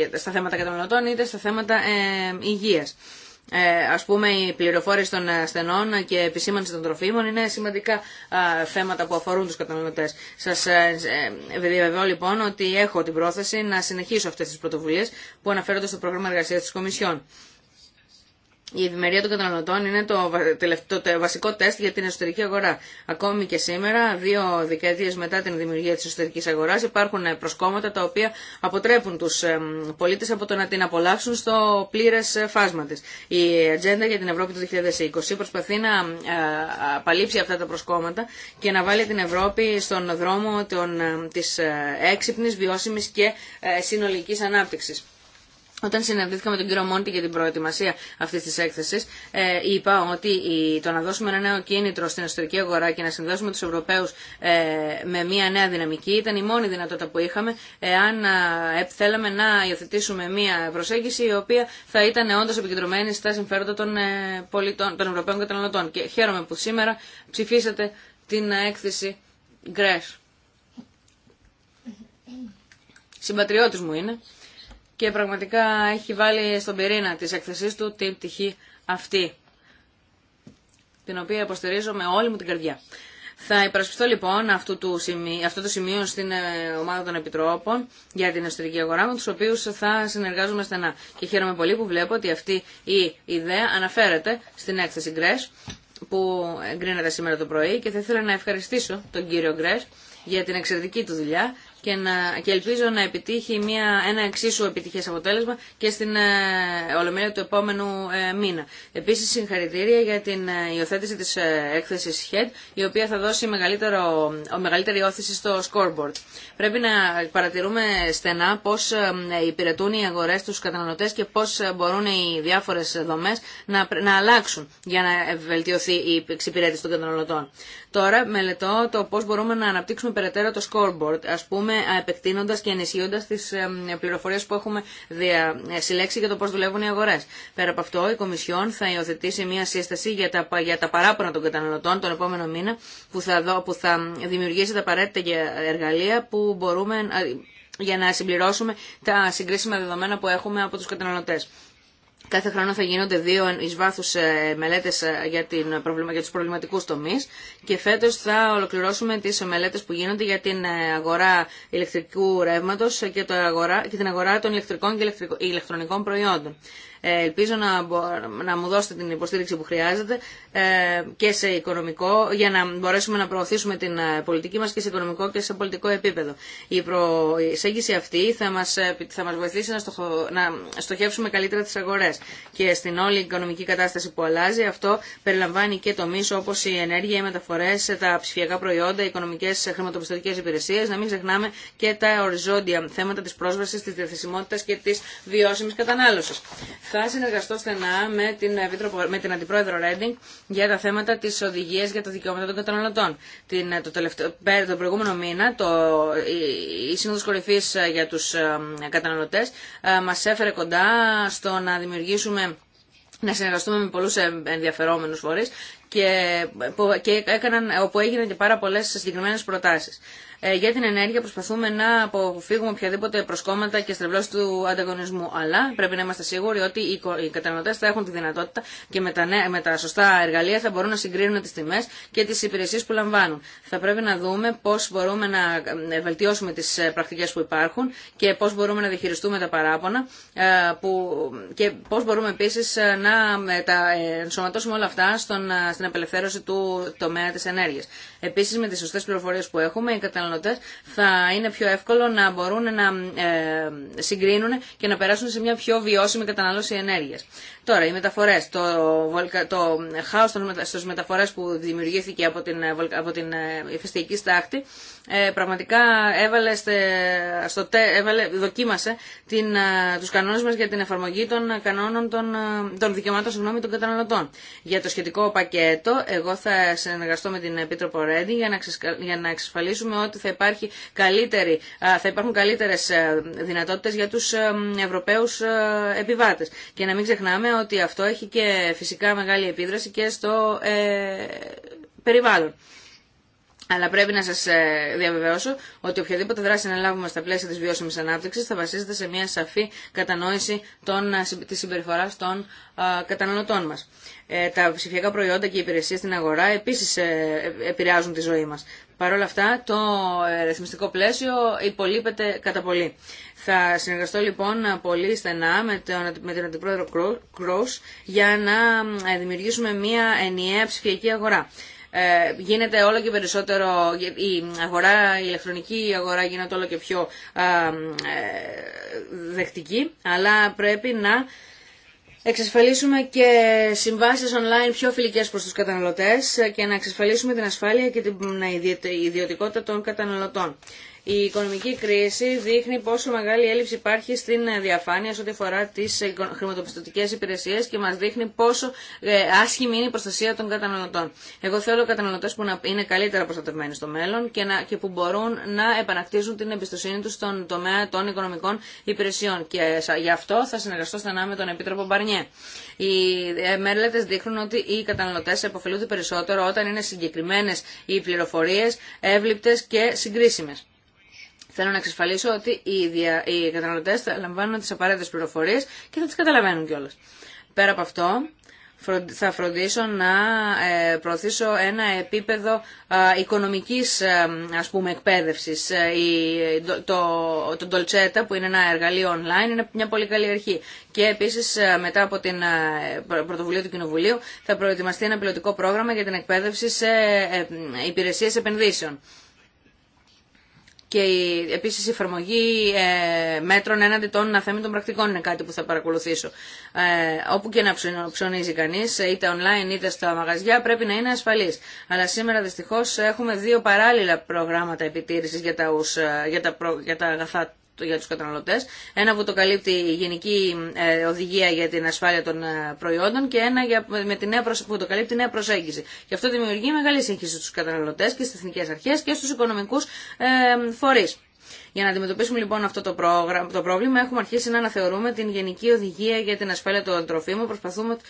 είτε στα θέματα καταναλωτών είτε στα θέματα ε, υγείας. Ε, ας πούμε η πληροφόρηση των ασθενών και επισήμανση των τροφίμων είναι σημαντικά θέματα που αφορούν τους καταναλωτές. Σας ε, ε λοιπόν ότι έχω την πρόθεση να συνεχίσω αυτές τις πρωτοβουλίες που αναφέρονται στο πρόγραμμα εργασίας της Κομισιόν. Η ευημερία των καταναλωτών είναι το, τελευταίο, βασικό τεστ για την εσωτερική αγορά. Ακόμη και σήμερα, δύο δεκαετίε μετά την δημιουργία τη εσωτερική αγορά, υπάρχουν ε, προσκόμματα τα οποία αποτρέπουν του πολίτε από το να την απολαύσουν στο πλήρε ε, φάσμα τη. Η ατζέντα για την Ευρώπη του 2020 προσπαθεί να ε, απαλείψει αυτά τα προσκόμματα και να βάλει την Ευρώπη στον δρόμο τη έξυπνη, βιώσιμη και συνολική ανάπτυξη. Όταν συναντήθηκα με τον κύριο Μόντι για την προετοιμασία αυτή τη έκθεση, ε, είπα ότι το να δώσουμε ένα νέο κίνητρο στην εσωτερική αγορά και να συνδέσουμε του Ευρωπαίου ε, με μια νέα δυναμική ήταν η μόνη δυνατότητα που είχαμε εάν ε, θέλαμε να υιοθετήσουμε μια προσέγγιση η οποία θα ήταν όντω επικεντρωμένη στα συμφέροντα των, πολιτών, των Ευρωπαίων καταναλωτών. Και χαίρομαι που σήμερα ψηφίσατε την έκθεση Γκρέσ. Συμπατριώτη μου είναι και πραγματικά έχει βάλει στον πυρήνα της έκθεσής του την πτυχή αυτή, την οποία υποστηρίζω με όλη μου την καρδιά. Θα υπερασπιστώ λοιπόν αυτό το σημείο, στην ε, ομάδα των Επιτρόπων για την εσωτερική αγορά με τους οποίους θα συνεργάζομαι στενά. Και χαίρομαι πολύ που βλέπω ότι αυτή η ιδέα αναφέρεται στην έκθεση Γκρέσ που εγκρίνεται σήμερα το πρωί και θα ήθελα να ευχαριστήσω τον κύριο Γκρέσ για την εξαιρετική του δουλειά και, να, και ελπίζω να επιτύχει μια, ένα εξίσου επιτυχές αποτέλεσμα και στην ε, ολομέλεια του επόμενου ε, μήνα. Επίσης συγχαρητήρια για την ε, υιοθέτηση της ε, έκθεσης HEAD η οποία θα δώσει μεγαλύτερο, ο, μεγαλύτερη όθηση στο scoreboard. Πρέπει να παρατηρούμε στενά πώς ε, υπηρετούν οι αγορές τους καταναλωτές και πώς μπορούν οι διάφορες δομές να, να αλλάξουν για να βελτιωθεί η εξυπηρέτηση των καταναλωτών. Τώρα μελετώ το πώς μπορούμε να αναπτύξουμε περαιτέρω το scoreboard. Ας πούμε Επεκτείνοντα και ενισχύοντα τι πληροφορίε που έχουμε ε, συλλέξει για το πώ δουλεύουν οι αγορές. Πέρα από αυτό, η Κομισιόν θα υιοθετήσει μια σύσταση για τα, για τα παράπονα των καταναλωτών τον επόμενο μήνα που θα, δω, που θα δημιουργήσει τα απαραίτητα εργαλεία που μπορούμε για να συμπληρώσουμε τα συγκρίσιμα δεδομένα που έχουμε από τους καταναλωτές. Κάθε χρόνο θα γίνονται δύο εις βάθους ε, μελέτες ε, για, την, για τους προβληματικούς τομείς και φέτος θα ολοκληρώσουμε τις μελέτες που γίνονται για την ε, αγορά ηλεκτρικού ρεύματος και, το αγορά, και την αγορά των ηλεκτρικών και ηλεκτρονικών προϊόντων. Ε, ελπίζω να, να μου δώσετε την υποστήριξη που χρειάζεται ε, και σε οικονομικό για να μπορέσουμε να προωθήσουμε την ε, πολιτική μας και σε οικονομικό και σε πολιτικό επίπεδο. Η προσέγγιση αυτή θα μας, θα μας βοηθήσει να, στοχο, να στοχεύσουμε καλύτερα τις αγορές και στην όλη οικονομική κατάσταση που αλλάζει αυτό περιλαμβάνει και τομείς όπως η ενέργεια, οι μεταφορές, τα ψηφιακά προϊόντα, οι οικονομικές χρηματοπιστωτικές υπηρεσίες, να μην ξεχνάμε και τα οριζόντια θέματα της πρόσβασης, της διαθεσιμότητας και της βιώσιμης κατανάλωσης θα συνεργαστώ στενά με την, με την Αντιπρόεδρο Ρέντινγκ για τα θέματα τη οδηγία για τα δικαιώματα των καταναλωτών. Την, ε, το τελευταίο, προηγούμενο μήνα, το, η, η Σύνοδο Κορυφή ε, για του ε, καταναλωτέ μα έφερε κοντά στο να δημιουργήσουμε να συνεργαστούμε με πολλούς ενδιαφερόμενους φορείς και, και έκαναν, όπου έγιναν και πάρα πολλές συγκεκριμένες προτάσεις. Ε, για την ενέργεια προσπαθούμε να αποφύγουμε οποιαδήποτε προσκόμματα και στρεβλώσει του ανταγωνισμού. Αλλά πρέπει να είμαστε σίγουροι ότι οι καταναλωτέ θα έχουν τη δυνατότητα και με τα, σωστά εργαλεία θα μπορούν να συγκρίνουν τι τιμέ και τι υπηρεσίε που λαμβάνουν. Θα πρέπει να δούμε πώ μπορούμε να ε, βελτιώσουμε τι ε, πρακτικέ που υπάρχουν και πώ μπορούμε να διαχειριστούμε τα παράπονα που, και πώ μπορούμε επίση να τα ενσωματώσουμε όλα αυτά στον, στην απελευθέρωση του τομέα τη ενέργεια. Επίση, με τι σωστέ πληροφορίε που έχουμε, οι θα είναι πιο εύκολο να μπορούν να ε, συγκρίνουν και να περάσουν σε μια πιο βιώσιμη κατανάλωση ενέργεια. Τώρα, οι μεταφορέ. το, το χάος στι μεταφορές που δημιουργήθηκε από την, ε, από την ε, στάχτη πραγματικά έβαλε, στο, έβαλε, δοκίμασε του τους κανόνες για την εφαρμογή των κανόνων των, των δικαιωμάτων συγγνώμη, των καταναλωτών. Για το σχετικό πακέτο, εγώ θα συνεργαστώ με την Επίτροπο Ρέντι για να, εξασφαλίσουμε ότι ότι θα, υπάρχει καλύτερη, θα υπάρχουν καλύτερες δυνατότητες για τους Ευρωπαίους επιβάτες. Και να μην ξεχνάμε ότι αυτό έχει και φυσικά μεγάλη επίδραση και στο ε, περιβάλλον. Αλλά πρέπει να σα ε, διαβεβαιώσω ότι οποιαδήποτε δράση να λάβουμε στα πλαίσια τη βιώσιμη ανάπτυξη θα βασίζεται σε μια σαφή κατανόηση τη συμπεριφορά των καταναλωτών μα. Ε, τα ψηφιακά προϊόντα και οι υπηρεσίε στην αγορά επίση επηρεάζουν τη ζωή μα. Παρ' όλα αυτά, το ε, ρυθμιστικό πλαίσιο υπολείπεται κατά πολύ. Θα συνεργαστώ λοιπόν πολύ στενά με τον, με Αντιπρόεδρο Κρός για να ε, δημιουργήσουμε μια ενιαία ψηφιακή αγορά. Ε, γίνεται όλο και περισσότερο, ε, η αγορά, η ηλεκτρονική αγορά γίνεται όλο και πιο ε, δεκτική, αλλά πρέπει να εξασφαλίσουμε και συμβάσεις online πιο φιλικές προς τους καταναλωτές και να εξασφαλίσουμε την ασφάλεια και την ε, ιδιωτικότητα των καταναλωτών. Η οικονομική κρίση δείχνει πόσο μεγάλη έλλειψη υπάρχει στην διαφάνεια σε ό,τι αφορά τι χρηματοπιστωτικέ υπηρεσίε και μα δείχνει πόσο ε, άσχημη είναι η προστασία των καταναλωτών. Εγώ θέλω καταναλωτέ που να είναι καλύτερα προστατευμένοι στο μέλλον και, να, και που μπορούν να επανακτήσουν την εμπιστοσύνη του στον τομέα των οικονομικών υπηρεσιών. Και γι' αυτό θα συνεργαστώ στενά με τον Επίτροπο Μπαρνιέ. Οι ε, μελέτε δείχνουν ότι οι καταναλωτέ επωφελούνται περισσότερο όταν είναι συγκεκριμένε οι πληροφορίε, εύληπτε και συγκρίσιμε. Θέλω να εξασφαλίσω ότι οι, δια, καταναλωτές θα λαμβάνουν τις απαραίτητε πληροφορίε και θα τις καταλαβαίνουν κιόλα. Πέρα από αυτό, θα φροντίσω να ε, προωθήσω ένα επίπεδο οικονομικής ε, ας εκπαίδευσης. Ε, το, το Dolcetta που είναι ένα εργαλείο online είναι μια πολύ καλή αρχή. Και επίσης μετά από την πρωτοβουλία του Κοινοβουλίου θα προετοιμαστεί ένα πιλωτικό πρόγραμμα για την εκπαίδευση σε υπηρεσίες επενδύσεων. Και η, επίσης η εφαρμογή ε, μέτρων έναντι των αθέμητων πρακτικών είναι κάτι που θα παρακολουθήσω. Ε, όπου και να ψωνίζει κανείς, είτε online είτε στα μαγαζιά, πρέπει να είναι ασφαλής. Αλλά σήμερα δυστυχώς έχουμε δύο παράλληλα προγράμματα επιτήρησης για τα, ουσ, ε, για τα, για τα αγαθά για τους καταναλωτές, ένα που το καλύπτει η Γενική ε, Οδηγία για την Ασφάλεια των ε, Προϊόντων και ένα για, με νέα που το καλύπτει η νέα προσέγγιση. Και αυτό δημιουργεί μεγάλη σύγχυση στους καταναλωτές και στις εθνικές αρχές και στους οικονομικούς ε, φορείς. Για να αντιμετωπίσουμε λοιπόν αυτό το, πρόγραμμα, το πρόβλημα, έχουμε αρχίσει να αναθεωρούμε την Γενική Οδηγία για την Ασφάλεια των Τροφίμων,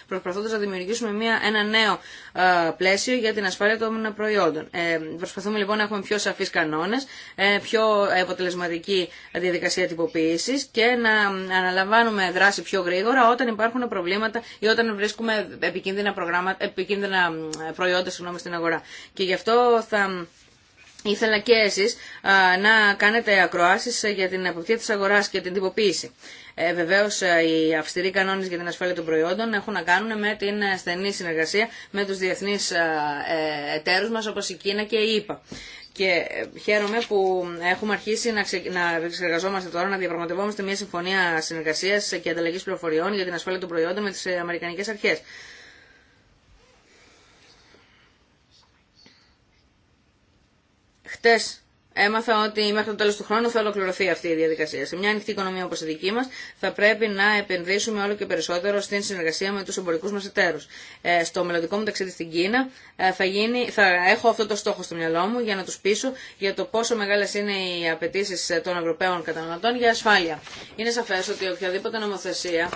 προσπαθώντα να δημιουργήσουμε μια, ένα νέο ε, πλαίσιο για την ασφάλεια των προϊόντων. Ε, προσπαθούμε λοιπόν να έχουμε πιο σαφεί κανόνε, ε, πιο αποτελεσματική διαδικασία τυποποίηση και να αναλαμβάνουμε δράση πιο γρήγορα όταν υπάρχουν προβλήματα ή όταν βρίσκουμε επικίνδυνα, προγράμματα, επικίνδυνα προϊόντα συγγνώμη, στην αγορά. Και γι' αυτό θα Ήθελα και εσείς να κάνετε ακροάσεις ε, για την εποπτεία της αγοράς και την τυποποίηση. Ε, Βεβαίω, ε, οι αυστηροί κανόνε για την ασφάλεια των προϊόντων έχουν να κάνουν με την ε, στενή συνεργασία με του διεθνεί εταίρου μα, όπω η Κίνα και η ΕΠΑ. Και χαίρομαι που έχουμε αρχίσει να, ξε... να εξεργαζόμαστε τώρα, να διαπραγματευόμαστε μια συμφωνία συνεργασία και ανταλλαγή πληροφοριών για την ασφάλεια των προϊόντων με τι Αμερικανικέ Αρχέ. Χτε έμαθα ότι μέχρι το τέλο του χρόνου θα ολοκληρωθεί αυτή η διαδικασία. Σε μια ανοιχτή οικονομία όπω η δική μα, θα πρέπει να επενδύσουμε όλο και περισσότερο στην συνεργασία με του εμπορικού μα εταίρου. Ε, στο μελλοντικό μου ταξίδι στην Κίνα ε, θα, γίνει, θα έχω αυτό το στόχο στο μυαλό μου για να του πείσω για το πόσο μεγάλε είναι οι απαιτήσει των Ευρωπαίων καταναλωτών για ασφάλεια. Είναι σαφέ ότι οποιαδήποτε νομοθεσία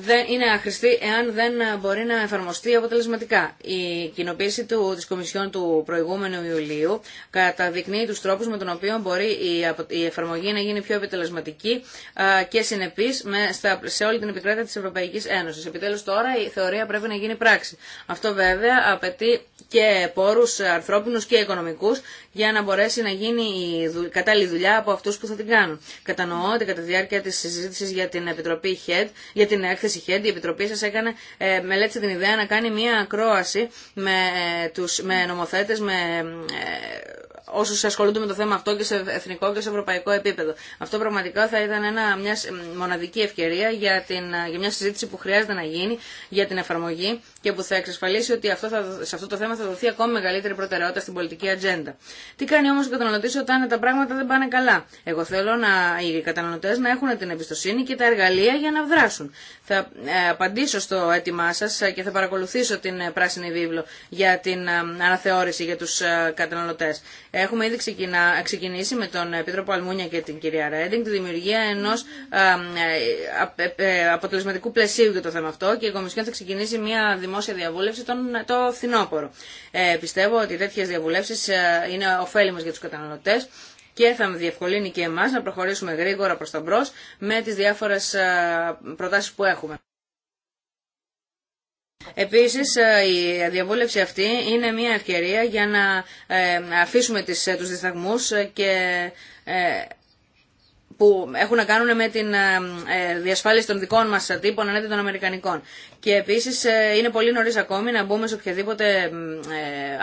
δεν είναι αχρηστή εάν δεν μπορεί να εφαρμοστεί αποτελεσματικά. Η κοινοποίηση του, της Κομισιόν του προηγούμενου Ιουλίου καταδεικνύει τους τρόπους με τον οποίο μπορεί η, εφαρμογή να γίνει πιο επιτελεσματική και συνεπής με, στα, σε όλη την επικράτεια της Ευρωπαϊκής Ένωσης. Επιτέλους τώρα η θεωρία πρέπει να γίνει πράξη. Αυτό βέβαια απαιτεί και πόρους ανθρώπινους και οικονομικούς για να μπορέσει να γίνει η κατάλληλη δουλειά από αυτούς που θα την κάνουν. Κατανοώ ότι κατά τη διάρκεια της συζήτησης για την Επιτροπή HED, για την η Χέντι, η Επιτροπή σα έκανε, ε, μελέτησε την ιδέα να κάνει μία ακρόαση με, ε, τους, με νομοθέτες, με ε, όσου ασχολούνται με το θέμα αυτό και σε εθνικό και σε ευρωπαϊκό επίπεδο. Αυτό πραγματικά θα ήταν ένα, μια μοναδική ευκαιρία για, την, για μια συζήτηση που χρειάζεται να γίνει για την εφαρμογή και που θα εξασφαλίσει ότι αυτό σε αυτό το θέμα θα δοθεί ακόμη μεγαλύτερη προτεραιότητα στην πολιτική ατζέντα. Τι κάνει όμως ο καταναλωτή όταν τα πράγματα δεν πάνε καλά. Εγώ θέλω να, οι καταναλωτέ να έχουν την εμπιστοσύνη και τα εργαλεία για να δράσουν. Θα ε, απαντήσω στο αίτημά σα και θα παρακολουθήσω την ε, πράσινη βίβλο για την ε, αναθεώρηση για τους καταναλωτέ. Έχουμε ήδη ξεκινά, ξεκινήσει με τον Επίτροπο Αλμούνια και την κυρία Ρέντινγκ τη δημιουργία ενό ε, ε, ε, αποτελεσματικού πλαισίου για το θέμα αυτό και η Κομισιόν θα ξεκινήσει μια δημόσια διαβούλευση τον, το φθινόπωρο. Ε, πιστεύω ότι τέτοιε διαβουλεύσει είναι ωφέλιμε για του καταναλωτέ και θα με διευκολύνει και εμά να προχωρήσουμε γρήγορα προ τα μπρο με τι διάφορε προτάσει που έχουμε. Επίσης ε, η διαβούλευση αυτή είναι μια ευκαιρία για να ε, αφήσουμε τις, ε, τους δισταγμούς και που έχουν να κάνουν με την διασφάλιση των δικών μας τύπων ανέτη των Αμερικανικών. Και επίσης είναι πολύ νωρίς ακόμη να μπούμε σε οποιαδήποτε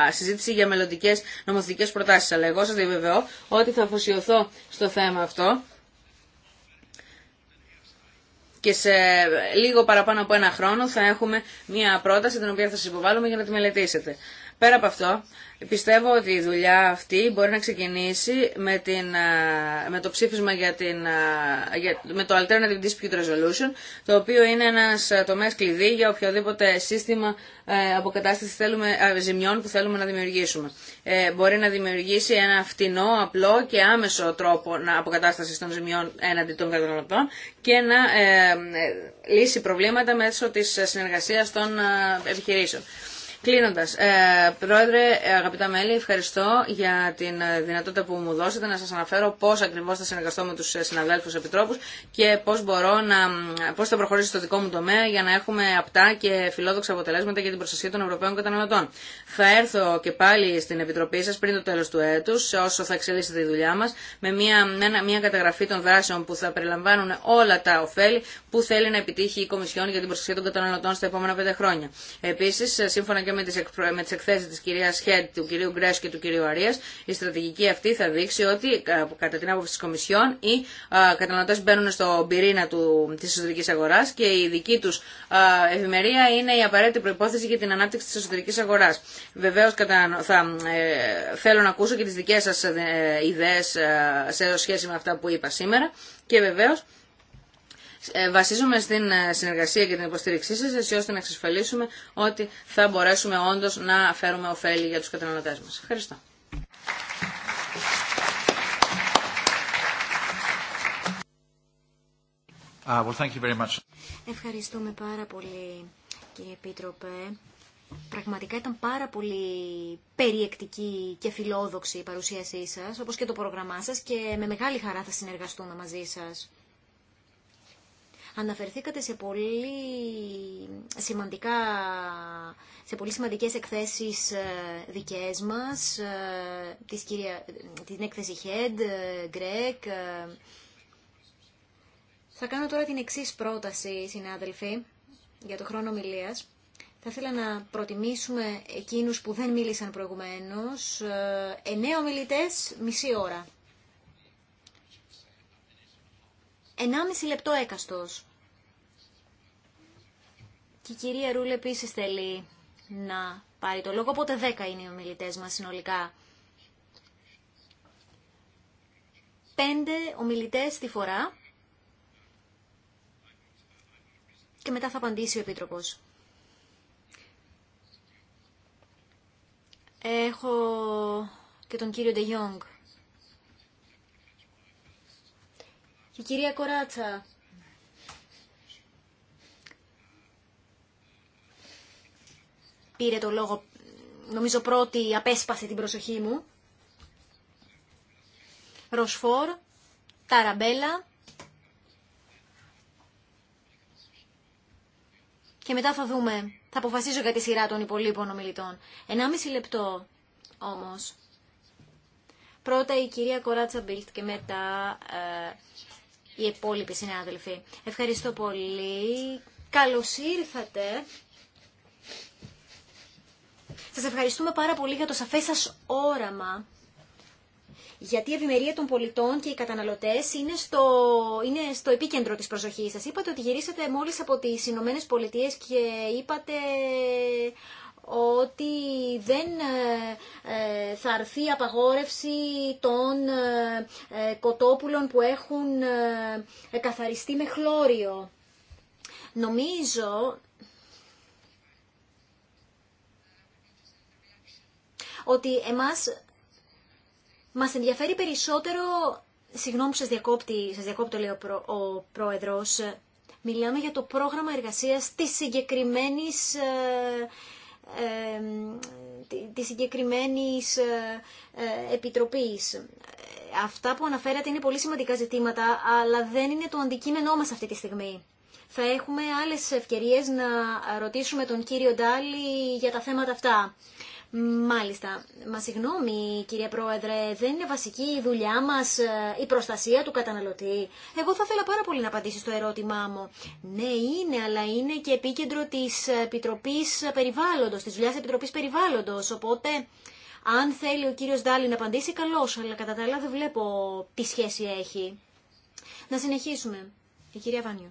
συζήτηση για μελλοντικέ νομοθετικές προτάσεις. Αλλά εγώ σας διαβεβαιώ ότι θα αφοσιωθώ στο θέμα αυτό και σε λίγο παραπάνω από ένα χρόνο θα έχουμε μια πρόταση την οποία θα σας υποβάλουμε για να τη μελετήσετε. Πέρα από αυτό, πιστεύω ότι η δουλειά αυτή μπορεί να ξεκινήσει με, την, με το ψήφισμα για την, με το Alternative Dispute Resolution, το οποίο είναι ένας τομέας κλειδί για οποιοδήποτε σύστημα ε, αποκατάστασης θέλουμε, ζημιών που θέλουμε να δημιουργήσουμε. Ε, μπορεί να δημιουργήσει ένα φτηνό, απλό και άμεσο τρόπο να αποκατάσταση των ζημιών έναντι των καταναλωτών και να ε, ε, λύσει προβλήματα μέσω της συνεργασίας των επιχειρήσεων. Κλείνοντα, ε, Πρόεδρε, αγαπητά μέλη, ευχαριστώ για την δυνατότητα που μου δώσετε να σα αναφέρω πώ ακριβώ θα συνεργαστώ με του συναδέλφου επιτρόπου και πώ μπορώ να πώς θα προχωρήσω στο δικό μου τομέα για να έχουμε απτά και φιλόδοξα αποτελέσματα για την προστασία των Ευρωπαίων καταναλωτών. Θα έρθω και πάλι στην Επιτροπή σα πριν το τέλο του έτου, όσο θα εξελίσσεται η δουλειά μα, με μια, μια, καταγραφή των δράσεων που θα περιλαμβάνουν όλα τα ωφέλη που θέλει να επιτύχει η Κομισιόν για την προστασία των καταναλωτών στα επόμενα πέντε χρόνια. Επίση, σύμφωνα και με τις, εκθέσει τη κυρία εκθέσεις της κυρίας Χέντ, του κυρίου Γκρέσ και του κυρίου Αρία. η στρατηγική αυτή θα δείξει ότι κατά την άποψη της Κομισιόν οι καταναλωτέ μπαίνουν στον πυρήνα τη της αγορά αγοράς και η δική τους ευημερία είναι η απαραίτητη προϋπόθεση για την ανάπτυξη της εσωτερική αγοράς. Βεβαίω, θα... Ε, θέλω να ακούσω και τις δικές σας ε, ιδέες ε, σε σχέση με αυτά που είπα σήμερα και βεβαίω. Ε, βασίζουμε στην ε, συνεργασία και την υποστήριξή σας έτσι ώστε να εξασφαλίσουμε ότι θα μπορέσουμε όντως να φέρουμε ωφέλη για τους καταναλωτές μας. Ευχαριστώ. Uh, well, thank you very much. Ευχαριστούμε πάρα πολύ κύριε Επίτροπε. Πραγματικά ήταν πάρα πολύ περιεκτική και φιλόδοξη η παρουσίασή σας, όπως και το πρόγραμμά σας και με μεγάλη χαρά θα συνεργαστούμε μαζί σας. Αναφερθήκατε σε πολύ, σημαντικά, σε πολύ σημαντικές εκθέσεις ε, δικές μας, ε, της κυρία, την έκθεση HED, Greg. Ε, Θα κάνω τώρα την εξής πρόταση, συνάδελφοι, για το χρόνο μιλίας. Θα ήθελα να προτιμήσουμε εκείνους που δεν μίλησαν προηγουμένως. Εννέα μιλητές, μισή ώρα. 1,5 λεπτό έκαστος. Και η κυρία Ρούλε επίσης θέλει να πάρει το λόγο, οπότε 10 είναι οι ομιλητές μας συνολικά. Πέντε ομιλητές τη φορά και μετά θα απαντήσει ο Επίτροπος. Έχω και τον κύριο Ντε Η κυρία Κοράτσα. Πήρε το λόγο, νομίζω πρώτη απέσπασε την προσοχή μου. Ροσφόρ, Ταραμπέλα. Και μετά θα δούμε, θα αποφασίζω για τη σειρά των υπολείπων ομιλητών. 1,5 λεπτό όμως. Πρώτα η κυρία Κοράτσα Μπίλτ και μετά ε, οι υπόλοιποι συνάδελφοι. Ευχαριστώ πολύ. Καλώς ήρθατε. Σας ευχαριστούμε πάρα πολύ για το σαφές σας όραμα. Γιατί η ευημερία των πολιτών και οι καταναλωτές είναι στο, είναι στο επίκεντρο της προσοχής σας. Είπατε ότι γυρίσατε μόλις από τι Ηνωμένε Πολιτείε και είπατε ότι δεν ε, ε, θα αρθεί απαγόρευση των ε, κοτόπουλων που έχουν καθαριστεί με χλώριο. Νομίζω ότι εμάς μας ενδιαφέρει περισσότερο... Συγγνώμη που σας, διακόπτει, σας διακόπτει λέει ο, πρό, πρόεδρος. Μιλάμε για το πρόγραμμα εργασίας της συγκεκριμένης της συγκεκριμένης ε, ε, επιτροπής. Αυτά που αναφέρατε είναι πολύ σημαντικά ζητήματα, αλλά δεν είναι το αντικείμενό μας αυτή τη στιγμή. Θα έχουμε άλλες ευκαιρίες να ρωτήσουμε τον κύριο Ντάλι για τα θέματα αυτά. Μάλιστα. Μα συγγνώμη, κύριε Πρόεδρε, δεν είναι βασική η δουλειά μα ε, η προστασία του καταναλωτή. Εγώ θα ήθελα πάρα πολύ να απαντήσει στο ερώτημά μου. Ναι, είναι, αλλά είναι και επίκεντρο τη Επιτροπή Περιβάλλοντο, τη δουλειά Επιτροπή Περιβάλλοντο. Οπότε, αν θέλει ο κύριο Ντάλι να απαντήσει, καλώ. Αλλά κατά τα άλλα δεν βλέπω τι σχέση έχει. Να συνεχίσουμε. Η κυρία Βανιού.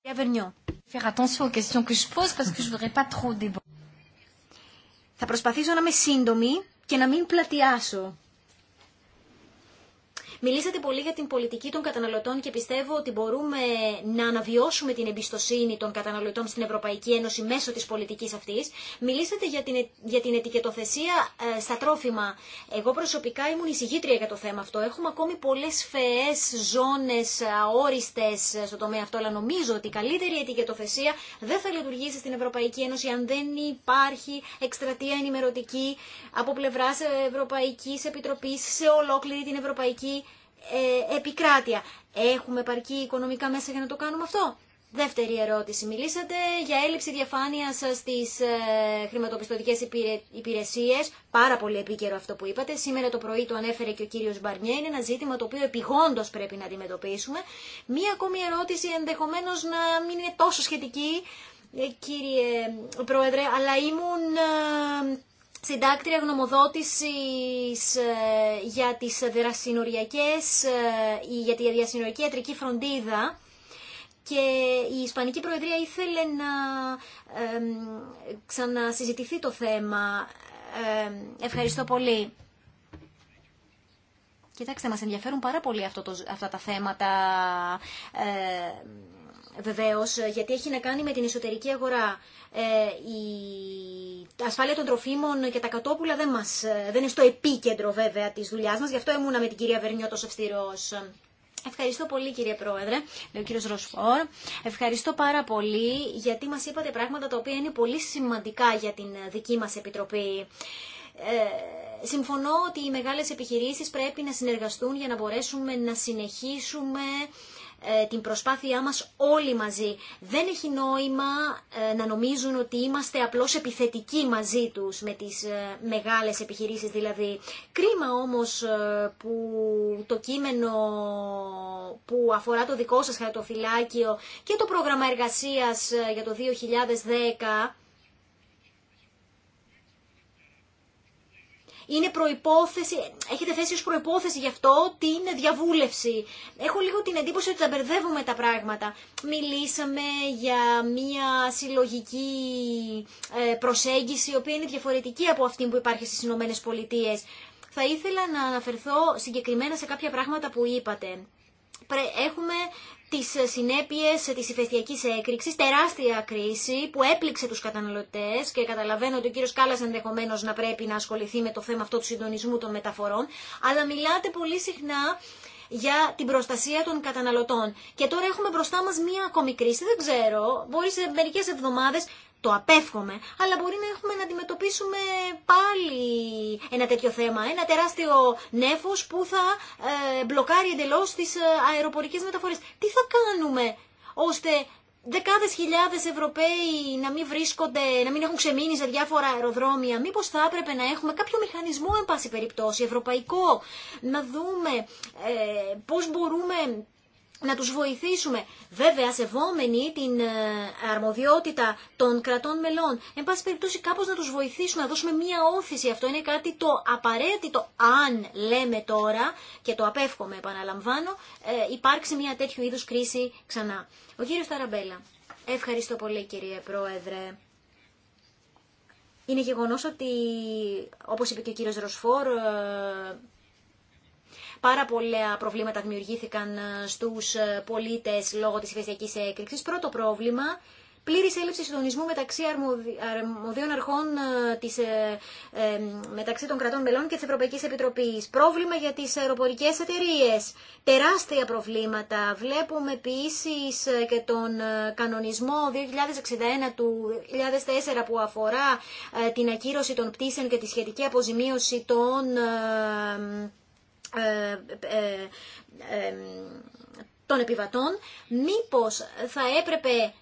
Κυρία Βερνιό. Faire attention aux questions que je pose parce que je voudrais pas trop θα προσπαθήσω να είμαι σύντομη και να μην πλατιάσω. Μιλήσατε πολύ για την πολιτική των καταναλωτών και πιστεύω ότι μπορούμε να αναβιώσουμε την εμπιστοσύνη των καταναλωτών στην Ευρωπαϊκή Ένωση μέσω τη πολιτική αυτή. Μιλήσατε για την, για την ετικετοθεσία ε, στα τρόφιμα. Εγώ προσωπικά ήμουν εισηγήτρια για το θέμα αυτό. Έχουμε ακόμη πολλέ φαιέ ζώνε αόριστε στο τομέα αυτό, αλλά νομίζω ότι η καλύτερη ετικετοθεσία δεν θα λειτουργήσει στην Ευρωπαϊκή Ένωση αν δεν υπάρχει εκστρατεία ενημερωτική από πλευρά Ευρωπαϊκή Επιτροπή σε ολόκληρη την Ευρωπαϊκή ε, επικράτεια. Έχουμε παρκή οικονομικά μέσα για να το κάνουμε αυτό. Δεύτερη ερώτηση. Μιλήσατε για έλλειψη διαφάνεια στι ε, χρηματοπιστωτικέ υπηρεσίε. Πάρα πολύ επίκαιρο αυτό που είπατε. Σήμερα το πρωί το ανέφερε και ο κύριο Μπαρνιέ. Είναι ένα ζήτημα το οποίο επιγόντω πρέπει να αντιμετωπίσουμε. Μία ακόμη ερώτηση ενδεχομένω να μην είναι τόσο σχετική, ε, κύριε Πρόεδρε, αλλά ήμουν συντάκτρια γνωμοδότησης ε, για, τις διασυνοριακές, ε, για τη διασυνοριακή ιατρική φροντίδα και η Ισπανική Προεδρία ήθελε να ε, ξανασυζητηθεί το θέμα. Ε, ευχαριστώ πολύ. Κοιτάξτε, μας ενδιαφέρουν πάρα πολύ αυτό το, αυτά τα θέματα ε, βεβαίως, ε, γιατί έχει να κάνει με την εσωτερική αγορά. Ε, η ασφάλεια των τροφίμων και τα κατόπουλα δεν, μας, ε, δεν είναι στο επίκεντρο βέβαια της δουλειάς μας, γι' αυτό ήμουνα με την κυρία Βερνιό τόσο Ευχαριστώ πολύ κύριε Πρόεδρε, λέει ο κύριος Ροσφόρ. Ευχαριστώ πάρα πολύ γιατί μας είπατε πράγματα τα οποία είναι πολύ σημαντικά για την δική μας Επιτροπή. Ε, συμφωνώ ότι οι μεγάλες επιχειρήσεις πρέπει να συνεργαστούν για να μπορέσουμε να συνεχίσουμε ε, την προσπάθειά μας όλοι μαζί. Δεν έχει νόημα ε, να νομίζουν ότι είμαστε απλώς επιθετικοί μαζί τους με τις ε, μεγάλες επιχειρήσεις δηλαδή. Κρίμα όμως που το κείμενο που αφορά το δικό σας χαρτοφυλάκιο και το πρόγραμμα εργασίας για το 2010 είναι προϋπόθεση, έχετε θέσει ως προϋπόθεση γι' αυτό είναι διαβούλευση. Έχω λίγο την εντύπωση ότι τα μπερδεύουμε τα πράγματα. Μιλήσαμε για μια συλλογική ε, προσέγγιση, η οποία είναι διαφορετική από αυτή που υπάρχει στις Ηνωμένε Πολιτείες. Θα ήθελα να αναφερθώ συγκεκριμένα σε κάποια πράγματα που είπατε. Έχουμε τις συνέπειε τη ηφαιστιακή έκρηξη, τεράστια κρίση που έπληξε τους καταναλωτές και καταλαβαίνω ότι ο κύριο Κάλλα ενδεχομένω να πρέπει να ασχοληθεί με το θέμα αυτό του συντονισμού των μεταφορών, αλλά μιλάτε πολύ συχνά για την προστασία των καταναλωτών. Και τώρα έχουμε μπροστά μας μία ακόμη κρίση, δεν ξέρω, μπορεί σε μερικές εβδομάδες το απέφχομαι, αλλά μπορεί να έχουμε να αντιμετωπίσουμε πάλι ένα τέτοιο θέμα, ένα τεράστιο νέφος που θα ε, μπλοκάρει εντελώς τις ε, αεροπορικές μεταφορές. Τι θα κάνουμε ώστε Δεκάδε χιλιάδε Ευρωπαίοι να μην βρίσκονται, να μην έχουν ξεμείνει σε διάφορα αεροδρόμια. Μήπω θα έπρεπε να έχουμε κάποιο μηχανισμό, εν πάση περιπτώσει, ευρωπαϊκό, να δούμε ε, πώ μπορούμε να τους βοηθήσουμε, βέβαια σεβόμενοι την ε, αρμοδιότητα των κρατών μελών. Εν πάση περιπτώσει κάπως να τους βοηθήσουμε, να δώσουμε μία όθηση. Αυτό είναι κάτι το απαραίτητο, αν λέμε τώρα, και το απέφχομαι επαναλαμβάνω, ε, υπάρξει μία τέτοιου είδους κρίση ξανά. Ο κύριος Ταραμπέλα. Ευχαριστώ πολύ κύριε Πρόεδρε. Είναι γεγονός ότι, όπως είπε και ο κύριος Ροσφόρ, ε, Πάρα πολλά προβλήματα δημιουργήθηκαν ε, στους ε, πολίτες λόγω της ηφαιστειακής έκρηξης. Πρώτο πρόβλημα, πλήρη έλλειψη συντονισμού μεταξύ αρμοδίων αρχών ε, της, μεταξύ των κρατών μελών και της Ευρωπαϊκής Επιτροπής. Πρόβλημα για τις αεροπορικές εταιρείε. Τεράστια προβλήματα. Βλέπουμε επίση και τον κανονισμό 2061 του 2004 που αφορά την ακύρωση των πτήσεων και τη σχετική αποζημίωση των ε, ε, ε, των επιβατών, μήπως θα έπρεπε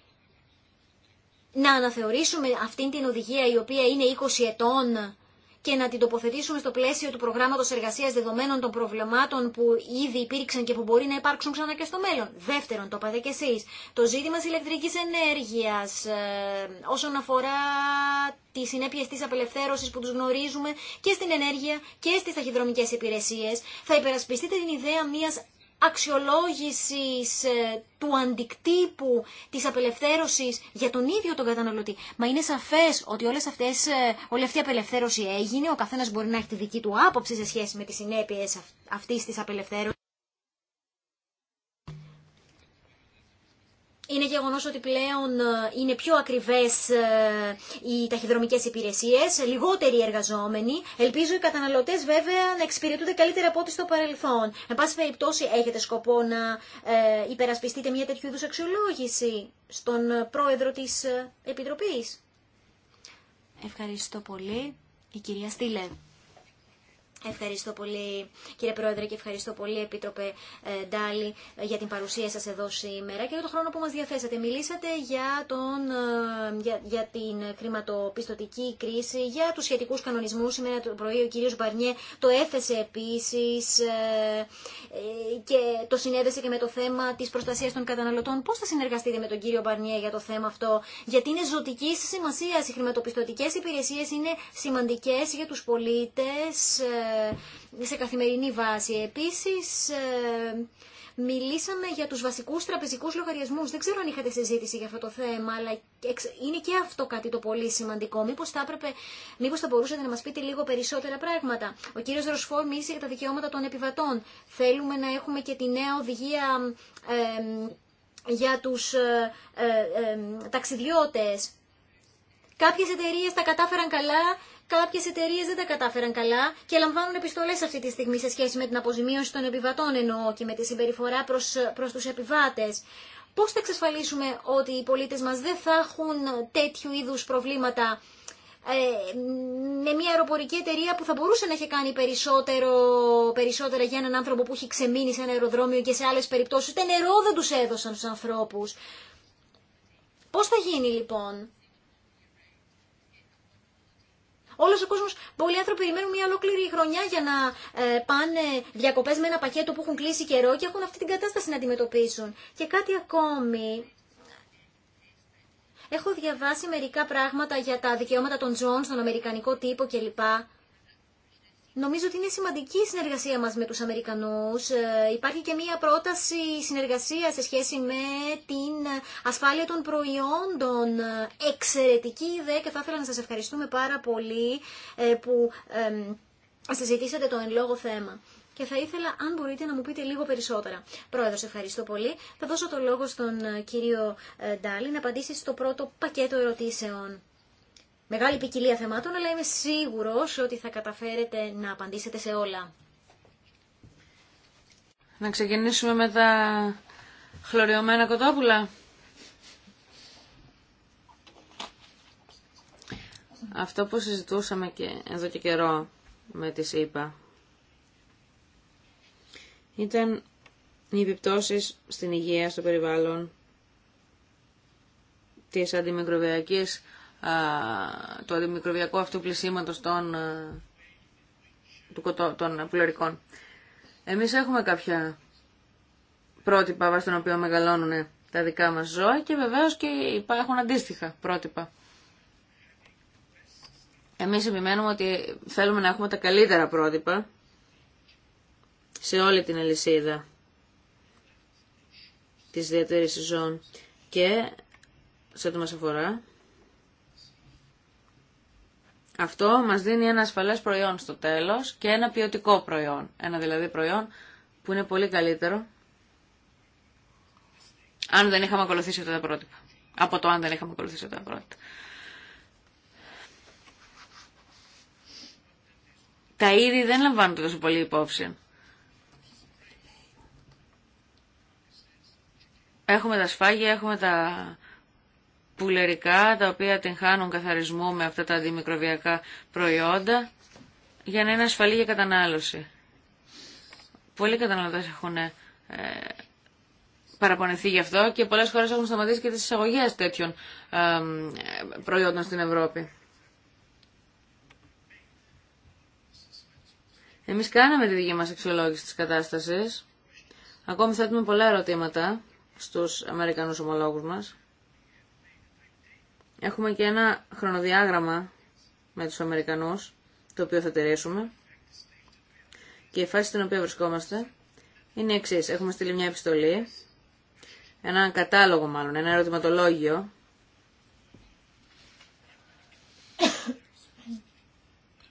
να αναθεωρήσουμε αυτήν την οδηγία η οποία είναι 20 ετών και να την τοποθετήσουμε στο πλαίσιο του προγράμματος εργασία δεδομένων των προβλημάτων που ήδη υπήρξαν και που μπορεί να υπάρξουν ξανά και στο μέλλον. Δεύτερον, το είπατε και εσεί. το ζήτημα της ηλεκτρικής ενέργειας ε, όσον αφορά τις συνέπειε τη απελευθέρωση που τους γνωρίζουμε και στην ενέργεια και στις ταχυδρομικέ υπηρεσίε, Θα υπερασπιστείτε την ιδέα μια αξιολόγησης ε, του αντικτύπου της απελευθέρωσης για τον ίδιο τον καταναλωτή. Μα είναι σαφές ότι όλες αυτές, ε, όλη αυτή η απελευθέρωση έγινε, ο καθένας μπορεί να έχει τη δική του άποψη σε σχέση με τις συνέπειες αυτής της απελευθέρωσης. Είναι γεγονός ότι πλέον ε, είναι πιο ακριβές ε, οι ταχυδρομικές υπηρεσίες, λιγότεροι εργαζόμενοι. Ελπίζω οι καταναλωτές βέβαια να εξυπηρετούνται καλύτερα από ό,τι στο παρελθόν. Εν πάση περιπτώσει έχετε σκοπό να ε, υπερασπιστείτε μια τέτοιου είδου αξιολόγηση στον πρόεδρο της Επιτροπής. Ευχαριστώ πολύ. Η κυρία Στήλε. Ευχαριστώ πολύ κύριε Πρόεδρε και ευχαριστώ πολύ Επίτροπε ε, Ντάλι ε, για την παρουσία σας εδώ σήμερα και για τον χρόνο που μας διαθέσατε. Μιλήσατε για, τον, ε, για, για την χρηματοπιστωτική κρίση, για τους σχετικούς κανονισμούς. Σήμερα το πρωί ο κύριος Μπαρνιέ το έθεσε επίσης και το συνέδεσε και με το θέμα της προστασίας των καταναλωτών. Πώς θα συνεργαστείτε με τον κύριο Μπαρνιέ για το θέμα αυτό, γιατί είναι ζωτική σημασία. Οι χρηματοπιστωτικές υπηρεσίες είναι σημαντικές για τους πολίτες ε, σε καθημερινή βάση. Επίσης, ε, μιλήσαμε για τους βασικούς τραπεζικούς λογαριασμούς. Δεν ξέρω αν είχατε συζήτηση για αυτό το θέμα, αλλά είναι και αυτό κάτι το πολύ σημαντικό. Μήπως θα, έπρεπε, μήπως θα μπορούσατε να μας πείτε λίγο περισσότερα πράγματα. Ο κύριος Ροσφόρ μίλησε για τα δικαιώματα των επιβατών. Θέλουμε να έχουμε και τη νέα οδηγία για τους ε, ε, ταξιδιώτες. Κάποιες εταιρείες τα κατάφεραν καλά, Κάποιε εταιρείε δεν τα κατάφεραν καλά και λαμβάνουν επιστολέ αυτή τη στιγμή σε σχέση με την αποζημίωση των επιβατών εννοώ και με τη συμπεριφορά προ του επιβάτε. Πώ θα εξασφαλίσουμε ότι οι πολίτε μα δεν θα έχουν τέτοιου είδου προβλήματα ε, με μια αεροπορική εταιρεία που θα μπορούσε να έχει κάνει περισσότερο, περισσότερα για έναν άνθρωπο που έχει ξεμείνει σε ένα αεροδρόμιο και σε άλλε περιπτώσει, ούτε νερό δεν του έδωσαν στους ανθρώπου. Πώς θα γίνει λοιπόν Όλο ο κόσμο, πολλοί άνθρωποι περιμένουν μια ολόκληρη χρονιά για να ε, πάνε διακοπέ με ένα πακέτο που έχουν κλείσει καιρό και έχουν αυτή την κατάσταση να αντιμετωπίσουν. Και κάτι ακόμη. Έχω διαβάσει μερικά πράγματα για τα δικαιώματα των Τζον στον Αμερικανικό τύπο κλπ. Νομίζω ότι είναι σημαντική η συνεργασία μας με τους Αμερικανούς. Ε, υπάρχει και μία πρόταση συνεργασία σε σχέση με την ασφάλεια των προϊόντων. Εξαιρετική ιδέα και θα ήθελα να σας ευχαριστούμε πάρα πολύ ε, που συζητήσατε το εν λόγω θέμα. Και θα ήθελα, αν μπορείτε, να μου πείτε λίγο περισσότερα. Πρόεδρο, ευχαριστώ πολύ. Θα δώσω το λόγο στον ε, κύριο Ντάλι να απαντήσει στο πρώτο πακέτο ερωτήσεων μεγάλη ποικιλία θεμάτων, αλλά είμαι σίγουρος ότι θα καταφέρετε να απαντήσετε σε όλα. Να ξεκινήσουμε με τα χλωριωμένα κοτόπουλα. Αυτό που συζητούσαμε και εδώ και καιρό με τη ΣΥΠΑ ήταν οι επιπτώσεις στην υγεία, στο περιβάλλον, τις αντιμικροβιακές το αντιμικροβιακού αυτού πλησίματος των, των πουλερικών. Εμείς έχουμε κάποια πρότυπα βάσει των οποίων μεγαλώνουν τα δικά μας ζώα και βεβαίως και υπάρχουν αντίστοιχα πρότυπα. Εμείς επιμένουμε ότι θέλουμε να έχουμε τα καλύτερα πρότυπα σε όλη την αλυσίδα της διατήρησης ζώων και σε ό,τι μας αφορά αυτό μας δίνει ένα ασφαλές προϊόν στο τέλος και ένα ποιοτικό προϊόν. Ένα δηλαδή προϊόν που είναι πολύ καλύτερο αν δεν είχαμε ακολουθήσει αυτά τα πρότυπα. Από το αν δεν είχαμε ακολουθήσει αυτά τα πρότυπα. Τα είδη δεν λαμβάνονται τόσο πολύ υπόψη. Έχουμε τα σφάγια, έχουμε τα πουλερικά τα οποία την χάνουν καθαρισμού με αυτά τα αντιμικροβιακά προϊόντα για να είναι ασφαλή για κατανάλωση. Πολλοί καταναλωτές έχουν ε, παραπονεθεί γι' αυτό και πολλές χώρες έχουν σταματήσει και τις εισαγωγές τέτοιων προϊόντων στην Ευρώπη. Εμείς κάναμε τη δική μας αξιολόγηση της κατάστασης. Ακόμη θέτουμε πολλά ερωτήματα στους Αμερικανούς ομολόγους μας. Έχουμε και ένα χρονοδιάγραμμα με τους Αμερικανούς, το οποίο θα τηρήσουμε. Και η φάση στην οποία βρισκόμαστε είναι η εξή. Έχουμε στείλει μια επιστολή, ένα κατάλογο μάλλον, ένα ερωτηματολόγιο,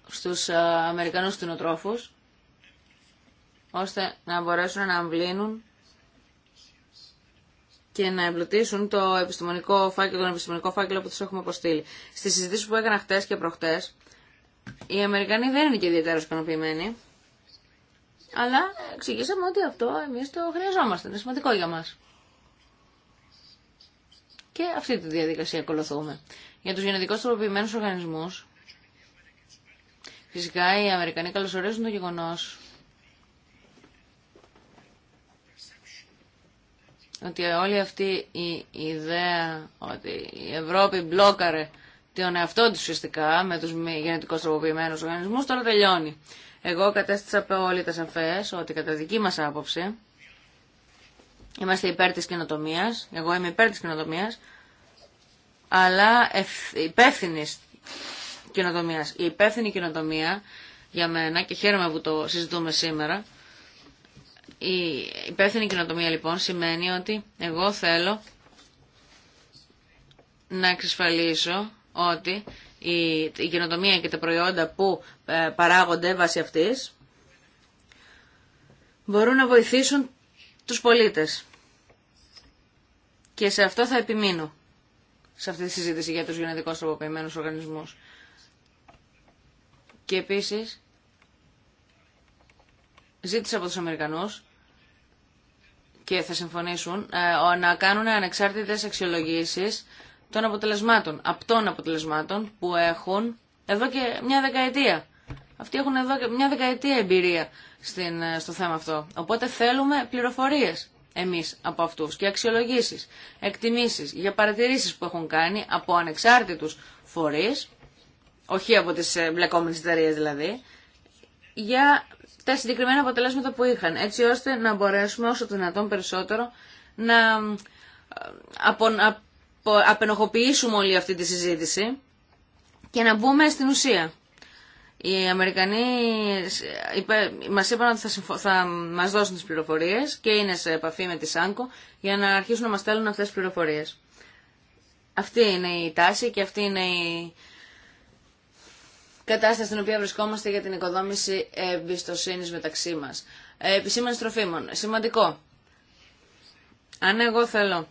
στους ε, Αμερικανούς κτηνοτρόφους, ώστε να μπορέσουν να αμβλύνουν και να εμπλουτίσουν το επιστημονικό φάκελο, τον επιστημονικό φάκελο που του έχουμε αποστείλει. Στι συζητήσει που έκανα χτε και προχτέ, οι Αμερικανοί δεν είναι και ιδιαίτερα ικανοποιημένοι. Αλλά εξηγήσαμε ότι αυτό εμεί το χρειαζόμαστε. Είναι σημαντικό για μα. Και αυτή τη διαδικασία ακολουθούμε. Για του γενετικώ τροποποιημένου οργανισμού, φυσικά οι Αμερικανοί καλωσορίζουν το γεγονό ότι όλη αυτή η ιδέα ότι η Ευρώπη μπλόκαρε τον εαυτό της ουσιαστικά με τους μη γενετικώς τροποποιημένους οργανισμούς τώρα τελειώνει. Εγώ κατέστησα απόλυτα σαφές ότι κατά δική μας άποψη είμαστε υπέρ της κοινοτομίας, εγώ είμαι υπέρ της κοινοτομίας, αλλά υπεύθυνη κοινοτομίας. Η υπεύθυνη κοινοτομία για μένα, και χαίρομαι που το συζητούμε σήμερα, η υπεύθυνη κοινοτομία λοιπόν σημαίνει ότι εγώ θέλω να εξασφαλίσω ότι η, η κοινοτομία και τα προϊόντα που ε, παράγονται βάσει αυτής μπορούν να βοηθήσουν τους πολίτες. Και σε αυτό θα επιμείνω, σε αυτή τη συζήτηση για τους γενετικώς τροποποιημένους οργανισμούς. Και επίσης, ζήτησα από τους Αμερικανούς και θα συμφωνήσουν ε, να κάνουν ανεξάρτητες αξιολογήσεις των αποτελεσμάτων, των αποτελεσμάτων που έχουν εδώ και μια δεκαετία. Αυτοί έχουν εδώ και μια δεκαετία εμπειρία στην, ε, στο θέμα αυτό. Οπότε θέλουμε πληροφορίες εμείς από αυτούς και αξιολογήσεις, εκτιμήσεις για παρατηρήσεις που έχουν κάνει από ανεξάρτητους φορείς, όχι από τις ε, μπλεκόμενες εταιρείε δηλαδή, για τα συγκεκριμένα αποτελέσματα που είχαν, έτσι ώστε να μπορέσουμε όσο το δυνατόν περισσότερο να ε, απενοχοποιήσουμε όλη αυτή τη συζήτηση και να μπούμε στην ουσία. Οι Αμερικανοί ε, μας είπαν ότι θα, συμφω... θα μας δώσουν τις πληροφορίες και είναι σε επαφή με τη ΣΑΝΚΟ για να αρχίσουν να μας στέλνουν αυτές τις πληροφορίες. Αυτή είναι η τάση και αυτή είναι η κατάσταση στην οποία βρισκόμαστε για την οικοδόμηση εμπιστοσύνη μεταξύ μα. Ε, επισήμανση τροφίμων. Σημαντικό. Αν εγώ θέλω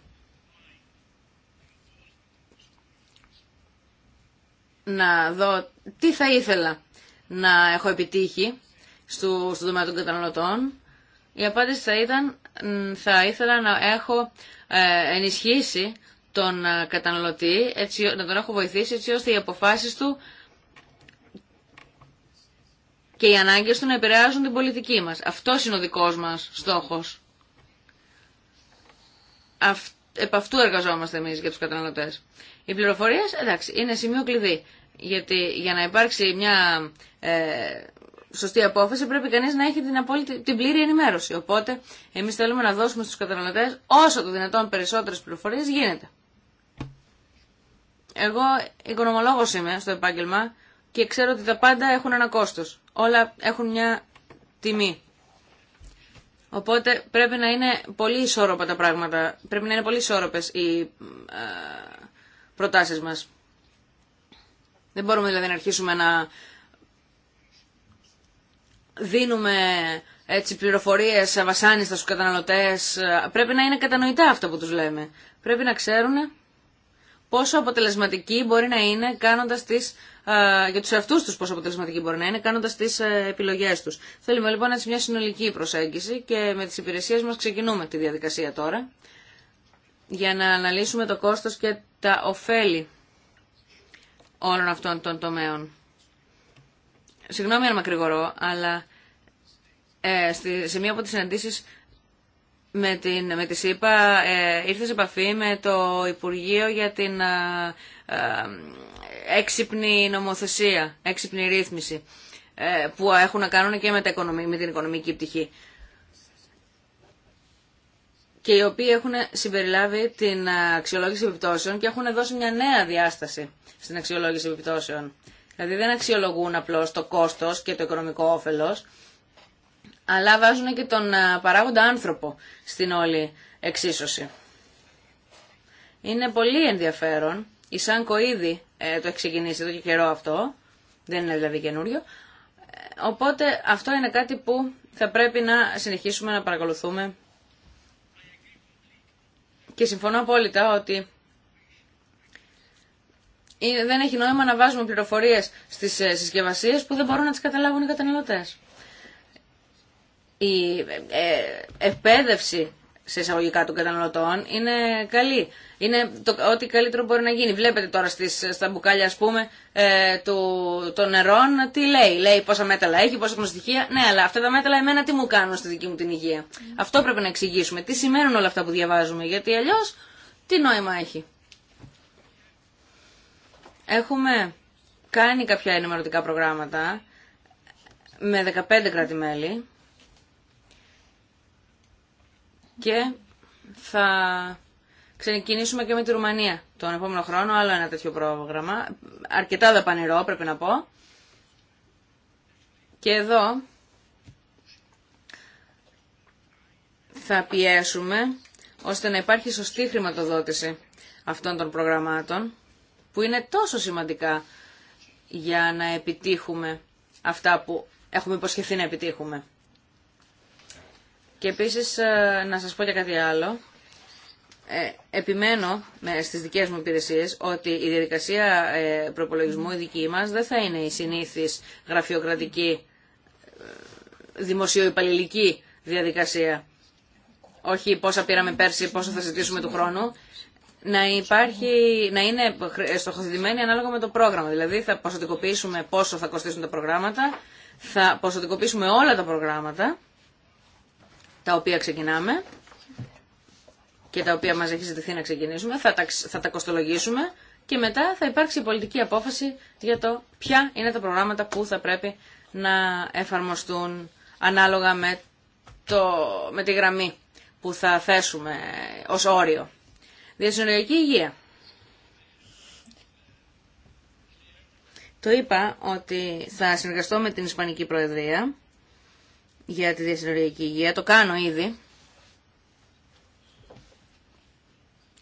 να δω τι θα ήθελα να έχω επιτύχει στο, στο τομέα των καταναλωτών, η απάντηση θα ήταν θα ήθελα να έχω ε, ενισχύσει τον ε, καταναλωτή, έτσι, να τον έχω βοηθήσει έτσι ώστε οι αποφάσεις του και οι ανάγκες του να επηρεάζουν την πολιτική μας. Αυτό είναι ο δικός μας στόχος. επ' αυτού εργαζόμαστε εμείς για τους καταναλωτές. Οι πληροφορίες, εντάξει, είναι σημείο κλειδί. Γιατί για να υπάρξει μια ε, σωστή απόφαση πρέπει κανείς να έχει την, απόλυτη, την πλήρη ενημέρωση. Οπότε εμείς θέλουμε να δώσουμε στους καταναλωτές όσο το δυνατόν περισσότερες πληροφορίες γίνεται. Εγώ οικονομολόγος είμαι στο επάγγελμα, και ξέρω ότι τα πάντα έχουν ένα κόστος. Όλα έχουν μια τιμή. Οπότε πρέπει να είναι πολύ ισόρροπα τα πράγματα. Πρέπει να είναι πολύ ισόρροπες οι ε, προτάσεις μας. Δεν μπορούμε δηλαδή να αρχίσουμε να δίνουμε έτσι, πληροφορίες αβασάνιστα ε, στους καταναλωτές. Ε, πρέπει να είναι κατανοητά αυτά που τους λέμε. Πρέπει να ξέρουν πόσο αποτελεσματική μπορεί να είναι κάνοντας τις, για τους εαυτού τους πόσο αποτελεσματική μπορεί να είναι κάνοντας τις ε, επιλογές τους. Θέλουμε λοιπόν έτσι μια συνολική προσέγγιση και με τις υπηρεσίες μας ξεκινούμε τη διαδικασία τώρα για να αναλύσουμε το κόστος και τα ωφέλη όλων αυτών των τομέων. Συγγνώμη αν μακρηγορώ, αλλά ε, σε μία από τι συναντήσει με, την, με τη ΣΥΠΑ ε, ήρθε σε επαφή με το Υπουργείο για την ε, ε, έξυπνη νομοθεσία, έξυπνη ρύθμιση ε, που έχουν να κάνουν και με, με την οικονομική πτυχή και οι οποίοι έχουν συμπεριλάβει την αξιολόγηση επιπτώσεων και έχουν δώσει μια νέα διάσταση στην αξιολόγηση επιπτώσεων. Δηλαδή δεν αξιολογούν απλώς το κόστος και το οικονομικό όφελος, αλλά βάζουν και τον ε, παράγοντα άνθρωπο στην όλη εξίσωση. Είναι πολύ ενδιαφέρον. Η Σάνκο ήδη ε, το έχει ξεκινήσει εδώ και καιρό αυτό, δεν είναι δηλαδή καινούριο. Ε, οπότε αυτό είναι κάτι που θα πρέπει να συνεχίσουμε να παρακολουθούμε και συμφωνώ απόλυτα ότι δεν έχει νόημα να βάζουμε πληροφορίες στις συσκευασίες που δεν μπορούν να τις καταλάβουν οι καταναλωτές η ε, εκπαίδευση σε εισαγωγικά των καταναλωτών είναι καλή. Είναι το, ό,τι καλύτερο μπορεί να γίνει. Βλέπετε τώρα στις, στα μπουκάλια, ας πούμε, ε, του, των νερών, τι λέει. Λέει πόσα μέταλλα έχει, πόσα γνωστοιχεία. Ναι, αλλά αυτά τα μέταλλα εμένα τι μου κάνουν στη δική μου την υγεία. Mm. Αυτό πρέπει να εξηγήσουμε. Τι σημαίνουν όλα αυτά που διαβάζουμε. Γιατί αλλιώ τι νόημα έχει. Έχουμε κάνει κάποια ενημερωτικά προγράμματα με 15 κράτη-μέλη και θα ξεκινήσουμε και με τη Ρουμανία τον επόμενο χρόνο, άλλο ένα τέτοιο πρόγραμμα, αρκετά δαπανηρό πρέπει να πω. Και εδώ θα πιέσουμε ώστε να υπάρχει σωστή χρηματοδότηση αυτών των προγραμμάτων που είναι τόσο σημαντικά για να επιτύχουμε αυτά που έχουμε υποσχεθεί να επιτύχουμε. Και επίσης ε, να σας πω και κάτι άλλο. Ε, επιμένω στις δικές μου υπηρεσίες ότι η διαδικασία ε, προπολογισμού η δική μας δεν θα είναι η συνήθις γραφειοκρατική δημοσιοϊπαλληλική διαδικασία. Όχι πόσα πήραμε πέρσι, πόσα θα ζητήσουμε του χρόνου. Να, υπάρχει, να είναι στοχοθετημένη ανάλογα με το πρόγραμμα. Δηλαδή θα ποσοτικοποιήσουμε πόσο θα κοστίσουν τα προγράμματα, θα ποσοτικοποιήσουμε όλα τα προγράμματα τα οποία ξεκινάμε και τα οποία μας έχει ζητηθεί να ξεκινήσουμε, θα τα, θα τα κοστολογήσουμε και μετά θα υπάρξει η πολιτική απόφαση για το ποια είναι τα προγράμματα που θα πρέπει να εφαρμοστούν ανάλογα με, το, με τη γραμμή που θα θέσουμε ως όριο. Διασυνοριακή υγεία. Το είπα ότι θα συνεργαστώ με την Ισπανική Προεδρία για τη διασυνοριακή υγεία. Το κάνω ήδη.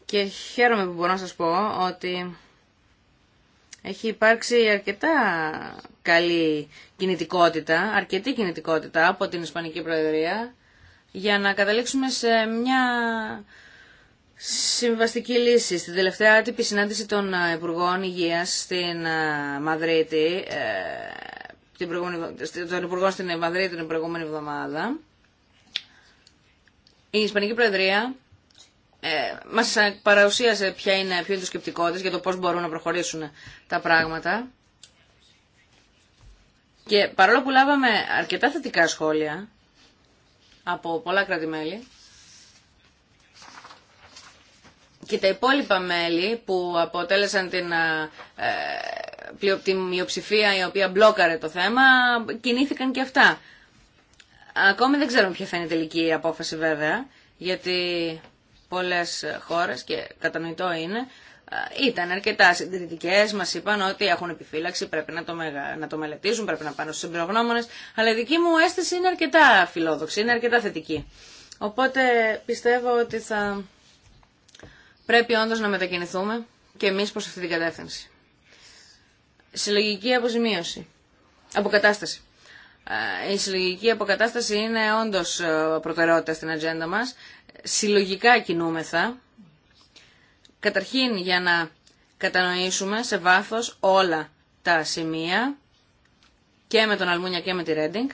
Και χαίρομαι που μπορώ να σας πω ότι έχει υπάρξει αρκετά καλή κινητικότητα, αρκετή κινητικότητα από την Ισπανική Προεδρία για να καταλήξουμε σε μια συμβαστική λύση. Στην τελευταία άτυπη συνάντηση των Υπουργών Υγείας στην ε, Μαδρίτη ε, την τον Υπουργό στην Μαδρίτη την προηγούμενη εβδομάδα. Η Ισπανική Προεδρία ε, μας παρουσίασε ποια είναι, ποιο είναι το σκεπτικό τη για το πώ μπορούν να προχωρήσουν τα πράγματα. Και παρόλο που λάβαμε αρκετά θετικά σχόλια από πολλά κράτη-μέλη, και τα υπόλοιπα μέλη που αποτέλεσαν την, ε, τη μειοψηφία η οποία μπλόκαρε το θέμα, κινήθηκαν και αυτά. Ακόμη δεν ξέρουμε ποια θα είναι η τελική απόφαση βέβαια, γιατί πολλές χώρες, και κατανοητό είναι, ε, ήταν αρκετά συντηρητικέ, μα είπαν ότι έχουν επιφύλαξη, πρέπει να το, να το μελετήσουν, πρέπει να πάνε στου εμπειρογνώμονε. Αλλά η δική μου αίσθηση είναι αρκετά φιλόδοξη, είναι αρκετά θετική. Οπότε πιστεύω ότι θα πρέπει όντω να μετακινηθούμε και εμεί προ αυτή την κατεύθυνση. Συλλογική αποζημίωση. Αποκατάσταση. Ε, η συλλογική αποκατάσταση είναι όντως ε, προτεραιότητα στην ατζέντα μας. Συλλογικά κινούμεθα. Καταρχήν για να κατανοήσουμε σε βάθος όλα τα σημεία και με τον Αλμούνια και με τη Ρέντινγκ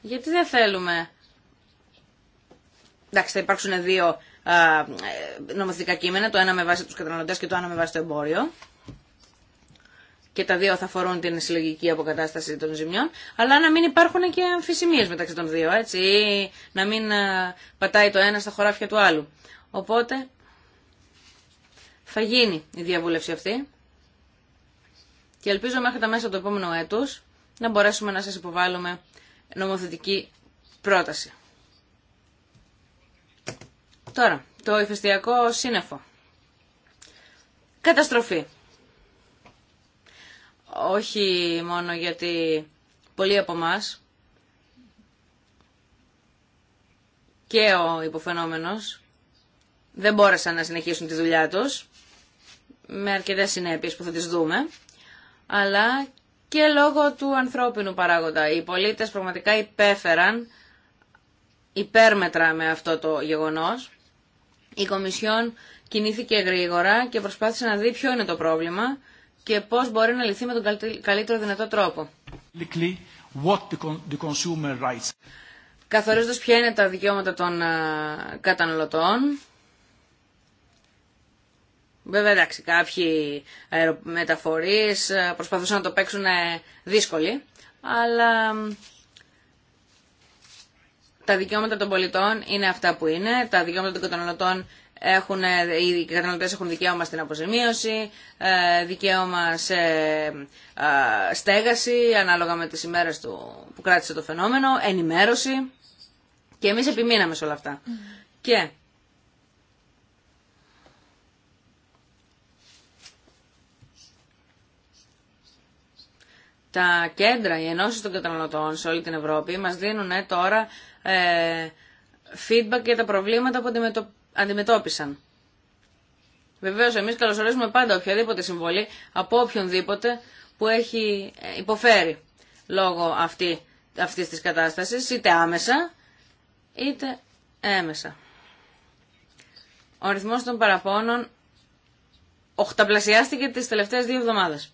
γιατί δεν θέλουμε εντάξει θα υπάρξουν δύο ε, νομοθετικά κείμενα το ένα με βάση τους καταναλωτές και το άλλο με βάση το εμπόριο και τα δύο θα αφορούν την συλλογική αποκατάσταση των ζημιών, αλλά να μην υπάρχουν και αμφισημίες μεταξύ των δύο, έτσι, ή να μην ε, πατάει το ένα στα χωράφια του άλλου. Οπότε θα γίνει η διαβούλευση αυτή και ελπίζω μέχρι τα μέσα του επόμενου έτους να μπορέσουμε να σας υποβάλουμε νομοθετική πρόταση. Τώρα, το ηφαιστειακό σύννεφο. Καταστροφή όχι μόνο γιατί πολλοί από εμά και ο υποφαινόμενος δεν μπόρεσαν να συνεχίσουν τη δουλειά τους με αρκετές συνέπειες που θα τις δούμε αλλά και λόγω του ανθρώπινου παράγοντα. Οι πολίτες πραγματικά υπέφεραν υπέρμετρα με αυτό το γεγονός. Η Κομισιόν κινήθηκε γρήγορα και προσπάθησε να δει ποιο είναι το πρόβλημα και πώς μπορεί να λυθεί με τον καλύτερο δυνατό τρόπο. Καθορίζοντας ποια είναι τα δικαιώματα των καταναλωτών. Βέβαια, εντάξει, κάποιοι μεταφορείς προσπαθούσαν να το παίξουν ε, δύσκολοι, αλλά τα δικαιώματα των πολιτών είναι αυτά που είναι, τα δικαιώματα των καταναλωτών έχουν, οι καταναλωτέ έχουν δικαίωμα στην αποζημίωση, ε, δικαίωμα σε ε, στέγαση ανάλογα με τις ημέρες του, που κράτησε το φαινόμενο, ενημέρωση και εμείς επιμείναμε σε όλα αυτά. Και τα κέντρα, οι ενώσεις των καταναλωτών σε όλη την Ευρώπη μας δίνουν τώρα ε, feedback για τα προβλήματα που αντιμετωπίζουν αντιμετώπισαν. Βεβαίως εμείς καλωσορίζουμε πάντα οποιαδήποτε συμβολή από οποιονδήποτε που έχει υποφέρει λόγω αυτή, αυτής της κατάστασης, είτε άμεσα είτε έμεσα. Ο αριθμό των παραπώνων οχταπλασιάστηκε τις τελευταίες δύο εβδομάδες.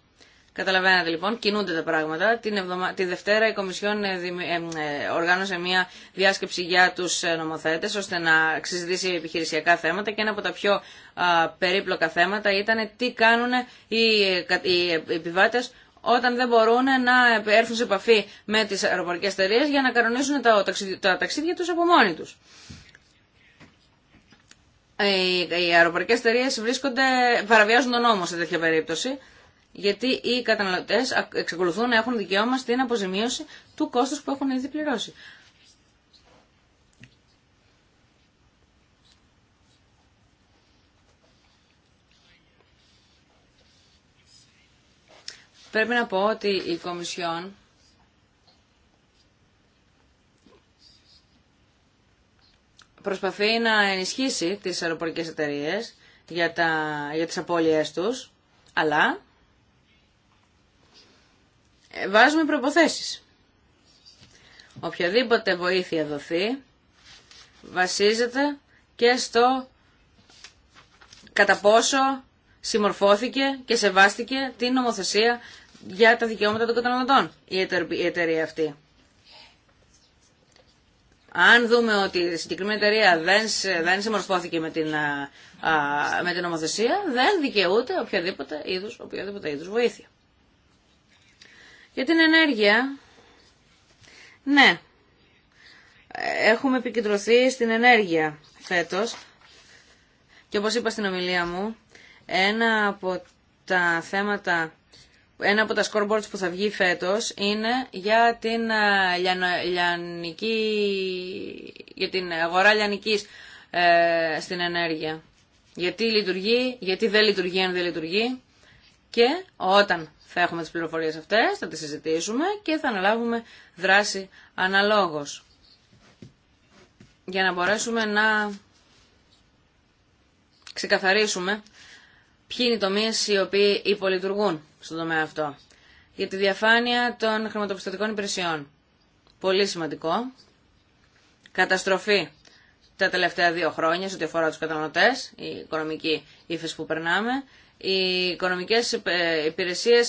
Καταλαβαίνετε λοιπόν, κινούνται τα πράγματα. Την Τη Δευτέρα η Κομισιόν ε, ε, ε, οργάνωσε μια διάσκεψη για του νομοθέτε, ώστε να συζητήσει επιχειρησιακά θέματα και ένα από τα πιο περίπλοκα θέματα ήταν τι κάνουν οι επιβάτε όταν δεν μπορούν να έρθουν σε επαφή με τι αεροπορικέ εταιρείε για να κανονίσουν τα ταξίδια του από μόνοι του. Οι αεροπορικέ εταιρείε παραβιάζουν τον νόμο σε τέτοια περίπτωση γιατί οι καταναλωτές εξακολουθούν να έχουν δικαίωμα στην αποζημίωση του κόστους που έχουν ήδη πληρώσει. Πρέπει να πω ότι η Κομισιόν προσπαθεί να ενισχύσει τις αεροπορικές εταιρείες για, τα, για τις απώλειές τους, αλλά ε, βάζουμε προποθέσεις. Οποιαδήποτε βοήθεια δοθεί βασίζεται και στο κατά πόσο συμμορφώθηκε και σεβάστηκε την νομοθεσία για τα δικαιώματα των καταναλωτών η εταιρεία αυτή. Αν δούμε ότι η συγκεκριμένη εταιρεία δεν, δεν συμμορφώθηκε με την, με την νομοθεσία, δεν δικαιούται οποιαδήποτε είδους, οποιαδήποτε είδους βοήθεια. Για την ενέργεια, ναι, έχουμε επικεντρωθεί στην ενέργεια φέτος και όπως είπα στην ομιλία μου, ένα από τα θέματα, ένα από τα scoreboards που θα βγει φέτος είναι για την, ε, λιανική, για την αγορά λιανικής ε, στην ενέργεια. Γιατί λειτουργεί, γιατί δεν λειτουργεί αν δεν λειτουργεί και όταν θα έχουμε τις πληροφορίες αυτές, θα τις συζητήσουμε και θα αναλάβουμε δράση αναλόγως για να μπορέσουμε να ξεκαθαρίσουμε ποιοι είναι οι τομείς οι οποίοι υπολειτουργούν στον τομέα αυτό. Για τη διαφάνεια των χρηματοπιστωτικών υπηρεσιών. Πολύ σημαντικό. Καταστροφή τα τελευταία δύο χρόνια σε ό,τι αφορά τους καταναλωτές, η οικονομική ύφεση που περνάμε οι οικονομικέ ε, υπηρεσίε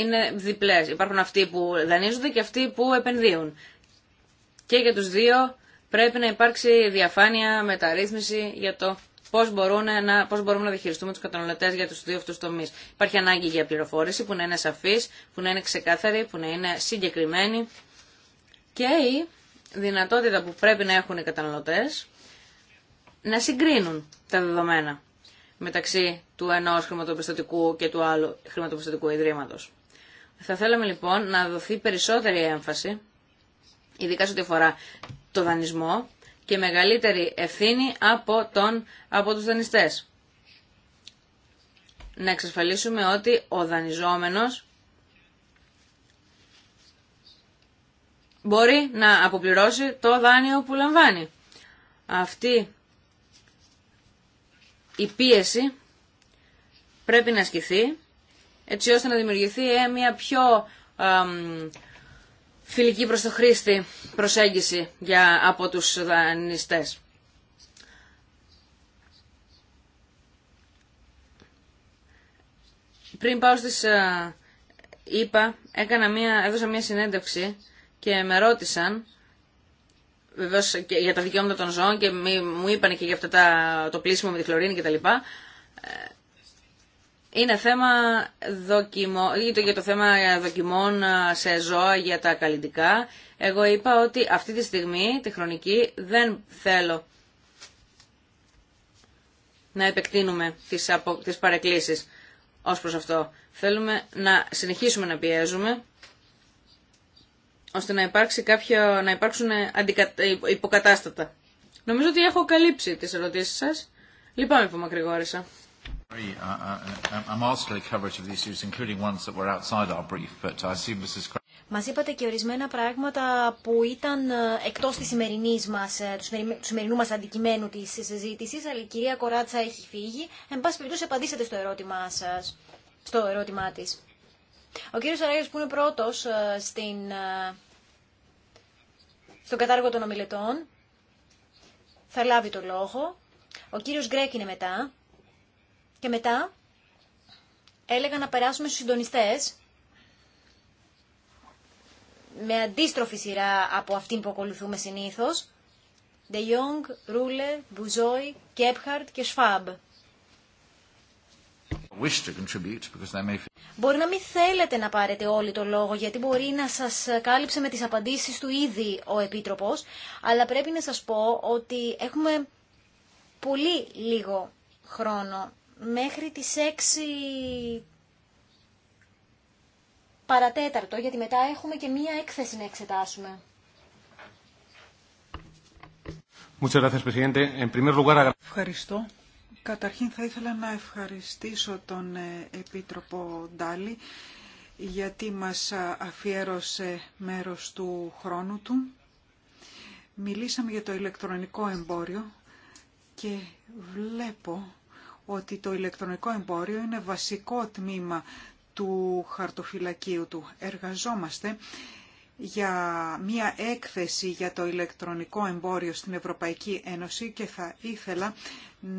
είναι διπλές. Υπάρχουν αυτοί που δανείζονται και αυτοί που επενδύουν. Και για του δύο πρέπει να υπάρξει διαφάνεια, μεταρρύθμιση για το πώς, μπορούμε να διαχειριστούμε τους καταναλωτές για τους δύο αυτούς τομείς. Υπάρχει ανάγκη για πληροφόρηση που να είναι σαφής, που να είναι ξεκάθαρη, που να είναι συγκεκριμένη και η δυνατότητα που πρέπει να έχουν οι καταναλωτές να συγκρίνουν τα δεδομένα μεταξύ του ενός χρηματοπιστωτικού και του άλλου χρηματοπιστωτικού ιδρύματος. Θα θέλαμε λοιπόν να δοθεί περισσότερη έμφαση, ειδικά σε ό,τι αφορά το δανεισμό και μεγαλύτερη ευθύνη από, τον, από τους δανειστές. Να εξασφαλίσουμε ότι ο δανειζόμενος μπορεί να αποπληρώσει το δάνειο που λαμβάνει. Αυτή η πίεση πρέπει να ασκηθεί έτσι ώστε να δημιουργηθεί ε, μια πιο φιλική προς το χρήστη προσέγγιση για, από τους δανειστές. Πριν πάω στις ε, είπα, έκανα μια, έδωσα μια συνέντευξη και με ρώτησαν βεβαίω και για τα δικαιώματα των ζώων και μου είπαν και για αυτά τα, το πλήσιμο με τη χλωρίνη κτλ. Ε, είναι θέμα δοκιμό, για το θέμα δοκιμών ε, σε ζώα για τα καλλιντικά. Εγώ είπα ότι αυτή τη στιγμή, τη χρονική, δεν θέλω να επεκτείνουμε τις, απο, τις παρεκκλήσεις ως προς αυτό. Θέλουμε να συνεχίσουμε να πιέζουμε ώστε να, υπάρξει κάποιο να υπάρξουν αντικατα... υποκατάστατα. Νομίζω ότι έχω καλύψει τις ερωτήσεις σας. Λυπάμαι που μακρηγόρησα. Uh, uh, uh, μας είπατε και ορισμένα πράγματα που ήταν ε, εκτός της σημερινής μας, ε, του σημερινού μας αντικειμένου της συζήτησης, αλλά η κυρία Κοράτσα έχει φύγει. Εν πάση περιπτώσει απαντήσατε στο ερώτημά σας, της. Ο κύριος Αράγιος που είναι πρώτος ε, στην στον κατάργο των ομιλητών. Θα λάβει το λόγο. Ο κύριος Γκρέκ είναι μετά. Και μετά έλεγα να περάσουμε στους συντονιστές με αντίστροφη σειρά από αυτήν που ακολουθούμε συνήθως. De Jong, Ρούλε, Μπουζόι, Κέπχαρτ και Σφάμπ. Μπορεί να μην θέλετε να πάρετε όλοι το λόγο γιατί μπορεί να σας κάλυψε με τις απαντήσεις του ήδη ο Επίτροπος αλλά πρέπει να σας πω ότι έχουμε πολύ λίγο χρόνο μέχρι τις 6 παρατέταρτο γιατί μετά έχουμε και μία έκθεση να εξετάσουμε. Ευχαριστώ. Καταρχήν θα ήθελα να ευχαριστήσω τον ε, Επίτροπο Ντάλι γιατί μας αφιέρωσε μέρος του χρόνου του. Μιλήσαμε για το ηλεκτρονικό εμπόριο και βλέπω ότι το ηλεκτρονικό εμπόριο είναι βασικό τμήμα του χαρτοφυλακίου του. Εργαζόμαστε για μία έκθεση για το ηλεκτρονικό εμπόριο στην Ευρωπαϊκή Ένωση και θα ήθελα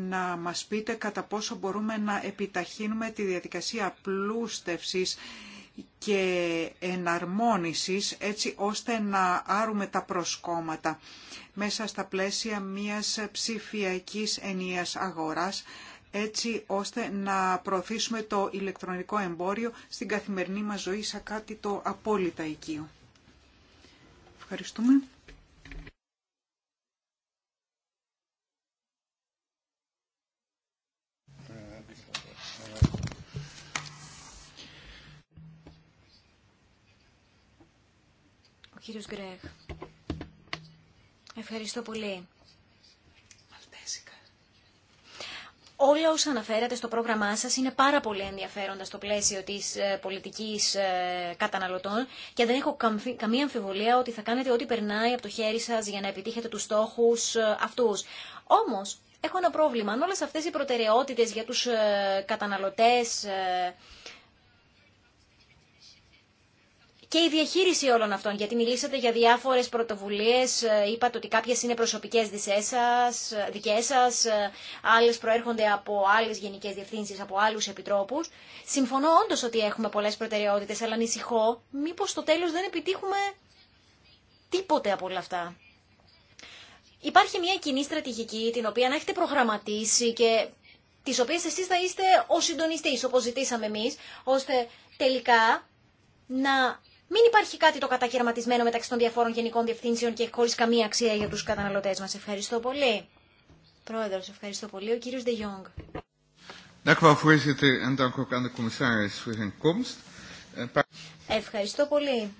να μας πείτε κατά πόσο μπορούμε να επιταχύνουμε τη διαδικασία πλούστευσης και εναρμόνισης έτσι ώστε να άρουμε τα προσκόμματα μέσα στα πλαίσια μιας ψηφιακής ενίας αγοράς έτσι ώστε να προωθήσουμε το ηλεκτρονικό εμπόριο στην καθημερινή μας ζωή σαν κάτι το απόλυτα οικείο. Ευχαριστούμε. Ο κύριος Γκρέχ. Ευχαριστώ πολύ. Όλα όσα αναφέρατε στο πρόγραμμά σας είναι πάρα πολύ ενδιαφέροντα στο πλαίσιο της ε, πολιτικής ε, καταναλωτών και δεν έχω καμία αμφιβολία ότι θα κάνετε ό,τι περνάει από το χέρι σας για να επιτύχετε τους στόχους ε, αυτούς. Όμως, έχω ένα πρόβλημα. Αν όλες αυτές οι προτεραιότητες για τους καταναλωτές και η διαχείριση όλων αυτών, γιατί μιλήσατε για διάφορες πρωτοβουλίες, ε, είπατε ότι κάποιες είναι προσωπικές δικέ δικές σας, ε, άλλες προέρχονται από άλλες γενικές διευθύνσεις, από άλλους επιτρόπους. Συμφωνώ όντως ότι έχουμε πολλές προτεραιότητες, αλλά ανησυχώ μήπως στο τέλος δεν επιτύχουμε τίποτε από όλα αυτά. Υπάρχει μια κοινή στρατηγική την οποία να έχετε προγραμματίσει και τις οποίες εσείς θα είστε ο συντονιστής, όπως ζητήσαμε εμείς, ώστε τελικά να μην υπάρχει κάτι το κατακαιρματισμένο μεταξύ των διαφόρων γενικών διευθύνσεων και χωρί καμία αξία για τους καταναλωτές μας. Ευχαριστώ πολύ. Πρόεδρος, ευχαριστώ πολύ. Ο κύριος De Jong. Ευχαριστώ πολύ.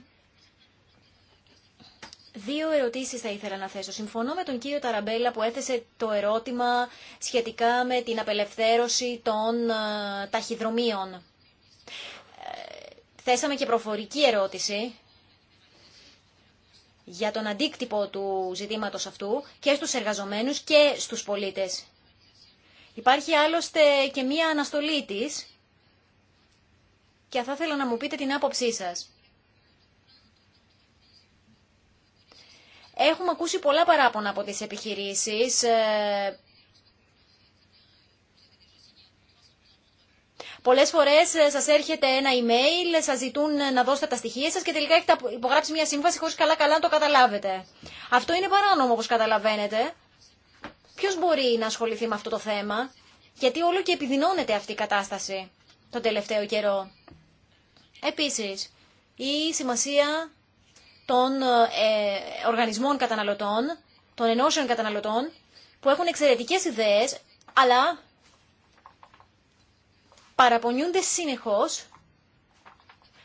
Δύο ερωτήσεις θα ήθελα να θέσω. Συμφωνώ με τον κύριο Ταραμπέλα που έθεσε το ερώτημα σχετικά με την απελευθέρωση των ε, ταχυδρομείων θέσαμε και προφορική ερώτηση για τον αντίκτυπο του ζητήματος αυτού και στους εργαζομένους και στους πολίτες. Υπάρχει άλλωστε και μία αναστολή της και θα ήθελα να μου πείτε την άποψή σας. Έχουμε ακούσει πολλά παράπονα από τις επιχειρήσεις ε, Πολλέ φορέ ε, σα έρχεται ένα email, σα ζητούν να δώσετε τα στοιχεία σα και τελικά έχετε υπογράψει μια σύμβαση χωρί καλά-καλά να το καταλάβετε. Αυτό είναι παράνομο όπω καταλαβαίνετε. Ποιο μπορεί να ασχοληθεί με αυτό το θέμα, γιατί όλο και επιδεινώνεται αυτή η κατάσταση τον τελευταίο καιρό. επίση η σημασία των ε, ε, οργανισμών καταναλωτών, των ενώσεων καταναλωτών, που έχουν εξαιρετικέ ιδέε, αλλά παραπονιούνται συνεχώς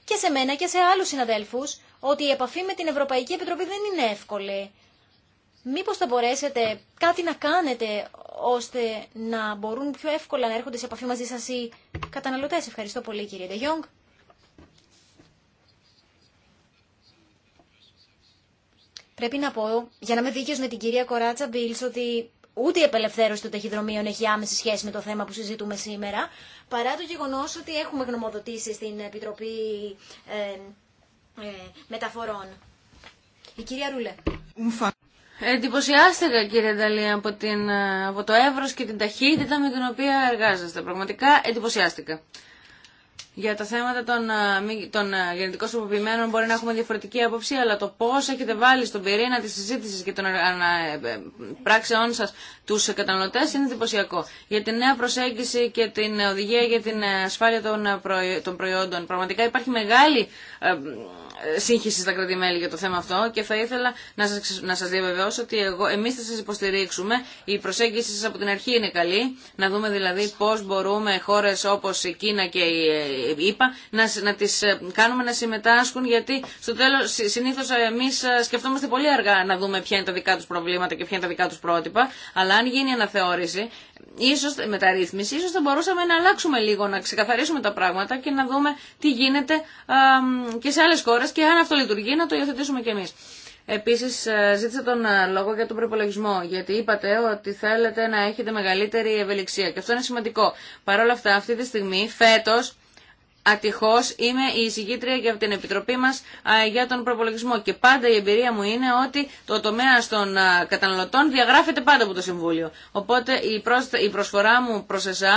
και σε μένα και σε άλλους συναδέλφους ότι η επαφή με την Ευρωπαϊκή Επιτροπή δεν είναι εύκολη. Μήπως θα μπορέσετε κάτι να κάνετε ώστε να μπορούν πιο εύκολα να έρχονται σε επαφή μαζί σας οι καταναλωτές. Ευχαριστώ πολύ κύριε Jong. Πρέπει να πω, για να με δίκαιος με την κυρία Κοράτσα Μπίλς, ότι Ούτε η απελευθέρωση των ταχυδρομείων έχει άμεση σχέση με το θέμα που συζητούμε σήμερα, παρά το γεγονός ότι έχουμε γνωμοδοτήσει στην Επιτροπή ε, ε Μεταφορών. Η κυρία Ρούλε. Εντυπωσιάστηκα κύριε Νταλή από, την, ε, από το εύρος και την ταχύτητα με την οποία εργάζεστε. Πραγματικά εντυπωσιάστηκα. Για τα θέματα των, ε, των ε, γενετικώς μπορεί να έχουμε διαφορετική άποψη, αλλά το πώς έχετε βάλει στον πυρήνα τη συζήτηση και των ε, πράξεών σας τους καταναλωτέ είναι εντυπωσιακό. Για τη νέα προσέγγιση και την οδηγία για την ασφάλεια των προϊόντων, πραγματικά υπάρχει μεγάλη σύγχυση στα κρατημέλη για το θέμα αυτό και θα ήθελα να σας, να σας διαβεβαιώσω ότι εγώ, εμείς θα σας υποστηρίξουμε. Η προσέγγιση σας από την αρχή είναι καλή. Να δούμε δηλαδή πώς μπορούμε χώρες όπως η Κίνα και η ε, ΕΠΑ να, να τις ε, κάνουμε να συμμετάσχουν γιατί στο τέλος συνήθως ε, εμείς σκεφτόμαστε πολύ αργά να δούμε ποια είναι τα δικά τους προβλήματα και ποια είναι τα δικά τους πρότυπα αλλά αν γίνει αναθεώρηση ίσως μεταρρύθμιση, ίσως θα μπορούσαμε να αλλάξουμε λίγο, να ξεκαθαρίσουμε τα πράγματα και να δούμε τι γίνεται και σε άλλες χώρες και αν αυτό λειτουργεί να το υιοθετήσουμε κι εμείς. Επίσης ε, ζήτησα τον ε, λόγο για τον προπολογισμό, γιατί είπατε ότι θέλετε να έχετε μεγαλύτερη ευελιξία και αυτό είναι σημαντικό. Παρ' όλα αυτά αυτή τη στιγμή φέτος Ατυχώ είμαι η εισηγήτρια για την Επιτροπή μα για τον προπολογισμό και πάντα η εμπειρία μου είναι ότι το τομέα των καταναλωτών διαγράφεται πάντα από το Συμβούλιο. Οπότε η προσφορά μου προ εσά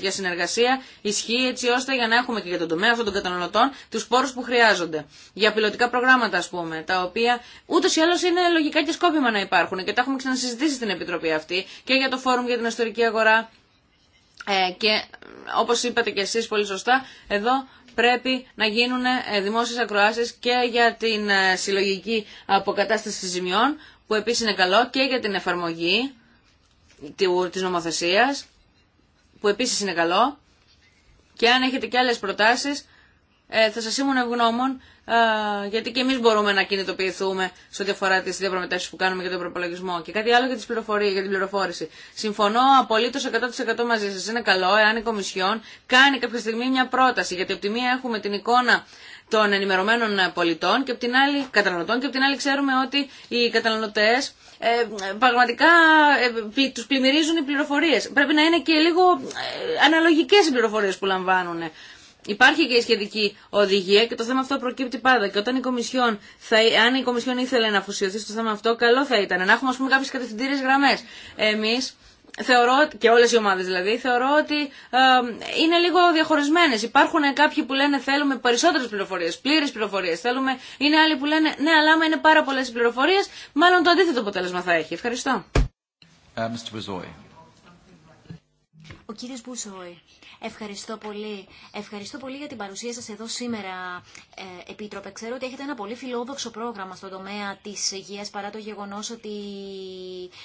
για συνεργασία ισχύει έτσι ώστε για να έχουμε και για τον τομέα αυτών των καταναλωτών του πόρου που χρειάζονται. Για πιλωτικά προγράμματα α πούμε, τα οποία ούτω ή άλλω είναι λογικά και σκόπιμα να υπάρχουν και τα έχουμε ξανασυζητήσει στην Επιτροπή αυτή και για το Φόρουμ για την Ιστορική Αγορά ε, και όπως είπατε και εσείς πολύ σωστά, εδώ πρέπει να γίνουν ε, δημόσιες ακροάσεις και για την ε, συλλογική αποκατάσταση ζημιών, που επίσης είναι καλό, και για την εφαρμογή της νομοθεσίας, που επίσης είναι καλό. Και αν έχετε και άλλες προτάσεις, θα σας ήμουν ευγνώμων γιατί και εμεί μπορούμε να κινητοποιηθούμε σε ό,τι αφορά τι διαπραγματεύσει που κάνουμε για τον προπολογισμό. Και κάτι άλλο για, τις για την πληροφόρηση. Συμφωνώ απολύτω 100% μαζί σα Είναι καλό εάν η Κομισιόν κάνει κάποια στιγμή μια πρόταση, γιατί από τη μία έχουμε την εικόνα των ενημερωμένων πολιτών και από την άλλη καταναλωτών και από την άλλη ξέρουμε ότι οι καταναλωτέ ε, πραγματικά ε, τους πλημμυρίζουν οι πληροφορίε. Πρέπει να είναι και λίγο ε, οι πληροφορίε που λαμβάνουν. Υπάρχει και η σχετική οδηγία και το θέμα αυτό προκύπτει πάντα. Και όταν η Κομισιόν, θα, αν η Κομισιόν ήθελε να αφουσιωθεί στο θέμα αυτό, καλό θα ήταν να έχουμε α πούμε, κάποιε κατευθυντήριες γραμμές. Εμείς θεωρώ, και όλε οι ομάδε, δηλαδή, θεωρώ ότι είναι λίγο διαχωρισμένε. Υπάρχουν κάποιοι που λένε θέλουμε περισσότερε πληροφορίε, πλήρε πληροφορίε. θέλουμε, είναι άλλοι που λένε ναι, αλλά άμα είναι πάρα πολλέ πληροφορίε, πληροφορίες, μάλλον το αντίθετο αποτέλεσμα θα έχει. Ευχαριστώ. Ε, Ο κύριος Ευχαριστώ πολύ. Ευχαριστώ πολύ για την παρουσία σας εδώ σήμερα, ε, Επίτροπε. Ξέρω ότι έχετε ένα πολύ φιλόδοξο πρόγραμμα στον τομέα της υγείας, παρά το γεγονός ότι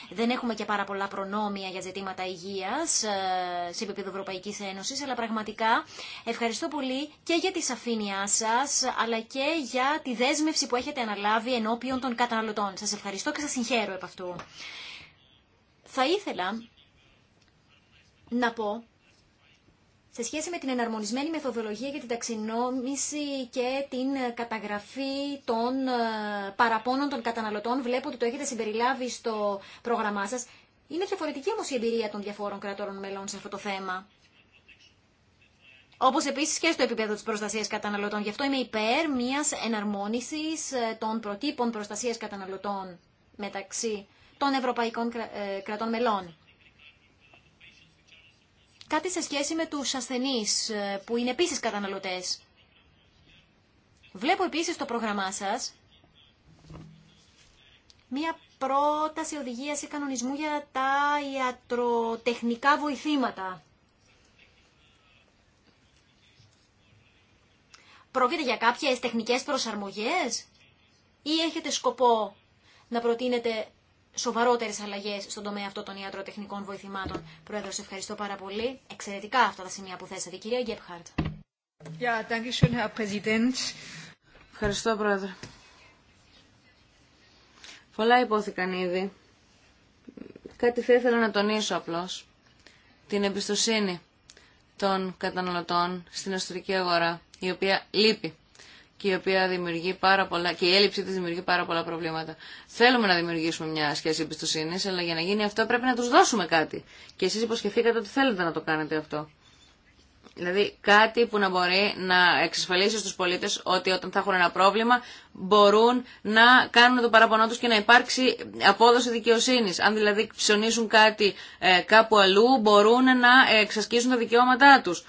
δεν έχουμε και πάρα πολλά προνόμια για ζητήματα υγείας ε, σε επίπεδο Ευρωπαϊκής Ένωσης, αλλά πραγματικά ευχαριστώ πολύ και για τη σαφήνειά σας, αλλά και για τη δέσμευση που έχετε αναλάβει ενώπιον των καταναλωτών. Σας ευχαριστώ και σας συγχαίρω επ' αυτού. Θα ήθελα να πω σε σχέση με την εναρμονισμένη μεθοδολογία για την ταξινόμηση και την ε, καταγραφή των ε, παραπώνων των καταναλωτών, βλέπω ότι το έχετε συμπεριλάβει στο πρόγραμμά σας. Είναι διαφορετική όμως η εμπειρία των διαφόρων κρατών μελών σε αυτό το θέμα. Όπω επίση και στο επίπεδο τη προστασία καταναλωτών. Γι' αυτό είμαι υπέρ μια εναρμόνιση ε, των προτύπων προστασία καταναλωτών μεταξύ των ευρωπαϊκών κρατών μελών. Κάτι σε σχέση με τους ασθενείς ε, που είναι επίσης καταναλωτές. Βλέπω επίσης το πρόγραμμά σας μία πρόταση οδηγίας ή κανονισμού για τα ιατροτεχνικά βοηθήματα. Πρόκειται για κάποιες τεχνικές προσαρμογές ή έχετε σκοπό να προτείνετε Σοβαρότερε αλλαγέ στον τομέα αυτό των ιατροτεχνικών βοηθημάτων. Πρόεδρος, ευχαριστώ πάρα πολύ. Εξαιρετικά αυτά τα σημεία που θέσατε, κυρία Γκέπχαρτ. ευχαριστώ, Πρόεδρε. Πολλά υπόθηκαν ήδη. Κάτι θα ήθελα να τονίσω απλώς. Την εμπιστοσύνη των καταναλωτών στην εσωτερική αγορά, η οποία λείπει και η οποία δημιουργεί η έλλειψή τη δημιουργεί πάρα πολλά προβλήματα. Θέλουμε να δημιουργήσουμε μια σχέση εμπιστοσύνη, αλλά για να γίνει αυτό πρέπει να του δώσουμε κάτι. Και εσεί υποσχεθήκατε ότι θέλετε να το κάνετε αυτό. Δηλαδή κάτι που να μπορεί να εξασφαλίσει στους πολίτες ότι όταν θα έχουν ένα πρόβλημα μπορούν να κάνουν το παραπονό τους και να υπάρξει απόδοση δικαιοσύνης. Αν δηλαδή ψωνίσουν κάτι ε, κάπου αλλού μπορούν να εξασκήσουν τα δικαιώματά τους.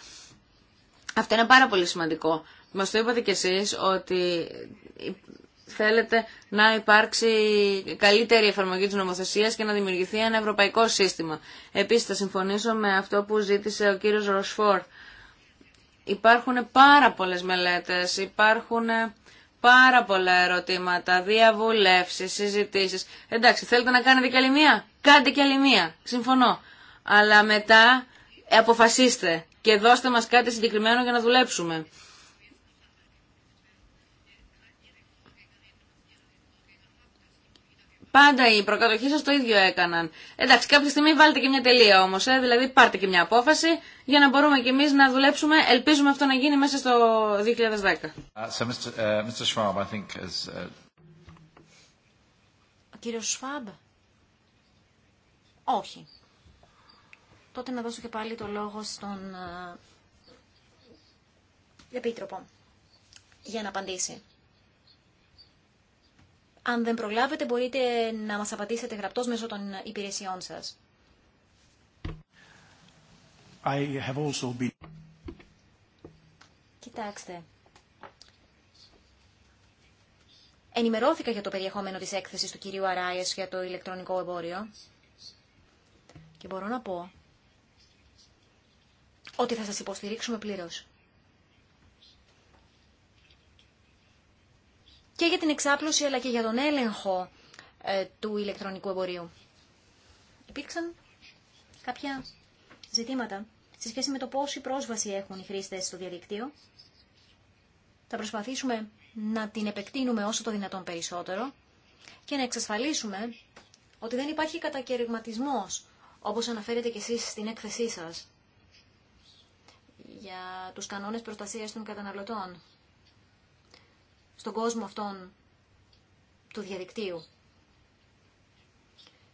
Αυτό είναι πάρα πολύ σημαντικό. Μας το είπατε κι εσείς ότι θέλετε να υπάρξει καλύτερη εφαρμογή της νομοθεσίας και να δημιουργηθεί ένα ευρωπαϊκό σύστημα. Επίσης θα συμφωνήσω με αυτό που ζήτησε ο κύριος Ροσφόρ. Υπάρχουν πάρα πολλές μελέτες, υπάρχουν πάρα πολλά ερωτήματα, διαβουλεύσεις, συζητήσεις. Εντάξει, θέλετε να κάνετε κι άλλη μία, κάντε κι άλλη μία, συμφωνώ. Αλλά μετά αποφασίστε και δώστε μας κάτι συγκεκριμένο για να δουλέψουμε. Πάντα οι προκατοχοί σα το ίδιο έκαναν. Εντάξει, κάποια στιγμή βάλτε και μια τελεία όμως, ε, δηλαδή πάρτε και μια απόφαση για να μπορούμε κι εμείς να δουλέψουμε. Ελπίζουμε αυτό να γίνει μέσα στο 2010. Κύριο Σφάμπ. Όχι. Τότε να δώσω και πάλι το λόγο στον ε, Επίτροπο για να απαντήσει. Αν δεν προλάβετε μπορείτε να μας απαντήσετε γραπτός μέσω των υπηρεσιών σας. I Κοιτάξτε. Ενημερώθηκα για το περιεχόμενο της έκθεσης του κυρίου Αράιες για το ηλεκτρονικό εμπόριο. Και μπορώ να πω ότι θα σας υποστηρίξουμε πλήρως. και για την εξάπλωση αλλά και για τον έλεγχο ε, του ηλεκτρονικού εμπορίου. Υπήρξαν κάποια ζητήματα σε σχέση με το πόση πρόσβαση έχουν οι χρήστες στο διαδικτύο. Θα προσπαθήσουμε να την επεκτείνουμε όσο το δυνατόν περισσότερο και να εξασφαλίσουμε ότι δεν υπάρχει κατακαιρματισμός, όπως αναφέρετε και εσείς στην έκθεσή σας, για τους κανόνες προστασίας των καταναλωτών στον κόσμο αυτόν του διαδικτύου.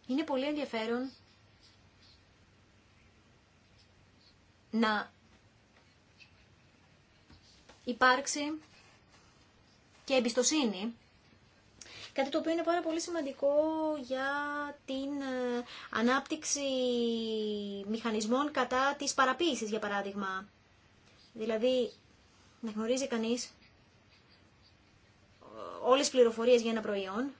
Είναι πολύ ενδιαφέρον να υπάρξει και εμπιστοσύνη Κάτι το οποίο είναι πάρα πολύ σημαντικό για την ε, ανάπτυξη μηχανισμών κατά της παραποίησης, για παράδειγμα. Δηλαδή, να γνωρίζει κανείς όλες τις πληροφορίες για ένα προϊόν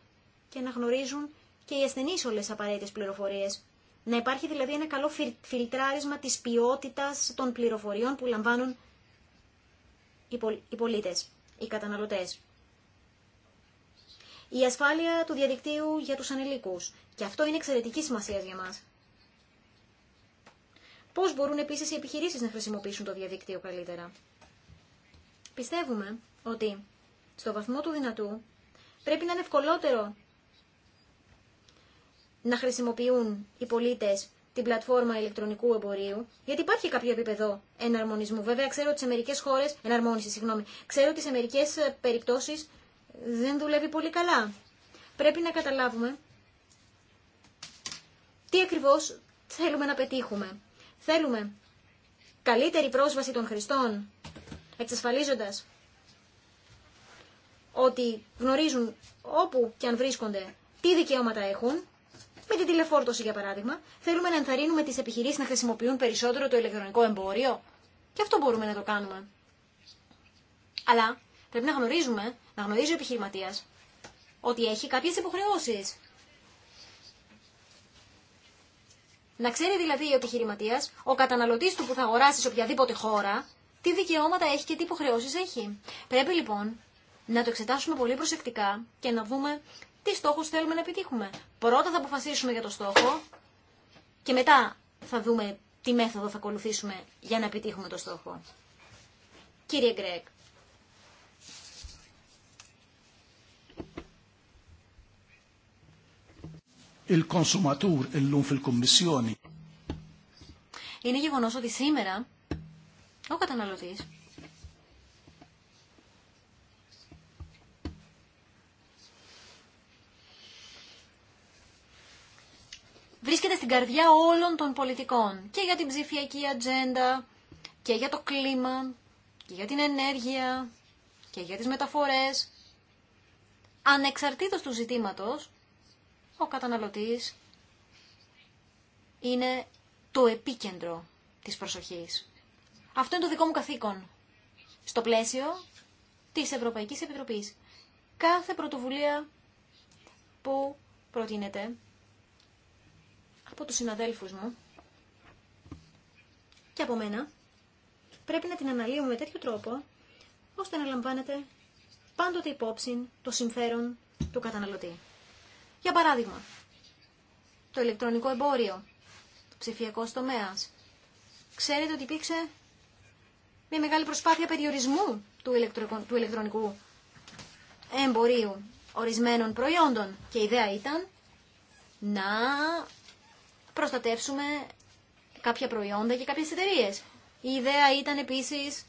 και να γνωρίζουν και οι ασθενείς όλες τις απαραίτητες πληροφορίες. Να υπάρχει δηλαδή ένα καλό φιλτράρισμα της ποιότητας των πληροφοριών που λαμβάνουν οι πολίτες, οι καταναλωτές. Η ασφάλεια του διαδικτύου για τους ανηλίκους. Και αυτό είναι εξαιρετική σημασία για μας. Πώς μπορούν επίσης οι επιχειρήσεις να χρησιμοποιήσουν το διαδίκτυο καλύτερα. Πιστεύουμε ότι στο βαθμό του δυνατού πρέπει να είναι ευκολότερο να χρησιμοποιούν οι πολίτες την πλατφόρμα ηλεκτρονικού εμπορίου, γιατί υπάρχει κάποιο επίπεδο εναρμονισμού. Βέβαια, ξέρω ότι σε μερικέ χώρε, εναρμόνιση, συγγνώμη, ξέρω ότι σε μερικέ ε, περιπτώσει δεν δουλεύει πολύ καλά. Πρέπει να καταλάβουμε τι ακριβώ θέλουμε να πετύχουμε. Θέλουμε καλύτερη πρόσβαση των χρηστών, εξασφαλίζοντας ότι γνωρίζουν όπου και αν βρίσκονται τι δικαιώματα έχουν, με την τηλεφόρτωση για παράδειγμα. Θέλουμε να ενθαρρύνουμε τι επιχειρήσει να χρησιμοποιούν περισσότερο το ηλεκτρονικό εμπόριο. Και αυτό μπορούμε να το κάνουμε. Αλλά πρέπει να γνωρίζουμε, να γνωρίζει ο επιχειρηματία ότι έχει κάποιε υποχρεώσει. Να ξέρει δηλαδή ο επιχειρηματία, ο καταναλωτή του που θα αγοράσει σε οποιαδήποτε χώρα, τι δικαιώματα έχει και τι υποχρεώσει έχει. Πρέπει λοιπόν να το εξετάσουμε πολύ προσεκτικά και να δούμε τι στόχους θέλουμε να επιτύχουμε. Πρώτα θα αποφασίσουμε για το στόχο και μετά θα δούμε τι μέθοδο θα ακολουθήσουμε για να επιτύχουμε το στόχο. Κύριε Γκρέκ. E Είναι γεγονός ότι σήμερα ο καταναλωτής βρίσκεται στην καρδιά όλων των πολιτικών. Και για την ψηφιακή ατζέντα, και για το κλίμα, και για την ενέργεια, και για τις μεταφορές. Ανεξαρτήτως του ζητήματος, ο καταναλωτής είναι το επίκεντρο της προσοχής. Αυτό είναι το δικό μου καθήκον. Στο πλαίσιο της Ευρωπαϊκής Επιτροπής. Κάθε πρωτοβουλία που προτείνεται από τους συναδέλφους μου και από μένα, πρέπει να την αναλύουμε με τέτοιο τρόπο, ώστε να λαμβάνετε πάντοτε υπόψη το συμφέρον του καταναλωτή. Για παράδειγμα, το ηλεκτρονικό εμπόριο, το ψηφιακό τομέα. Ξέρετε ότι υπήρξε μια μεγάλη προσπάθεια περιορισμού του, του ηλεκτρονικού εμπορίου ορισμένων προϊόντων. Και η ιδέα ήταν να προστατεύσουμε κάποια προϊόντα και κάποιες εταιρείε. Η ιδέα ήταν επίσης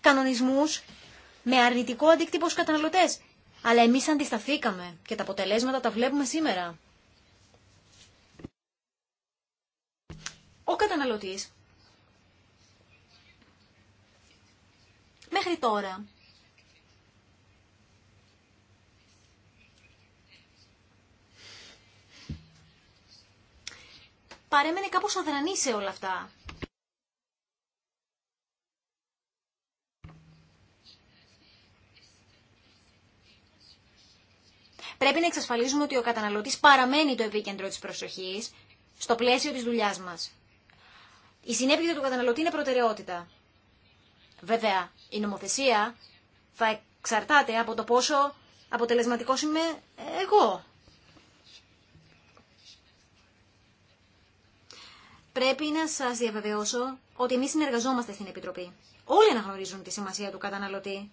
κανονισμούς με αρνητικό αντίκτυπο στους καταναλωτές. Αλλά εμείς αντισταθήκαμε και τα αποτελέσματα τα βλέπουμε σήμερα. Ο καταναλωτής μέχρι τώρα παρέμενε κάπως αδρανή σε όλα αυτά. Πρέπει να εξασφαλίζουμε ότι ο καταναλωτής παραμένει το επίκεντρο της προσοχής στο πλαίσιο της δουλειάς μας. Η συνέπεια του καταναλωτή είναι προτεραιότητα. Βέβαια, η νομοθεσία θα εξαρτάται από το πόσο αποτελεσματικός είμαι εγώ. πρέπει να σας διαβεβαιώσω ότι εμεί συνεργαζόμαστε στην Επιτροπή. Όλοι αναγνωρίζουν τη σημασία του καταναλωτή.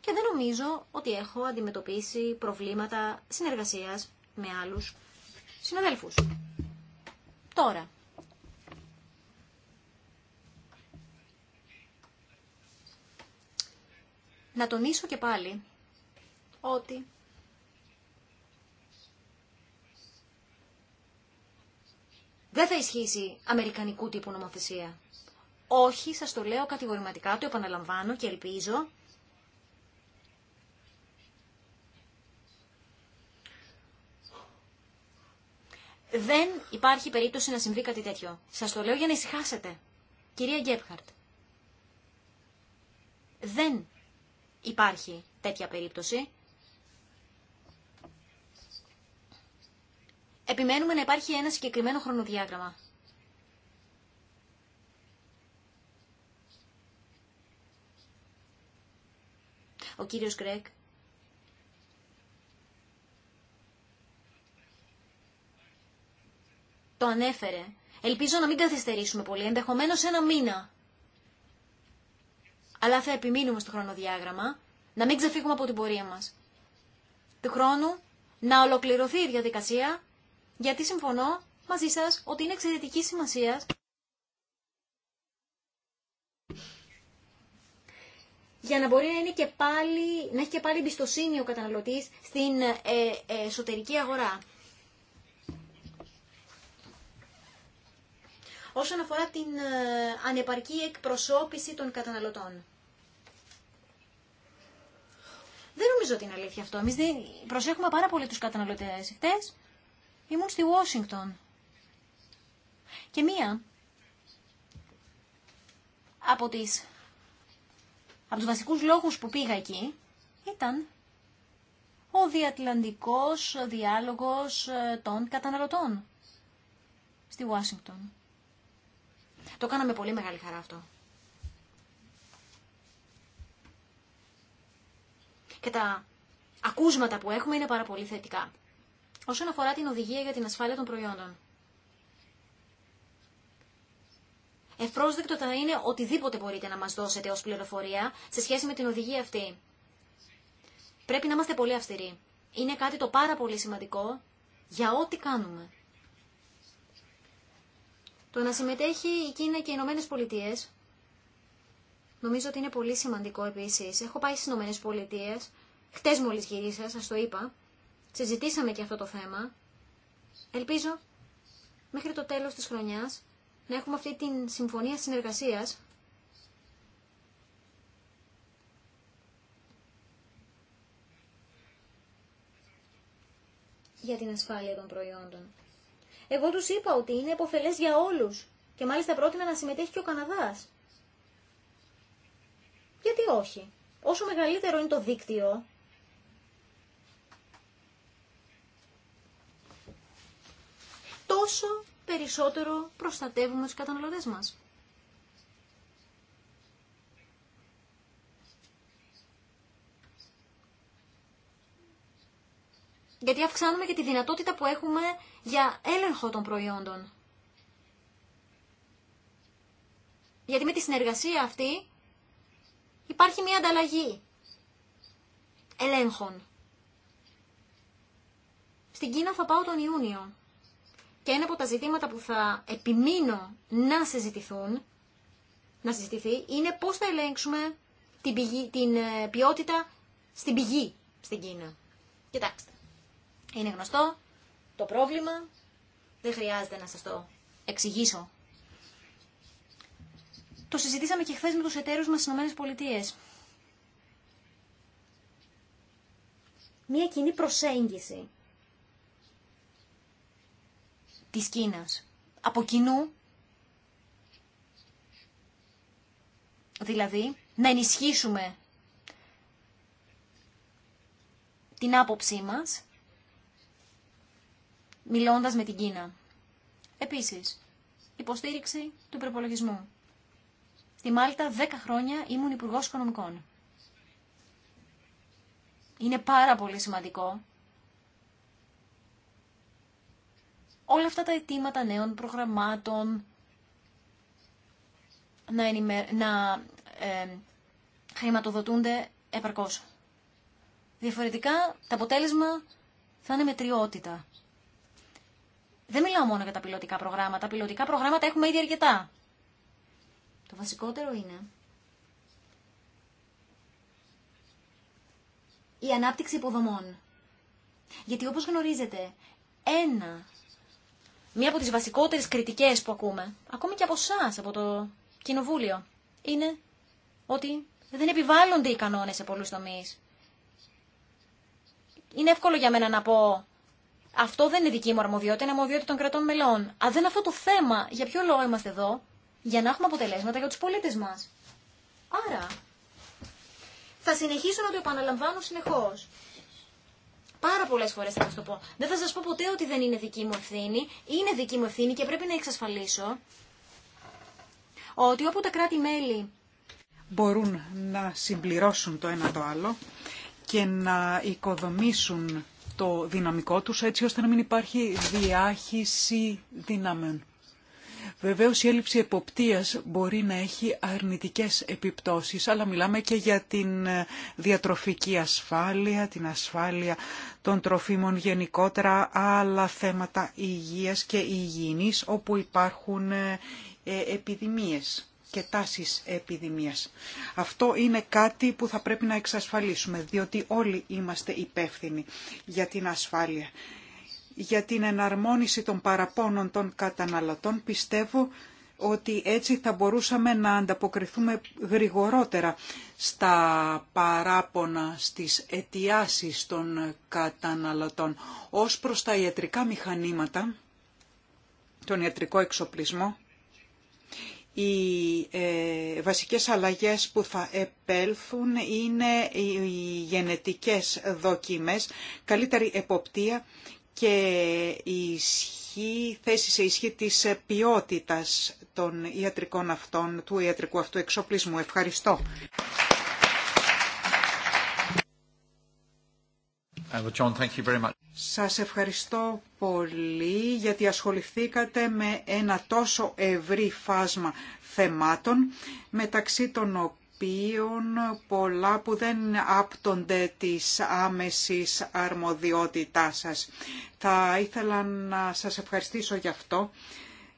Και δεν νομίζω ότι έχω αντιμετωπίσει προβλήματα συνεργασίας με άλλους συναδέλφου. Τώρα, να τονίσω και πάλι ότι δεν θα ισχύσει αμερικανικού τύπου νομοθεσία. Όχι, σας το λέω κατηγορηματικά, το επαναλαμβάνω και ελπίζω Δεν υπάρχει περίπτωση να συμβεί κάτι τέτοιο. Σας το λέω για να ησυχάσετε. Κυρία Γκέπχαρτ, δεν υπάρχει τέτοια περίπτωση. επιμένουμε να υπάρχει ένα συγκεκριμένο χρονοδιάγραμμα. Ο κύριος Γκρέκ. Το ανέφερε. Ελπίζω να μην καθυστερήσουμε πολύ, ενδεχομένως ένα μήνα. Αλλά θα επιμείνουμε στο χρονοδιάγραμμα, να μην ξεφύγουμε από την πορεία μας. Του χρόνου να ολοκληρωθεί η διαδικασία γιατί συμφωνώ μαζί σας ότι είναι εξαιρετική σημασία. για να μπορεί να, είναι και πάλι, να έχει και πάλι εμπιστοσύνη ο καταναλωτής στην ε, ε, εσωτερική αγορά. όσον αφορά την ε, ανεπαρκή εκπροσώπηση των καταναλωτών. Δεν νομίζω ότι είναι αλήθεια αυτό. Εμείς προσέχουμε πάρα πολύ τους καταναλωτές. Χτες Ήμουν στη Ουάσιγκτον. Και μία από, τις, από τους βασικούς λόγους που πήγα εκεί ήταν ο διατλαντικός διάλογος ε, των καταναλωτών στη Ουάσιγκτον. Το κάναμε πολύ μεγάλη χαρά αυτό. Και τα ακούσματα που έχουμε είναι πάρα πολύ θετικά όσον αφορά την οδηγία για την ασφάλεια των προϊόντων. Ευπρόσδεκτο θα είναι οτιδήποτε μπορείτε να μας δώσετε ως πληροφορία σε σχέση με την οδηγία αυτή. Πρέπει να είμαστε πολύ αυστηροί. Είναι κάτι το πάρα πολύ σημαντικό για ό,τι κάνουμε. Το να συμμετέχει η Κίνα και οι Ηνωμένε Πολιτείε. Νομίζω ότι είναι πολύ σημαντικό επίση. Έχω πάει στι Ηνωμένε Πολιτείε. Χτε μόλι γυρίσα, σα το είπα συζητήσαμε και αυτό το θέμα. Ελπίζω μέχρι το τέλος της χρονιάς να έχουμε αυτή τη συμφωνία συνεργασίας για την ασφάλεια των προϊόντων. Εγώ τους είπα ότι είναι επωφελές για όλους και μάλιστα πρότεινα να συμμετέχει και ο Καναδάς. Γιατί όχι. Όσο μεγαλύτερο είναι το δίκτυο τόσο περισσότερο προστατεύουμε τους καταναλωτές μας. Γιατί αυξάνουμε και τη δυνατότητα που έχουμε για έλεγχο των προϊόντων. Γιατί με τη συνεργασία αυτή υπάρχει μια ανταλλαγή ελέγχων. Στην Κίνα θα πάω τον Ιούνιο και ένα από τα ζητήματα που θα επιμείνω να συζητηθούν, να συζητηθεί, είναι πώς θα ελέγξουμε την, πηγή, την ε, ποιότητα στην πηγή στην Κίνα. Κοιτάξτε, είναι γνωστό το πρόβλημα, δεν χρειάζεται να σας το εξηγήσω. Το συζητήσαμε και χθε με τους εταίρους μας στις ΗΠΑ. Μία κοινή προσέγγιση της Κίνας. Από κοινού, δηλαδή, να ενισχύσουμε την άποψή μας, μιλώντας με την Κίνα. Επίσης, υποστήριξη του προπολογισμού. Στη Μάλτα 10 χρόνια ήμουν Υπουργός Οικονομικών. Είναι πάρα πολύ σημαντικό όλα αυτά τα αιτήματα νέων προγραμμάτων, να, να ε, χρηματοδοτούνται επαρκώς. Διαφορετικά, τα αποτέλεσμα θα είναι μετριότητα. Δεν μιλάω μόνο για τα πιλωτικά προγράμματα. Τα πιλωτικά προγράμματα έχουμε ήδη αρκετά. Το βασικότερο είναι η ανάπτυξη υποδομών. Γιατί όπως γνωρίζετε, ένα μία από τις βασικότερες κριτικές που ακούμε, ακόμη και από εσά από το Κοινοβούλιο, είναι ότι δεν επιβάλλονται οι κανόνες σε πολλού τομεί. Είναι εύκολο για μένα να πω αυτό δεν είναι δική μου αρμοδιότητα, είναι αρμοδιότητα των κρατών μελών. Αν δεν αυτό το θέμα, για ποιο λόγο είμαστε εδώ, για να έχουμε αποτελέσματα για του πολίτε μα. Άρα, θα συνεχίσω να το επαναλαμβάνω συνεχώς πάρα πολλέ φορέ θα σα το πω. Δεν θα σα πω ποτέ ότι δεν είναι δική μου ευθύνη. Είναι δική μου ευθύνη και πρέπει να εξασφαλίσω ότι όπου τα κράτη-μέλη μπορούν να συμπληρώσουν το ένα το άλλο και να οικοδομήσουν το δυναμικό τους έτσι ώστε να μην υπάρχει διάχυση δυνάμεων. Βεβαίως η έλλειψη εποπτείας μπορεί να έχει αρνητικές επιπτώσεις, αλλά μιλάμε και για την ε, διατροφική ασφάλεια, την ασφάλεια των τροφίμων γενικότερα, άλλα θέματα υγείας και υγιεινής όπου υπάρχουν ε, ε, επιδημίες και τάσεις επιδημίας. Αυτό είναι κάτι που θα πρέπει να εξασφαλίσουμε, διότι όλοι είμαστε υπεύθυνοι για την ασφάλεια για την εναρμόνιση των παραπώνων των καταναλωτών. Πιστεύω ότι έτσι θα μπορούσαμε να ανταποκριθούμε γρηγορότερα στα παράπονα, στις αιτιάσεις των καταναλωτών. Ως προς τα ιατρικά μηχανήματα, τον ιατρικό εξοπλισμό, οι ε, βασικές αλλαγές που θα επέλθουν είναι οι γενετικές δοκιμές, καλύτερη εποπτεία και η ισχύ, θέση σε ισχύ της ποιότητας των ιατρικών αυτών, του ιατρικού αυτού εξοπλισμού. Ευχαριστώ. Uh, John, thank you Σας ευχαριστώ πολύ γιατί ασχοληθήκατε με ένα τόσο ευρύ φάσμα θεμάτων μεταξύ των οποίων οποίων πολλά που δεν άπτονται της άμεσης αρμοδιότητάς σας. Θα ήθελα να σας ευχαριστήσω γι' αυτό.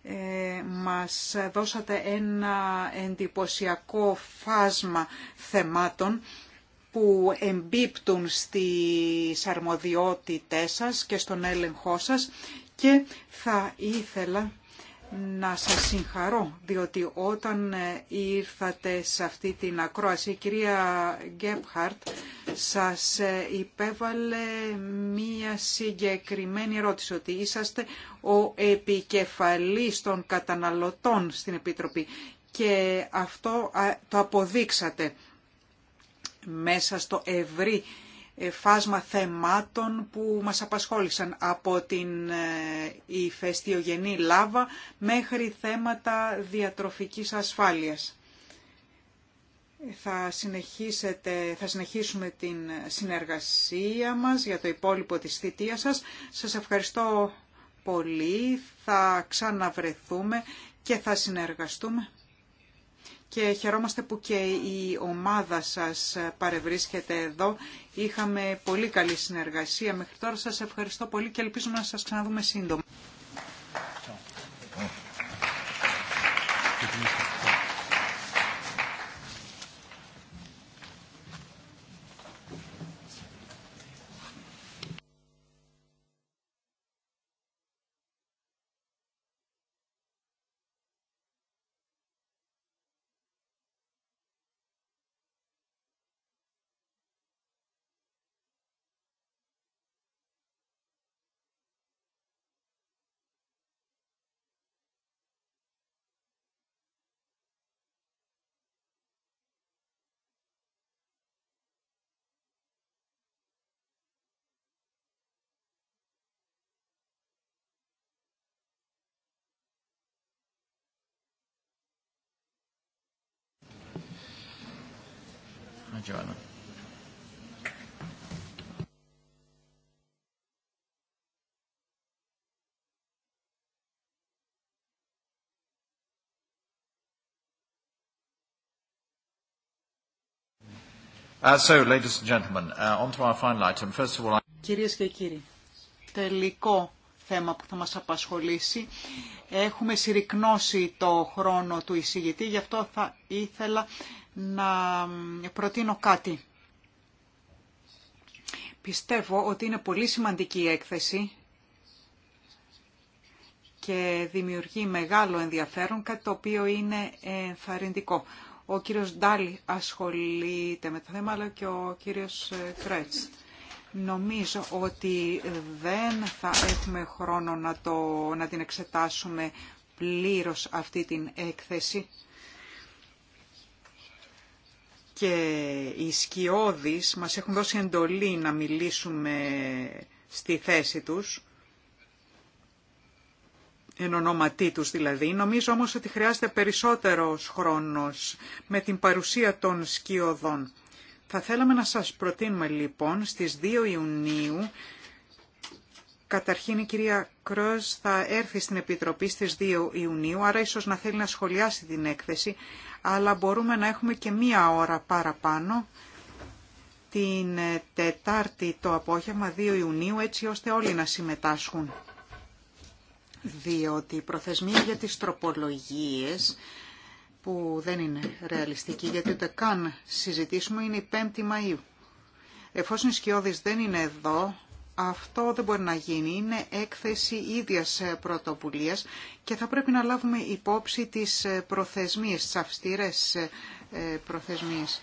Ε, μας δώσατε ένα εντυπωσιακό φάσμα θεμάτων που εμπίπτουν στις αρμοδιότητές σας και στον έλεγχό σας και θα ήθελα να σας συγχαρώ, διότι όταν ε, ήρθατε σε αυτή την ακρόαση, η κυρία Γκέμπχαρτ σας ε, υπέβαλε μία συγκεκριμένη ερώτηση, ότι είσαστε ο επικεφαλής των καταναλωτών στην Επιτροπή και αυτό το αποδείξατε μέσα στο ευρύ ε, φάσμα θεμάτων που μας απασχόλησαν από την ε, ηφαιστειογενή λάβα μέχρι θέματα διατροφικής ασφάλειας. Θα, συνεχίσετε, θα συνεχίσουμε την συνεργασία μας για το υπόλοιπο της θητείας σας. Σας ευχαριστώ πολύ. Θα ξαναβρεθούμε και θα συνεργαστούμε και χαιρόμαστε που και η ομάδα σας παρευρίσκεται εδώ. Είχαμε πολύ καλή συνεργασία μέχρι τώρα. Σας ευχαριστώ πολύ και ελπίζουμε να σας ξαναδούμε σύντομα. Κυρίες και κύριοι, τελικό θέμα που θα μας απασχολήσει. Έχουμε συρρυκνώσει το χρόνο του εισηγητή, γι' αυτό θα ήθελα να προτείνω κάτι. Πιστεύω ότι είναι πολύ σημαντική η έκθεση και δημιουργεί μεγάλο ενδιαφέρον, κάτι το οποίο είναι ενθαρρυντικό. Ο κύριος Ντάλι ασχολείται με το θέμα, αλλά και ο κύριος Κρέτς. Νομίζω ότι δεν θα έχουμε χρόνο να, το, να την εξετάσουμε πλήρως αυτή την έκθεση και οι σκιώδεις μας έχουν δώσει εντολή να μιλήσουμε στη θέση τους, εν ονόματί τους δηλαδή. Νομίζω όμως ότι χρειάζεται περισσότερος χρόνος με την παρουσία των σκιωδών. Θα θέλαμε να σας προτείνουμε λοιπόν στις 2 Ιουνίου Καταρχήν η κυρία Κρός θα έρθει στην Επιτροπή στις 2 Ιουνίου, άρα ίσως να θέλει να σχολιάσει την έκθεση, αλλά μπορούμε να έχουμε και μία ώρα παραπάνω την ε, Τετάρτη το απόγευμα 2 Ιουνίου, έτσι ώστε όλοι να συμμετάσχουν. Διότι η προθεσμία για τις τροπολογίες που δεν είναι ρεαλιστική, γιατί ούτε καν συζητήσουμε είναι η 5η Μαΐου. Εφόσον η Σκιώδης δεν είναι εδώ, αυτό δεν μπορεί να γίνει. Είναι έκθεση ίδιας ε, πρωτοβουλίας και θα πρέπει να λάβουμε υπόψη τις ε, προθεσμίες, τις αυστηρές ε, προθεσμίες.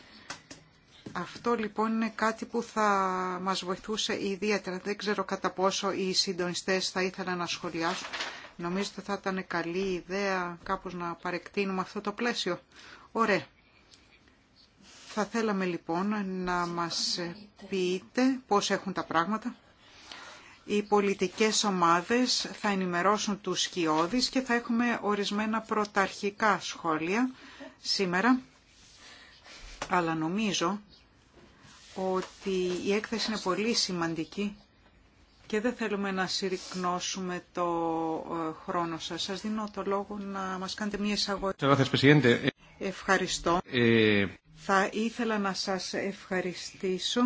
Αυτό λοιπόν είναι κάτι που θα μας βοηθούσε ιδιαίτερα. Δεν ξέρω κατά πόσο οι συντονιστές θα ήθελαν να σχολιάσουν Νομίζω θα ήταν καλή ιδέα κάπως να παρεκτείνουμε αυτό το πλαίσιο. Ωραία. Θα θέλαμε λοιπόν να μας πείτε πώς έχουν τα πράγματα. Οι πολιτικές ομάδες θα ενημερώσουν τους σκιώδεις και θα έχουμε ορισμένα πρωταρχικά σχόλια σήμερα. Αλλά νομίζω ότι η έκθεση είναι πολύ σημαντική και δεν θέλουμε να συρρυκνώσουμε το ε, χρόνο σας. Σας δίνω το λόγο να μας κάνετε μια εισαγωγή. Ευχαριστώ. Ε... Θα ήθελα να σας ευχαριστήσω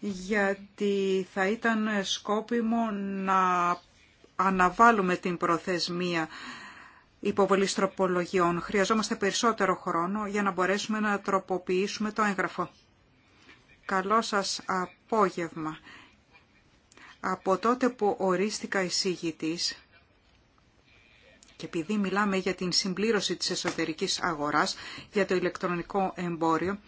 γιατί θα ήταν σκόπιμο να αναβάλουμε την προθεσμία υποβολή τροπολογιών. Χρειαζόμαστε περισσότερο χρόνο για να μπορέσουμε να τροποποιήσουμε το έγγραφο. Καλό σας απόγευμα. Από τότε που ορίστηκα εισηγητής και επειδή μιλάμε για την συμπλήρωση της εσωτερικής αγοράς για το ηλεκτρονικό εμπόριο,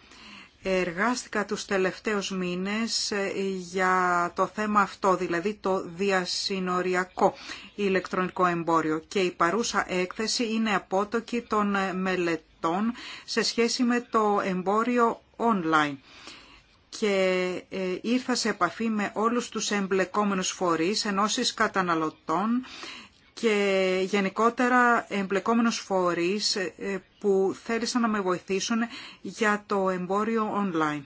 εργάστηκα τους τελευταίους μήνες ε, για το θέμα αυτό, δηλαδή το διασυνοριακό ηλεκτρονικό εμπόριο και η παρούσα έκθεση είναι απότοκη των μελετών σε σχέση με το εμπόριο online και ε, ήρθα σε επαφή με όλους τους εμπλεκόμενους φορείς, ενώσεις καταναλωτών και γενικότερα εμπλεκόμενους φορείς ε, που θέλησαν να με βοηθήσουν για το εμπόριο online.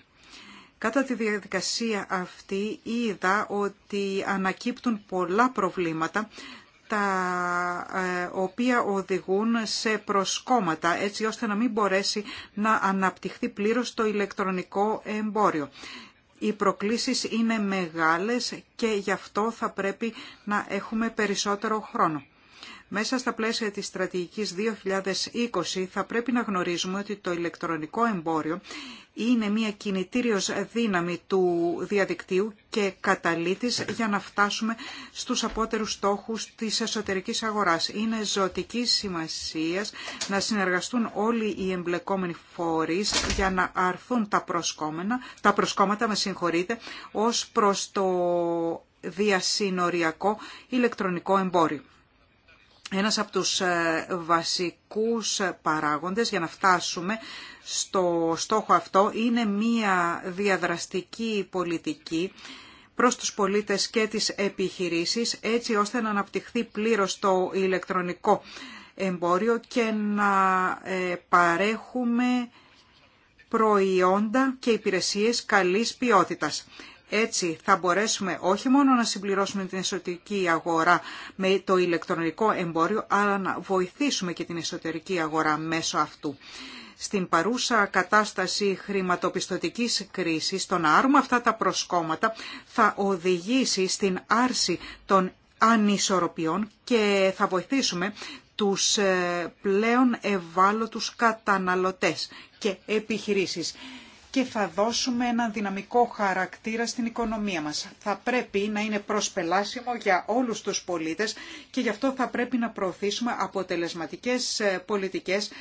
Κατά τη διαδικασία αυτή είδα ότι ανακύπτουν πολλά προβλήματα τα ε, οποία οδηγούν σε προσκόμματα, έτσι ώστε να μην μπορέσει να αναπτυχθεί πλήρως το ηλεκτρονικό εμπόριο. Οι προκλήσεις είναι μεγάλες και γι' αυτό θα πρέπει να έχουμε περισσότερο χρόνο. Μέσα στα πλαίσια της στρατηγικής 2020 θα πρέπει να γνωρίζουμε ότι το ηλεκτρονικό εμπόριο είναι μια κινητήριος δύναμη του διαδικτύου και καταλήτης για να φτάσουμε στους απότερους στόχους της εσωτερικής αγοράς. Είναι ζωτική σημασίας να συνεργαστούν όλοι οι εμπλεκόμενοι φορείς για να αρθούν τα, προσκόμενα, τα προσκόμματα με συγχωρείτε, ως προς το διασυνοριακό ηλεκτρονικό εμπόριο ένας από τους ε, βασικούς ε, παράγοντες για να φτάσουμε στο στόχο αυτό είναι μία διαδραστική πολιτική προς τους πολίτες και τις επιχειρήσεις έτσι ώστε να αναπτυχθεί πλήρως το ηλεκτρονικό εμπόριο και να ε, παρέχουμε προϊόντα και υπηρεσίες καλής ποιότητας. Έτσι θα μπορέσουμε όχι μόνο να συμπληρώσουμε την εσωτερική αγορά με το ηλεκτρονικό εμπόριο, αλλά να βοηθήσουμε και την εσωτερική αγορά μέσω αυτού. Στην παρούσα κατάσταση χρηματοπιστωτικής κρίσης, το να άρουμε αυτά τα προσκόμματα θα οδηγήσει στην άρση των ανισορροπιών και θα βοηθήσουμε τους ε, πλέον ευάλωτους καταναλωτές και επιχειρήσεις και θα δώσουμε ένα δυναμικό χαρακτήρα στην οικονομία μας. Θα πρέπει να είναι προσπελάσιμο για όλους τους πολίτες και γι' αυτό θα πρέπει να προωθήσουμε αποτελεσματικές ε, πολιτικές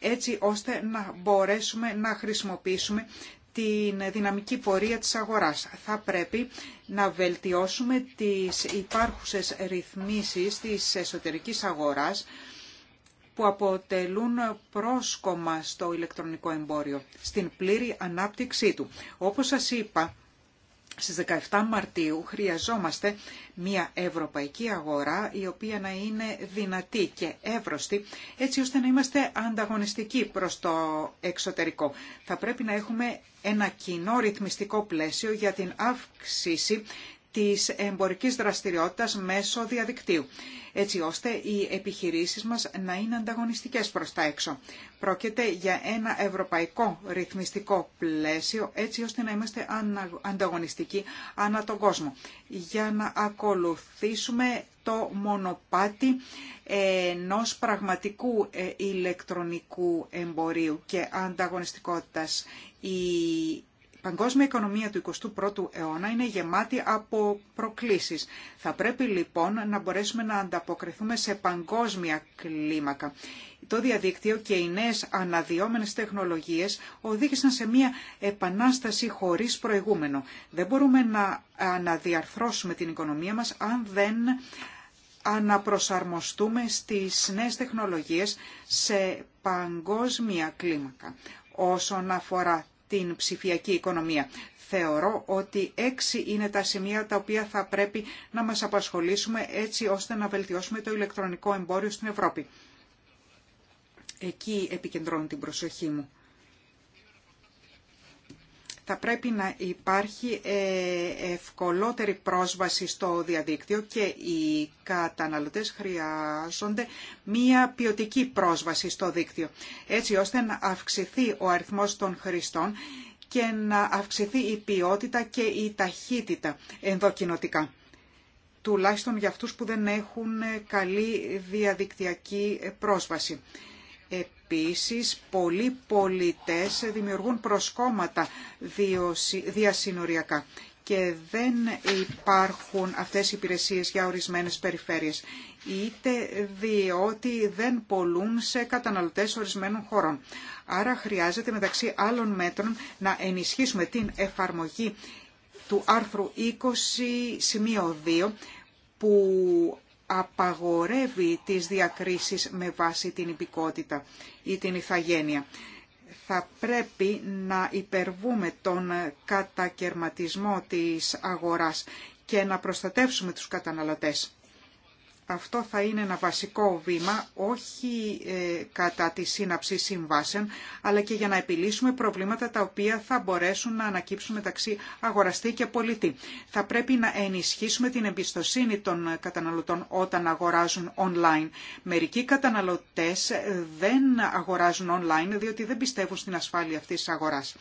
έτσι ώστε να μπορέσουμε να χρησιμοποιήσουμε την δυναμική πορεία της αγοράς. Θα πρέπει να βελτιώσουμε τις υπάρχουσες ρυθμίσεις της εσωτερικής αγοράς που αποτελούν πρόσκομα στο ηλεκτρονικό εμπόριο, στην πλήρη ανάπτυξή του. Όπως σας είπα, στις 17 Μαρτίου χρειαζόμαστε μια ευρωπαϊκή αγορά η οποία να είναι δυνατή και εύρωστη έτσι ώστε να είμαστε ανταγωνιστικοί προς το εξωτερικό. Θα πρέπει να έχουμε ένα κοινό ρυθμιστικό πλαίσιο για την αύξηση της εμπορικής δραστηριότητας μέσω διαδικτύου, έτσι ώστε οι επιχειρήσεις μας να είναι ανταγωνιστικές προς τα έξω. Πρόκειται για ένα ευρωπαϊκό ρυθμιστικό πλαίσιο, έτσι ώστε να είμαστε ανταγωνιστικοί ανά τον κόσμο, για να ακολουθήσουμε το μονοπάτι ενός πραγματικού ε, ηλεκτρονικού εμπορίου και ανταγωνιστικότητας παγκόσμια οικονομία του 21ου αιώνα είναι γεμάτη από προκλήσεις. Θα πρέπει λοιπόν να μπορέσουμε να ανταποκριθούμε σε παγκόσμια κλίμακα. Το διαδίκτυο και οι νέες αναδυόμενες τεχνολογίες οδήγησαν σε μια επανάσταση χωρίς προηγούμενο. Δεν μπορούμε να αναδιαρθρώσουμε την οικονομία μας αν δεν αναπροσαρμοστούμε στις νέες τεχνολογίες σε παγκόσμια κλίμακα. Όσον αφορά την ψηφιακή οικονομία. Θεωρώ ότι έξι είναι τα σημεία τα οποία θα πρέπει να μας απασχολήσουμε έτσι ώστε να βελτιώσουμε το ηλεκτρονικό εμπόριο στην Ευρώπη. Εκεί επικεντρώνω την προσοχή μου. Θα πρέπει να υπάρχει ε, ευκολότερη πρόσβαση στο διαδίκτυο και οι καταναλωτές χρειάζονται μία ποιοτική πρόσβαση στο δίκτυο, έτσι ώστε να αυξηθεί ο αριθμός των χρηστών και να αυξηθεί η ποιότητα και η ταχύτητα ενδοκινοτικά τουλάχιστον για αυτούς που δεν έχουν καλή διαδικτυακή πρόσβαση. Επίσης, πολλοί πολίτες δημιουργούν προσκόμματα διασυνοριακά και δεν υπάρχουν αυτές οι υπηρεσίες για ορισμένες περιφέρειες, είτε διότι δεν πολλούν σε καταναλωτές ορισμένων χωρών. Άρα χρειάζεται μεταξύ άλλων μέτρων να ενισχύσουμε την εφαρμογή του άρθρου 20 σημείο 2 που απαγορεύει τις διακρίσεις με βάση την υπηκότητα ή την ηθαγένεια. Θα πρέπει να υπερβούμε τον κατακαιρματισμό της αγοράς και να προστατεύσουμε τους καταναλωτές. Αυτό θα είναι ένα βασικό βήμα, όχι ε, κατά τη σύναψη συμβάσεων, αλλά και για να επιλύσουμε προβλήματα τα οποία θα μπορέσουν να ανακύψουν μεταξύ αγοραστή και πολιτή. Θα πρέπει να ενισχύσουμε την εμπιστοσύνη των καταναλωτών όταν αγοράζουν online. Μερικοί καταναλωτές δεν αγοράζουν online διότι δεν πιστεύουν στην ασφάλεια αυτής της αγοράς.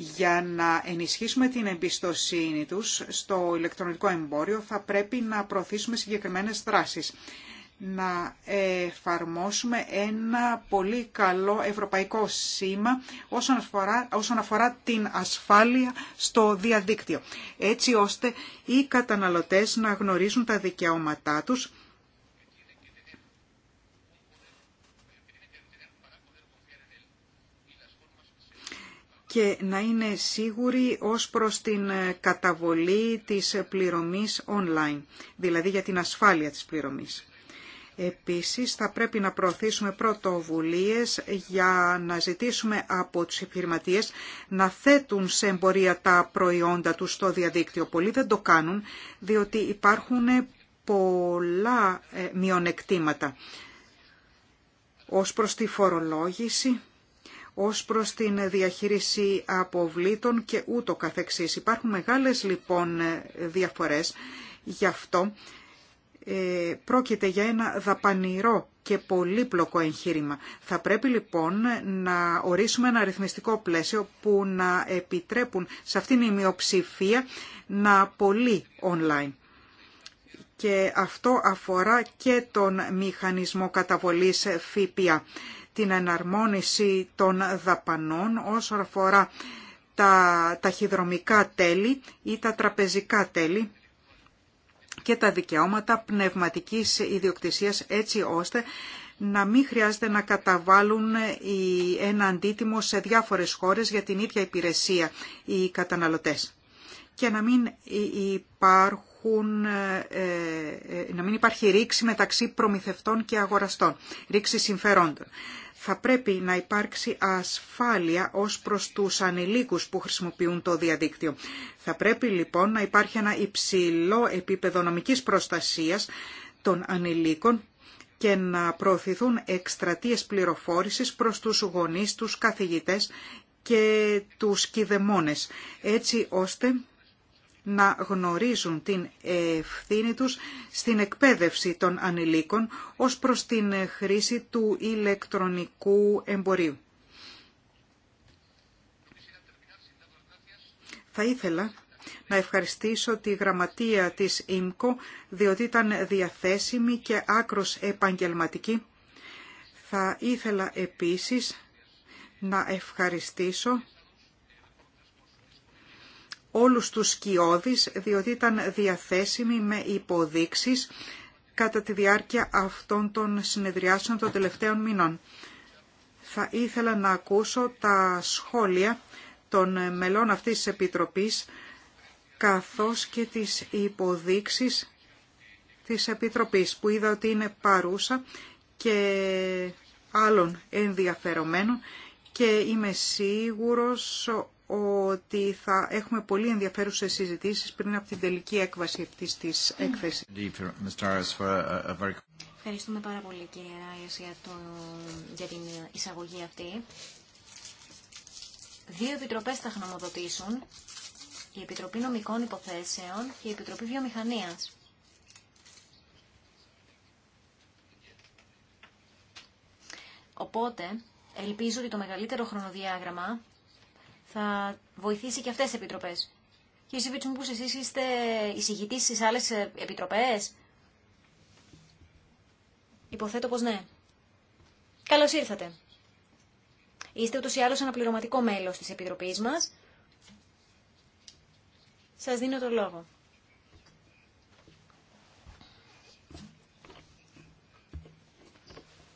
Για να ενισχύσουμε την εμπιστοσύνη τους στο ηλεκτρονικό εμπόριο θα πρέπει να προωθήσουμε συγκεκριμένες δράσεις. Να εφαρμόσουμε ένα πολύ καλό ευρωπαϊκό σήμα όσον αφορά, την ασφάλεια στο διαδίκτυο. Έτσι ώστε οι καταναλωτές να γνωρίζουν τα δικαιώματά τους και να είναι σίγουροι ως προς την ε, καταβολή της ε, πληρωμής online, δηλαδή για την ασφάλεια της πληρωμής. Επίσης, θα πρέπει να προωθήσουμε πρωτοβουλίες για να ζητήσουμε από τους επιχειρηματίε να θέτουν σε εμπορία τα προϊόντα τους στο διαδίκτυο. Πολλοί δεν το κάνουν, διότι υπάρχουν ε, πολλά μειονεκτήματα ως προς τη φορολόγηση ως προς την διαχείριση αποβλήτων και ούτω καθεξής. Υπάρχουν μεγάλες λοιπόν διαφορές γι' αυτό. Ε, πρόκειται για ένα δαπανηρό και πολύπλοκο εγχείρημα. Θα πρέπει λοιπόν να ορίσουμε ένα αριθμιστικό πλαίσιο που να επιτρέπουν σε αυτήν η μειοψηφία να πολύ online. Και αυτό αφορά και τον μηχανισμό καταβολής ΦΠΑ την εναρμόνιση των δαπανών όσον αφορά τα ταχυδρομικά τέλη ή τα τραπεζικά τέλη και τα δικαιώματα πνευματικής ιδιοκτησίας έτσι ώστε να μην χρειάζεται να καταβάλουν ένα αντίτιμο σε διάφορες χώρες για την ίδια υπηρεσία οι καταναλωτές και να μην, υπάρχουν, ε, ε, ε, να μην υπάρχει ρήξη μεταξύ προμηθευτών και αγοραστών, ρήξη συμφερόντων θα πρέπει να υπάρξει ασφάλεια ως προς τους ανηλίκους που χρησιμοποιούν το διαδίκτυο. Θα πρέπει λοιπόν να υπάρχει ένα υψηλό επίπεδο νομικής προστασίας των ανηλίκων και να προωθηθούν εκστρατείες πληροφόρησης προς τους γονείς, τους καθηγητές και τους κηδεμόνες, έτσι ώστε να γνωρίζουν την ευθύνη τους στην εκπαίδευση των ανηλίκων ως προς την χρήση του ηλεκτρονικού εμπορίου. Θα ήθελα να ευχαριστήσω τη γραμματεία της ΙΜΚΟ, διότι ήταν διαθέσιμη και άκρος επαγγελματική. Θα ήθελα επίσης να ευχαριστήσω όλους τους σκιώδεις, διότι ήταν διαθέσιμοι με υποδείξεις κατά τη διάρκεια αυτών των συνεδριάσεων των τελευταίων μηνών. Θα ήθελα να ακούσω τα σχόλια των μελών αυτής της Επιτροπής, καθώς και τις υποδείξεις της Επιτροπής, που είδα ότι είναι παρούσα και άλλων ενδιαφερομένων και είμαι σίγουρος ότι θα έχουμε πολύ ενδιαφέρουσες συζητήσεις πριν από την τελική έκβαση αυτής της έκθεσης. Ευχαριστούμε πάρα πολύ κύριε Ράιος για, το, για την εισαγωγή αυτή. Δύο επιτροπές θα χνομοδοτήσουν, η Επιτροπή Νομικών Υποθέσεων και η Επιτροπή Βιομηχανίας. Οπότε, ελπίζω ότι το μεγαλύτερο χρονοδιάγραμμα θα βοηθήσει και αυτές τι επιτροπές. Κύριε Σιβίτσου, εσείς είστε εισηγητή στι άλλες ε, επιτροπές. Υποθέτω πως ναι. Καλώς ήρθατε. Είστε ούτω ή άλλω ένα πληρωματικό μέλο τη επιτροπή μας. Σας δίνω το λόγο.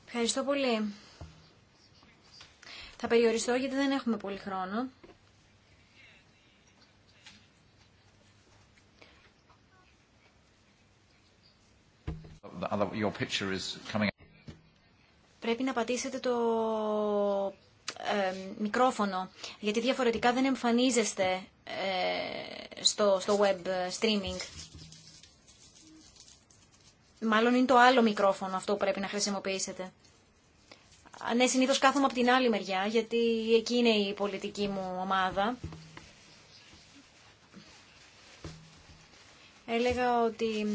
Ευχαριστώ πολύ. Θα περιοριστώ γιατί δεν έχουμε πολύ χρόνο. Πρέπει να πατήσετε το μικρόφωνο, γιατί διαφορετικά δεν εμφανίζεστε ε, στο, στο web streaming. Μάλλον είναι το άλλο μικρόφωνο αυτό που πρέπει να χρησιμοποιήσετε. Ναι, συνήθως κάθομαι από την άλλη μεριά, γιατί εκεί είναι η πολιτική μου ομάδα. Έλεγα ότι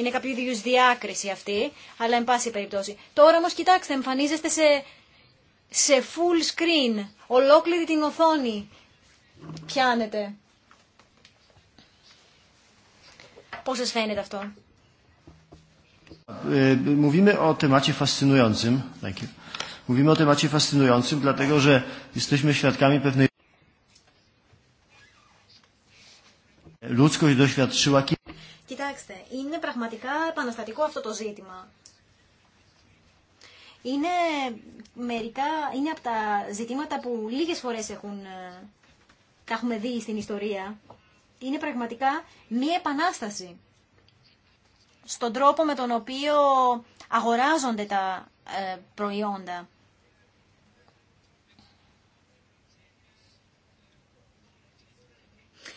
είναι κάποιο είδου διάκριση αυτή, αλλά εν πάση περιπτώσει. Τώρα όμω κοιτάξτε, εμφανίζεστε σε, σε full screen, ολόκληρη την οθόνη. Πιάνετε. Πώ σα φαίνεται αυτό. Μουβίμε Κοιτάξτε, είναι πραγματικά επαναστατικό αυτό το ζήτημα. Είναι, μερικά, είναι από τα ζητήματα που λίγες φορές έχουν, ε, τα έχουμε δει στην ιστορία. Είναι πραγματικά μία επανάσταση στον τρόπο με τον οποίο αγοράζονται τα ε, προϊόντα.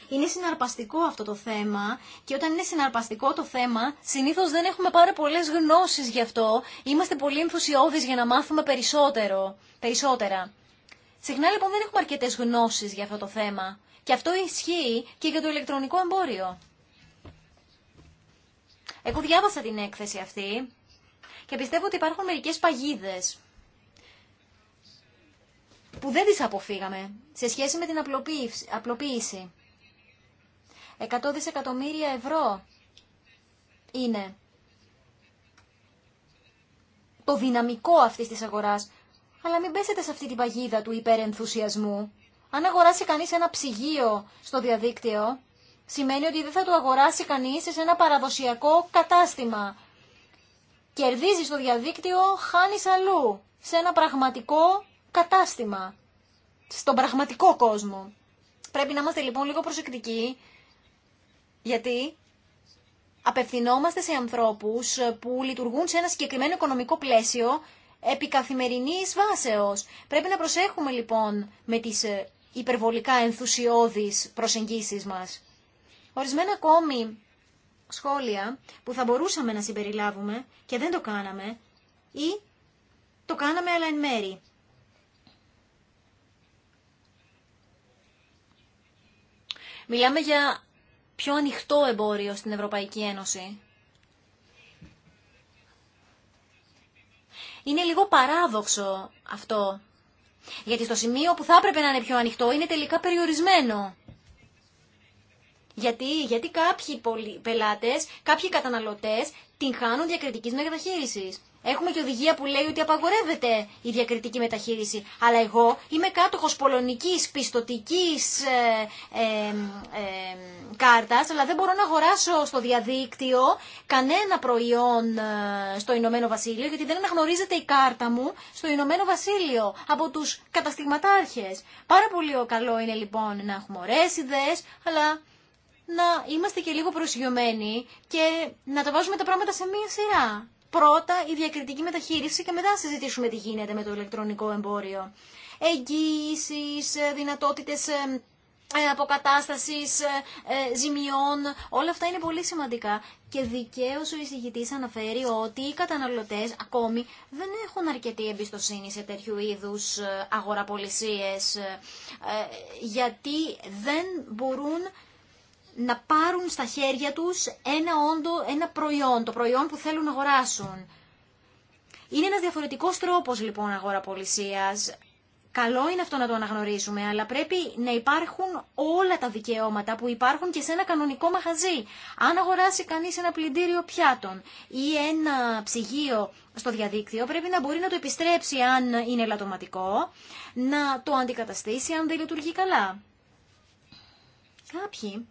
Είναι συναρπαστικό αυτό το θέμα και όταν είναι συναρπαστικό το θέμα, συνήθω δεν έχουμε πάρα πολλέ γνώσει γι' αυτό. Είμαστε πολύ ενθουσιώδει για να μάθουμε περισσότερο, περισσότερα. Συχνά λοιπόν δεν έχουμε αρκετέ γνώσει για αυτό το θέμα. Και αυτό ισχύει και για το ηλεκτρονικό εμπόριο. Εγώ διάβασα την έκθεση αυτή και πιστεύω ότι υπάρχουν μερικές παγίδες που δεν τις αποφύγαμε σε σχέση με την απλοποίηση. 100 δισεκατομμύρια ευρώ είναι το δυναμικό αυτής της αγοράς. Αλλά μην πέσετε σε αυτή την παγίδα του υπερενθουσιασμού. Αν αγοράσει κανείς ένα ψυγείο στο διαδίκτυο, σημαίνει ότι δεν θα το αγοράσει κανεί σε ένα παραδοσιακό κατάστημα. Κερδίζει στο διαδίκτυο, χάνεις αλλού, σε ένα πραγματικό κατάστημα, στον πραγματικό κόσμο. Πρέπει να είμαστε λοιπόν λίγο προσεκτικοί γιατί απευθυνόμαστε σε ανθρώπους που λειτουργούν σε ένα συγκεκριμένο οικονομικό πλαίσιο επί καθημερινής βάσεως. Πρέπει να προσέχουμε λοιπόν με τις ε, υπερβολικά ενθουσιώδεις προσεγγίσεις μας. Ορισμένα ακόμη σχόλια που θα μπορούσαμε να συμπεριλάβουμε και δεν το κάναμε ή το κάναμε αλλά εν μέρη. Μιλάμε για πιο ανοιχτό εμπόριο στην Ευρωπαϊκή Ένωση. Είναι λίγο παράδοξο αυτό, γιατί στο σημείο που θα έπρεπε να είναι πιο ανοιχτό είναι τελικά περιορισμένο. Γιατί, γιατί κάποιοι πελάτες, κάποιοι καταναλωτές την χάνουν διακριτικής μεταχείρισης. Έχουμε και οδηγία που λέει ότι απαγορεύεται η διακριτική μεταχείριση. Αλλά εγώ είμαι κάτοχος πολωνικής πιστοτικής ε, ε, ε κάρτας, αλλά δεν μπορώ να αγοράσω στο διαδίκτυο κανένα προϊόν ε, στο Ηνωμένο Βασίλειο, γιατί δεν αναγνωρίζεται η κάρτα μου στο Ηνωμένο Βασίλειο από τους καταστηγματάρχες. Πάρα πολύ καλό είναι λοιπόν να έχουμε ωραίες ιδέες, αλλά να είμαστε και λίγο προσγειωμένοι και να τα βάζουμε τα πράγματα σε μία σειρά πρώτα η διακριτική μεταχείριση και μετά συζητήσουμε τι γίνεται με το ηλεκτρονικό εμπόριο. Εγγύησεις, ε, δυνατότητες ε, ε, αποκατάστασης ζημιών, όλα αυτά είναι πολύ σημαντικά. Και δικαίω ο εισηγητή αναφέρει ότι οι καταναλωτέ ακόμη δεν έχουν αρκετή εμπιστοσύνη σε τέτοιου είδου αγοραπολισίε, γιατί δεν μπορούν να πάρουν στα χέρια τους ένα, όντο, ένα προϊόν, το προϊόν που θέλουν να αγοράσουν. Είναι ένας διαφορετικός τρόπος λοιπόν αγοραπολισίας. Καλό είναι αυτό να το αναγνωρίσουμε, αλλά πρέπει να υπάρχουν όλα τα δικαιώματα που υπάρχουν και σε ένα κανονικό μαχαζί. Αν αγοράσει κανείς ένα πλυντήριο πιάτων ή ένα ψυγείο στο διαδίκτυο, πρέπει να μπορεί να το επιστρέψει αν είναι λατωματικό να το αντικαταστήσει αν δεν λειτουργεί καλά. Κάποιοι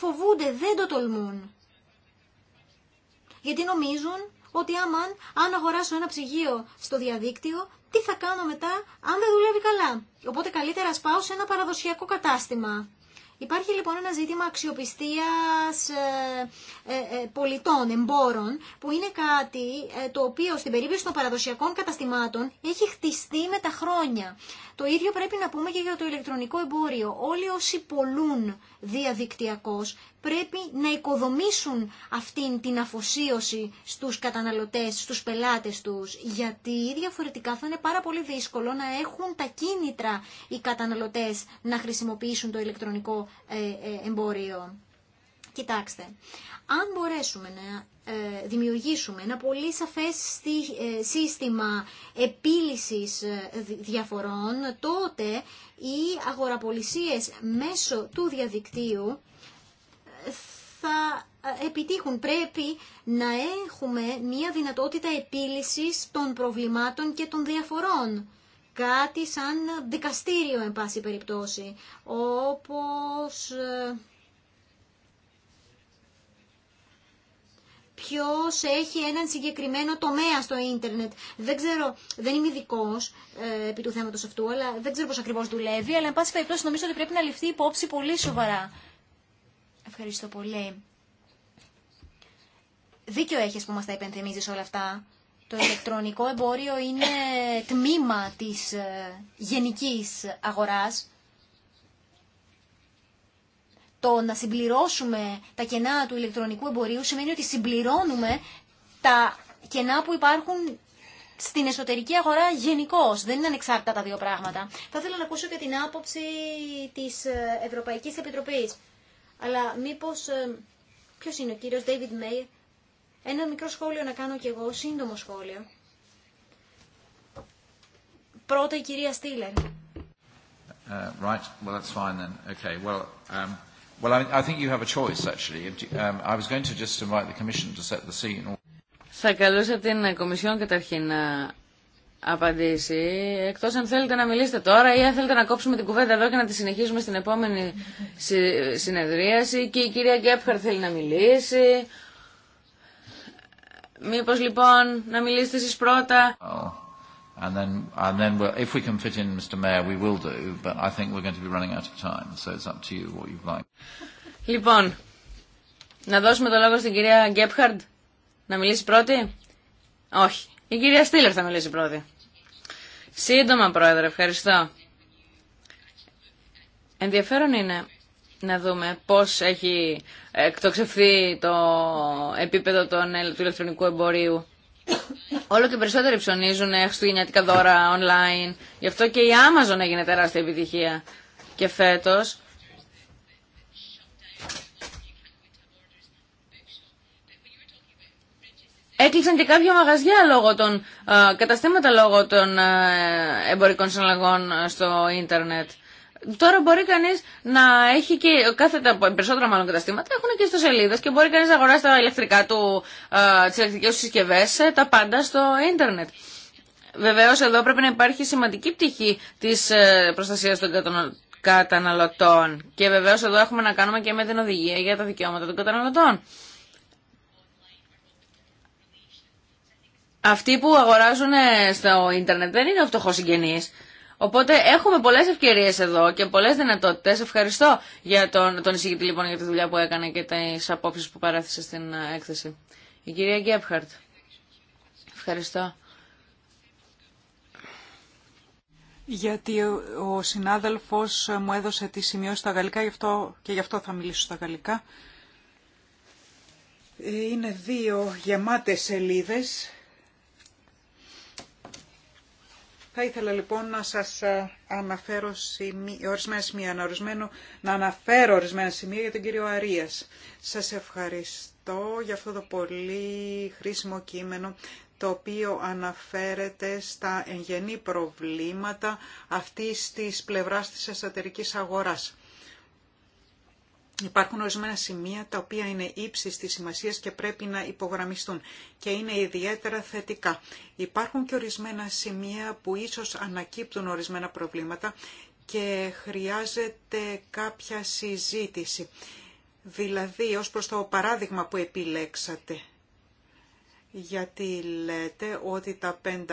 φοβούνται, δεν το τολμούν. Γιατί νομίζουν ότι άμα αν αγοράσω ένα ψυγείο στο διαδίκτυο, τι θα κάνω μετά αν δεν δουλεύει καλά. Οπότε καλύτερα πάω σε ένα παραδοσιακό κατάστημα. Υπάρχει λοιπόν ένα ζήτημα αξιοπιστίας ε, ε, ε, πολιτών, εμπόρων, που είναι κάτι το οποίο στην περίπτωση των παραδοσιακών καταστημάτων έχει χτιστεί με τα χρόνια. Το ίδιο πρέπει να πούμε και για το ηλεκτρονικό εμπόριο. Όλοι όσοι πολλούν διαδικτυακώς πρέπει να οικοδομήσουν αυτήν την αφοσίωση στους καταναλωτές, στους πελάτες τους, γιατί διαφορετικά θα είναι πάρα πολύ δύσκολο να έχουν τα κίνητρα οι καταναλωτές να χρησιμοποιήσουν το ηλεκτρονικό ε, ε εμπόριο. Κοιτάξτε, αν μπορέσουμε να ε, δημιουργήσουμε ένα πολύ σαφές ε, σύστημα επίλυσης διαφορών, τότε οι αγοραπολισίες μέσω του διαδικτύου θα επιτύχουν. Πρέπει να έχουμε μια δυνατότητα επίλυσης των προβλημάτων και των διαφορών κάτι σαν δικαστήριο, εν πάση περιπτώσει, όπως... Ε, ποιος έχει έναν συγκεκριμένο τομέα στο ίντερνετ. Δεν ξέρω, δεν είμαι ειδικό ε, επί του θέματος αυτού, αλλά δεν ξέρω πώς ακριβώς δουλεύει, αλλά εν πάση περιπτώσει νομίζω ότι πρέπει να ληφθεί υπόψη πολύ σοβαρά. Ευχαριστώ πολύ. Δίκιο έχεις που μας τα υπενθυμίζεις όλα αυτά το ηλεκτρονικό εμπόριο είναι τμήμα της ε, γενικής αγοράς. Το να συμπληρώσουμε τα κενά του ηλεκτρονικού εμπορίου σημαίνει ότι συμπληρώνουμε τα κενά που υπάρχουν στην εσωτερική αγορά γενικώ. Δεν είναι ανεξάρτητα τα δύο πράγματα. Θα ήθελα να ακούσω και την άποψη της ε, Ευρωπαϊκής Επιτροπής. Αλλά μήπως... Ε, ποιος είναι ο κύριος David Mayer. Ένα μικρό σχόλιο να κάνω κι εγώ, σύντομο σχόλιο. Πρώτα η κυρία Στήλερ. Uh, right. Well, that's fine then. Okay. Well, um, well, I, I think you have a choice actually. Um, I was going to just invite the Commission to set the scene. Θα καλούσα την Κομισιόν καταρχήν να απαντήσει, εκτός αν θέλετε να μιλήσετε τώρα ή αν θέλετε να κόψουμε την κουβέντα εδώ και να τη συνεχίσουμε στην επόμενη συνεδρίαση και η κυρία Γκέπχαρ θέλει να μιλήσει. Μήπως λοιπόν να μιλήσετε εσείς πρώτα. Λοιπόν, να δώσουμε το λόγο στην κυρία Γκέπχαρντ να μιλήσει πρώτη. Όχι, η κυρία Στήλερ θα μιλήσει πρώτη. Σύντομα, Πρόεδρε, ευχαριστώ. Ενδιαφέρον είναι να δούμε πώς έχει εκτοξευθεί το επίπεδο των, του ηλεκτρονικού εμπορίου. Όλο και περισσότεροι ψωνίζουν ε, χριστουγεννιάτικα δώρα online. Γι' αυτό και η Amazon έγινε τεράστια επιτυχία. Και φέτος Έκλεισαν και κάποια μαγαζιά λόγω των, ε, καταστήματα λόγω των ε, εμπορικών συναλλαγών στο ίντερνετ. Τώρα μπορεί κανεί να έχει και κάθε τα περισσότερα μάλλον καταστήματα έχουν και στο σελίδε και μπορεί κανεί να αγοράσει τα ηλεκτρικά του, ε, τι ηλεκτρικέ του συσκευέ, ε, τα πάντα στο ίντερνετ. Βεβαίω εδώ πρέπει να υπάρχει σημαντική πτυχή τη ε, προστασία των καταναλωτών και βεβαίω εδώ έχουμε να κάνουμε και με την οδηγία για τα δικαιώματα των καταναλωτών. Αυτοί που αγοράζουν στο ίντερνετ δεν είναι φτωχό συγγενείς. Οπότε έχουμε πολλέ ευκαιρίε εδώ και πολλέ δυνατότητε. Ευχαριστώ για τον, τον εισηγητή λοιπόν για τη δουλειά που έκανε και τι απόψει που παράθεσε στην ε, έκθεση. Η κυρία Γκέπχαρτ. Ευχαριστώ. Γιατί ο συνάδελφος μου έδωσε τη σημειώση στα γαλλικά γι αυτό, και γι' αυτό θα μιλήσω στα γαλλικά. Ε, είναι δύο γεμάτες σελίδες Θα ήθελα λοιπόν να σας ε, αναφέρω σημεία, ορισμένα σημεία, να, αναφέρω ορισμένα σημεία για τον κύριο Αρίας. Σας ευχαριστώ για αυτό το πολύ χρήσιμο κείμενο το οποίο αναφέρεται στα εγγενή προβλήματα αυτής της πλευράς της εσωτερικής αγοράς. Υπάρχουν ορισμένα σημεία τα οποία είναι ύψη τη σημασίας και πρέπει να υπογραμμιστούν και είναι ιδιαίτερα θετικά. Υπάρχουν και ορισμένα σημεία που ίσως ανακύπτουν ορισμένα προβλήματα και χρειάζεται κάποια συζήτηση. Δηλαδή, ως προς το παράδειγμα που επιλέξατε, γιατί λέτε ότι τα 500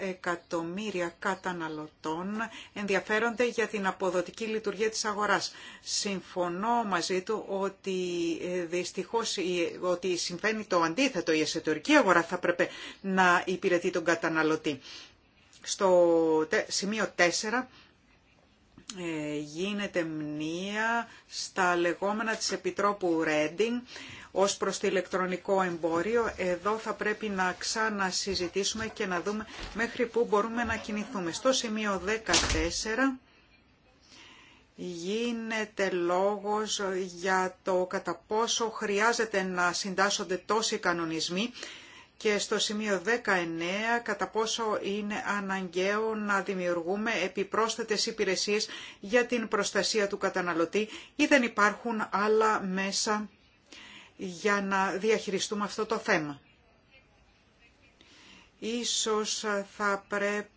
εκατομμύρια καταναλωτών ενδιαφέρονται για την αποδοτική λειτουργία της αγοράς. Συμφωνώ μαζί του ότι ε, δυστυχώς ότι συμβαίνει το αντίθετο. Η εσωτερική αγορά θα πρέπει να υπηρετεί τον καταναλωτή. Στο σημείο 4 ε, γίνεται μνήα στα λεγόμενα της Επιτρόπου Ρέντινγκ ως προς το ηλεκτρονικό εμπόριο, εδώ θα πρέπει να ξανασυζητήσουμε και να δούμε μέχρι πού μπορούμε να κινηθούμε. Στο σημείο 14 γίνεται λόγος για το κατά πόσο χρειάζεται να συντάσσονται τόσοι κανονισμοί και στο σημείο 19 κατά πόσο είναι αναγκαίο να δημιουργούμε επιπρόσθετες υπηρεσίες για την προστασία του καταναλωτή ή δεν υπάρχουν άλλα μέσα για να διαχειριστούμε αυτό το θέμα. Ίσως θα πρέπει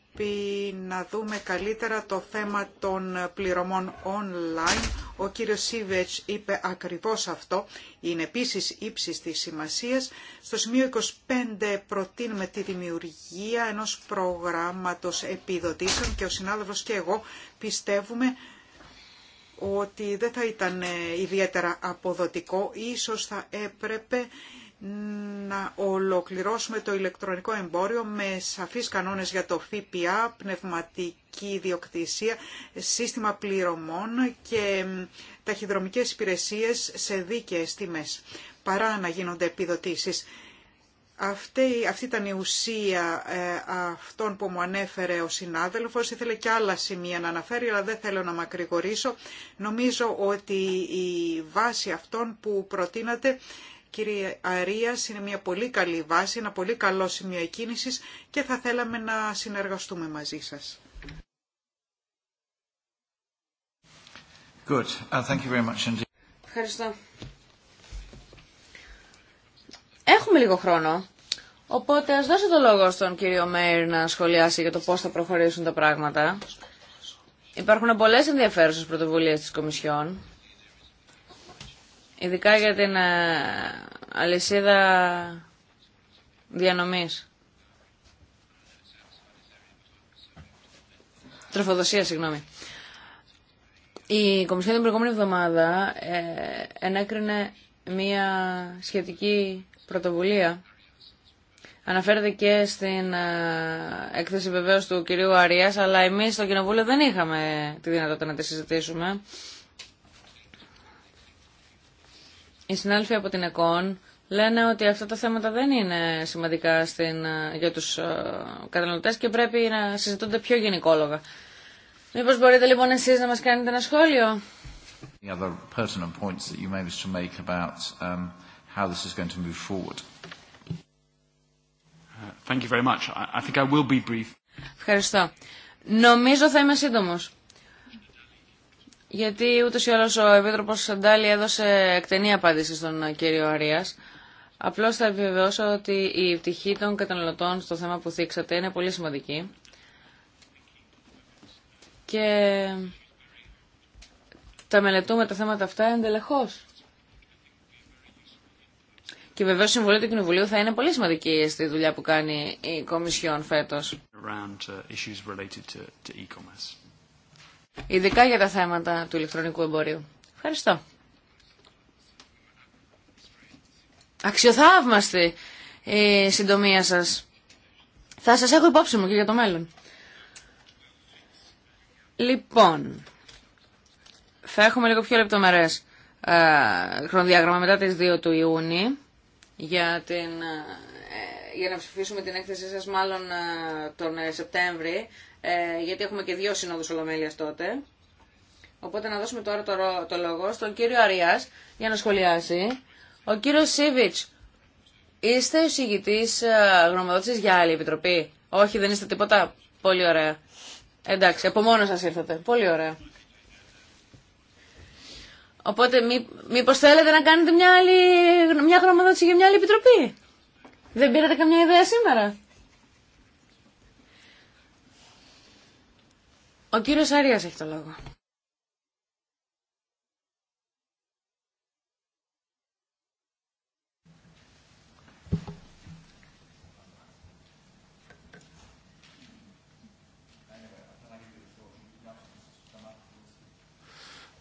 να δούμε καλύτερα το θέμα των πληρωμών online. Ο κύριος Σίβετς είπε ακριβώς αυτό. Είναι επίσης ύψης της σημασίας. Στο σημείο 25 προτείνουμε τη δημιουργία ενός προγράμματος επιδοτήσεων και ο συνάδελφος και εγώ πιστεύουμε ότι δεν θα ήταν ε, ιδιαίτερα αποδοτικό. Ίσως θα έπρεπε να ολοκληρώσουμε το ηλεκτρονικό εμπόριο με σαφείς κανόνες για το ΦΠΑ, πνευματική ιδιοκτησία, σύστημα πληρωμών και ταχυδρομικές υπηρεσίες σε δίκαιες τιμές, παρά να γίνονται επιδοτήσεις. Αυτή, αυτή ήταν η ουσία ε, αυτών που μου ανέφερε ο συνάδελφος. Ήθελε και άλλα σημεία να αναφέρει, αλλά δεν θέλω να μακρηγορήσω. Νομίζω ότι η βάση αυτών που προτείνατε, κύριε Αρίας, είναι μια πολύ καλή βάση, ένα πολύ καλό σημείο εκκίνησης και θα θέλαμε να συνεργαστούμε μαζί σας. Good. Uh, thank you very much Ευχαριστώ. Έχουμε λίγο χρόνο. Οπότε ας δώσω το λόγο στον κύριο Μέιρ να σχολιάσει για το πώς θα προχωρήσουν τα πράγματα. Υπάρχουν πολλές ενδιαφέρουσες πρωτοβουλίες της Κομισιόν, ειδικά για την ε, αλυσίδα διανομής. Τροφοδοσία, συγγνώμη. Η Κομισιόν την προηγούμενη εβδομάδα ε, ενέκρινε μία σχετική πρωτοβουλία Αναφέρεται και στην ε, έκθεση βεβαίω του κυρίου Αρίας, αλλά εμείς στο Κοινοβούλιο δεν είχαμε τη δυνατότητα να τη συζητήσουμε. Οι συνάδελφοι από την ΕΚΟΝ λένε ότι αυτά τα θέματα δεν είναι σημαντικά στην, ε, για τους ε, καταναλωτές και πρέπει να συζητούνται πιο γενικόλογα. Μήπως μπορείτε λοιπόν εσείς να μας κάνετε ένα σχόλιο. Um, how this is going to move forward. Ευχαριστώ. Νομίζω θα είμαι σύντομος. Γιατί ούτως σύντομο. έδωσε εκτενή απάντηση στον κύριο Αρία. Απλώ θα επιβεβαιώσω ότι η αλλω ο επιτροπο σανταλη εδωσε εκτενη απαντηση στον κυριο αριας απλως θα επιβεβαιωσω οτι η πτυχη των καταναλωτών στο θέμα που θίξατε είναι πολύ σημαντική. Και τα μελετούμε τα θέματα αυτά εντελεχώς. Και βεβαίω η συμβολή του Κοινοβουλίου θα είναι πολύ σημαντική στη δουλειά που κάνει η Κομισιόν φέτο. Uh, Ειδικά για τα θέματα του ηλεκτρονικού εμπορίου. Ευχαριστώ. Αξιοθαύμαστη η συντομία σας. Θα σας έχω υπόψη μου και για το μέλλον. Λοιπόν, θα έχουμε λίγο πιο λεπτομερές ε, χρονοδιάγραμμα μετά τις 2 του Ιούνιου για, την, ε, για να ψηφίσουμε την έκθεσή σας μάλλον ε, τον ε, Σεπτέμβρη, γιατί έχουμε και δύο συνόδους ολομέλειας τότε. Οπότε να δώσουμε τώρα το, το λόγο στον κύριο Αριάς για να σχολιάσει. Ο κύριος Σίβιτς, είστε ο συγητής γνωμοδότησης για άλλη επιτροπή. Όχι, δεν είστε τίποτα. Πολύ ωραία. Εντάξει, από μόνο σας ήρθατε. Πολύ ωραία. Οπότε μή, μήπως θέλετε να κάνετε μια, άλλη, μια γνωμοδότηση για μια άλλη επιτροπή. Δεν πήρατε καμιά ιδέα σήμερα. Ο κύριος Αρίας έχει το λόγο.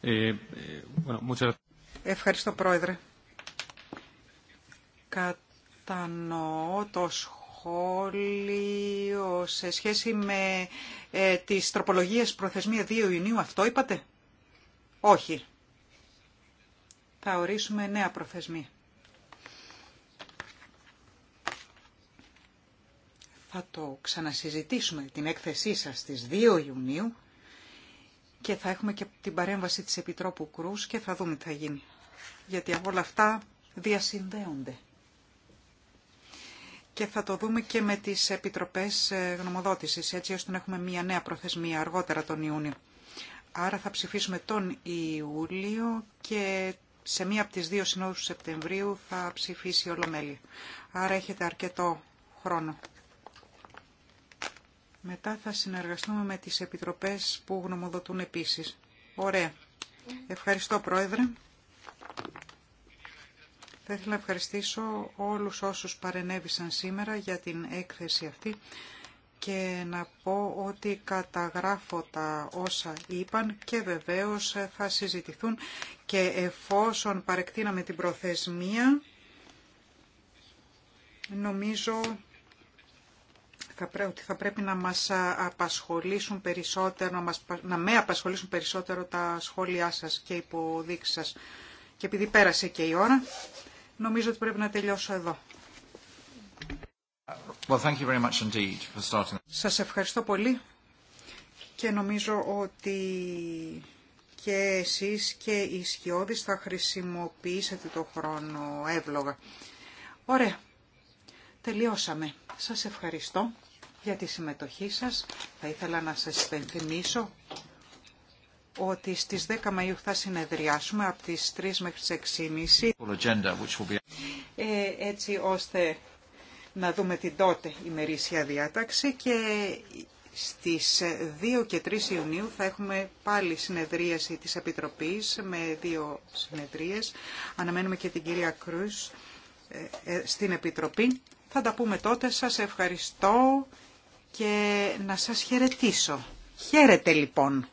Ε, Ευχαριστώ, Πρόεδρε. Κατανοώ το σχόλιο σε σχέση με ε, τις τροπολογίες προθεσμία 2 Ιουνίου. Αυτό είπατε? Όχι. Θα ορίσουμε νέα προθεσμία. Θα το ξανασυζητήσουμε την έκθεσή σας στις 2 Ιουνίου και θα έχουμε και την παρέμβαση της Επιτρόπου Κρούς και θα δούμε τι θα γίνει. Γιατί όλα αυτά διασυνδέονται. Και θα το δούμε και με τις Επιτροπές ε, Γνωμοδότησης, έτσι ώστε να έχουμε μια νέα προθεσμία αργότερα τον Ιούνιο. Άρα θα ψηφίσουμε τον Ιούλιο και σε μία από τις δύο συνόδους του Σεπτεμβρίου θα ψηφίσει η Ολομέλεια. Άρα έχετε αρκετό χρόνο. Μετά θα συνεργαστούμε με τις επιτροπές που γνωμοδοτούν επίσης. Ωραία. Ευχαριστώ Πρόεδρε. Θα ήθελα να ευχαριστήσω όλους όσους παρενέβησαν σήμερα για την έκθεση αυτή και να πω ότι καταγράφω τα όσα είπαν και βεβαίως θα συζητηθούν και εφόσον παρεκτείναμε την προθεσμία νομίζω ότι θα πρέπει να μας απασχολήσουν περισσότερο, να, με απασχολήσουν περισσότερο τα σχόλιά σας και οι υποδείξεις σας. Και επειδή πέρασε και η ώρα, νομίζω ότι πρέπει να τελειώσω εδώ. Well, thank you very much Σας ευχαριστώ πολύ και νομίζω ότι και εσείς και οι σκιώδεις θα χρησιμοποιήσετε το χρόνο εύλογα. Ωραία. Τελειώσαμε. Σας ευχαριστώ για τη συμμετοχή σας. Θα ήθελα να σας υπενθυμίσω ότι στις 10 Μαΐου θα συνεδριάσουμε από τις 3 μέχρι τις 6.30 ε, έτσι ώστε να δούμε την τότε ημερήσια διάταξη και στις 2 και 3 Ιουνίου θα έχουμε πάλι συνεδρίαση της Επιτροπής με δύο συνεδρίες. Αναμένουμε και την κυρία Κρούς ε, ε, στην Επιτροπή. Θα τα πούμε τότε. Σας ευχαριστώ και να σας χαιρετήσω. Χαίρετε λοιπόν.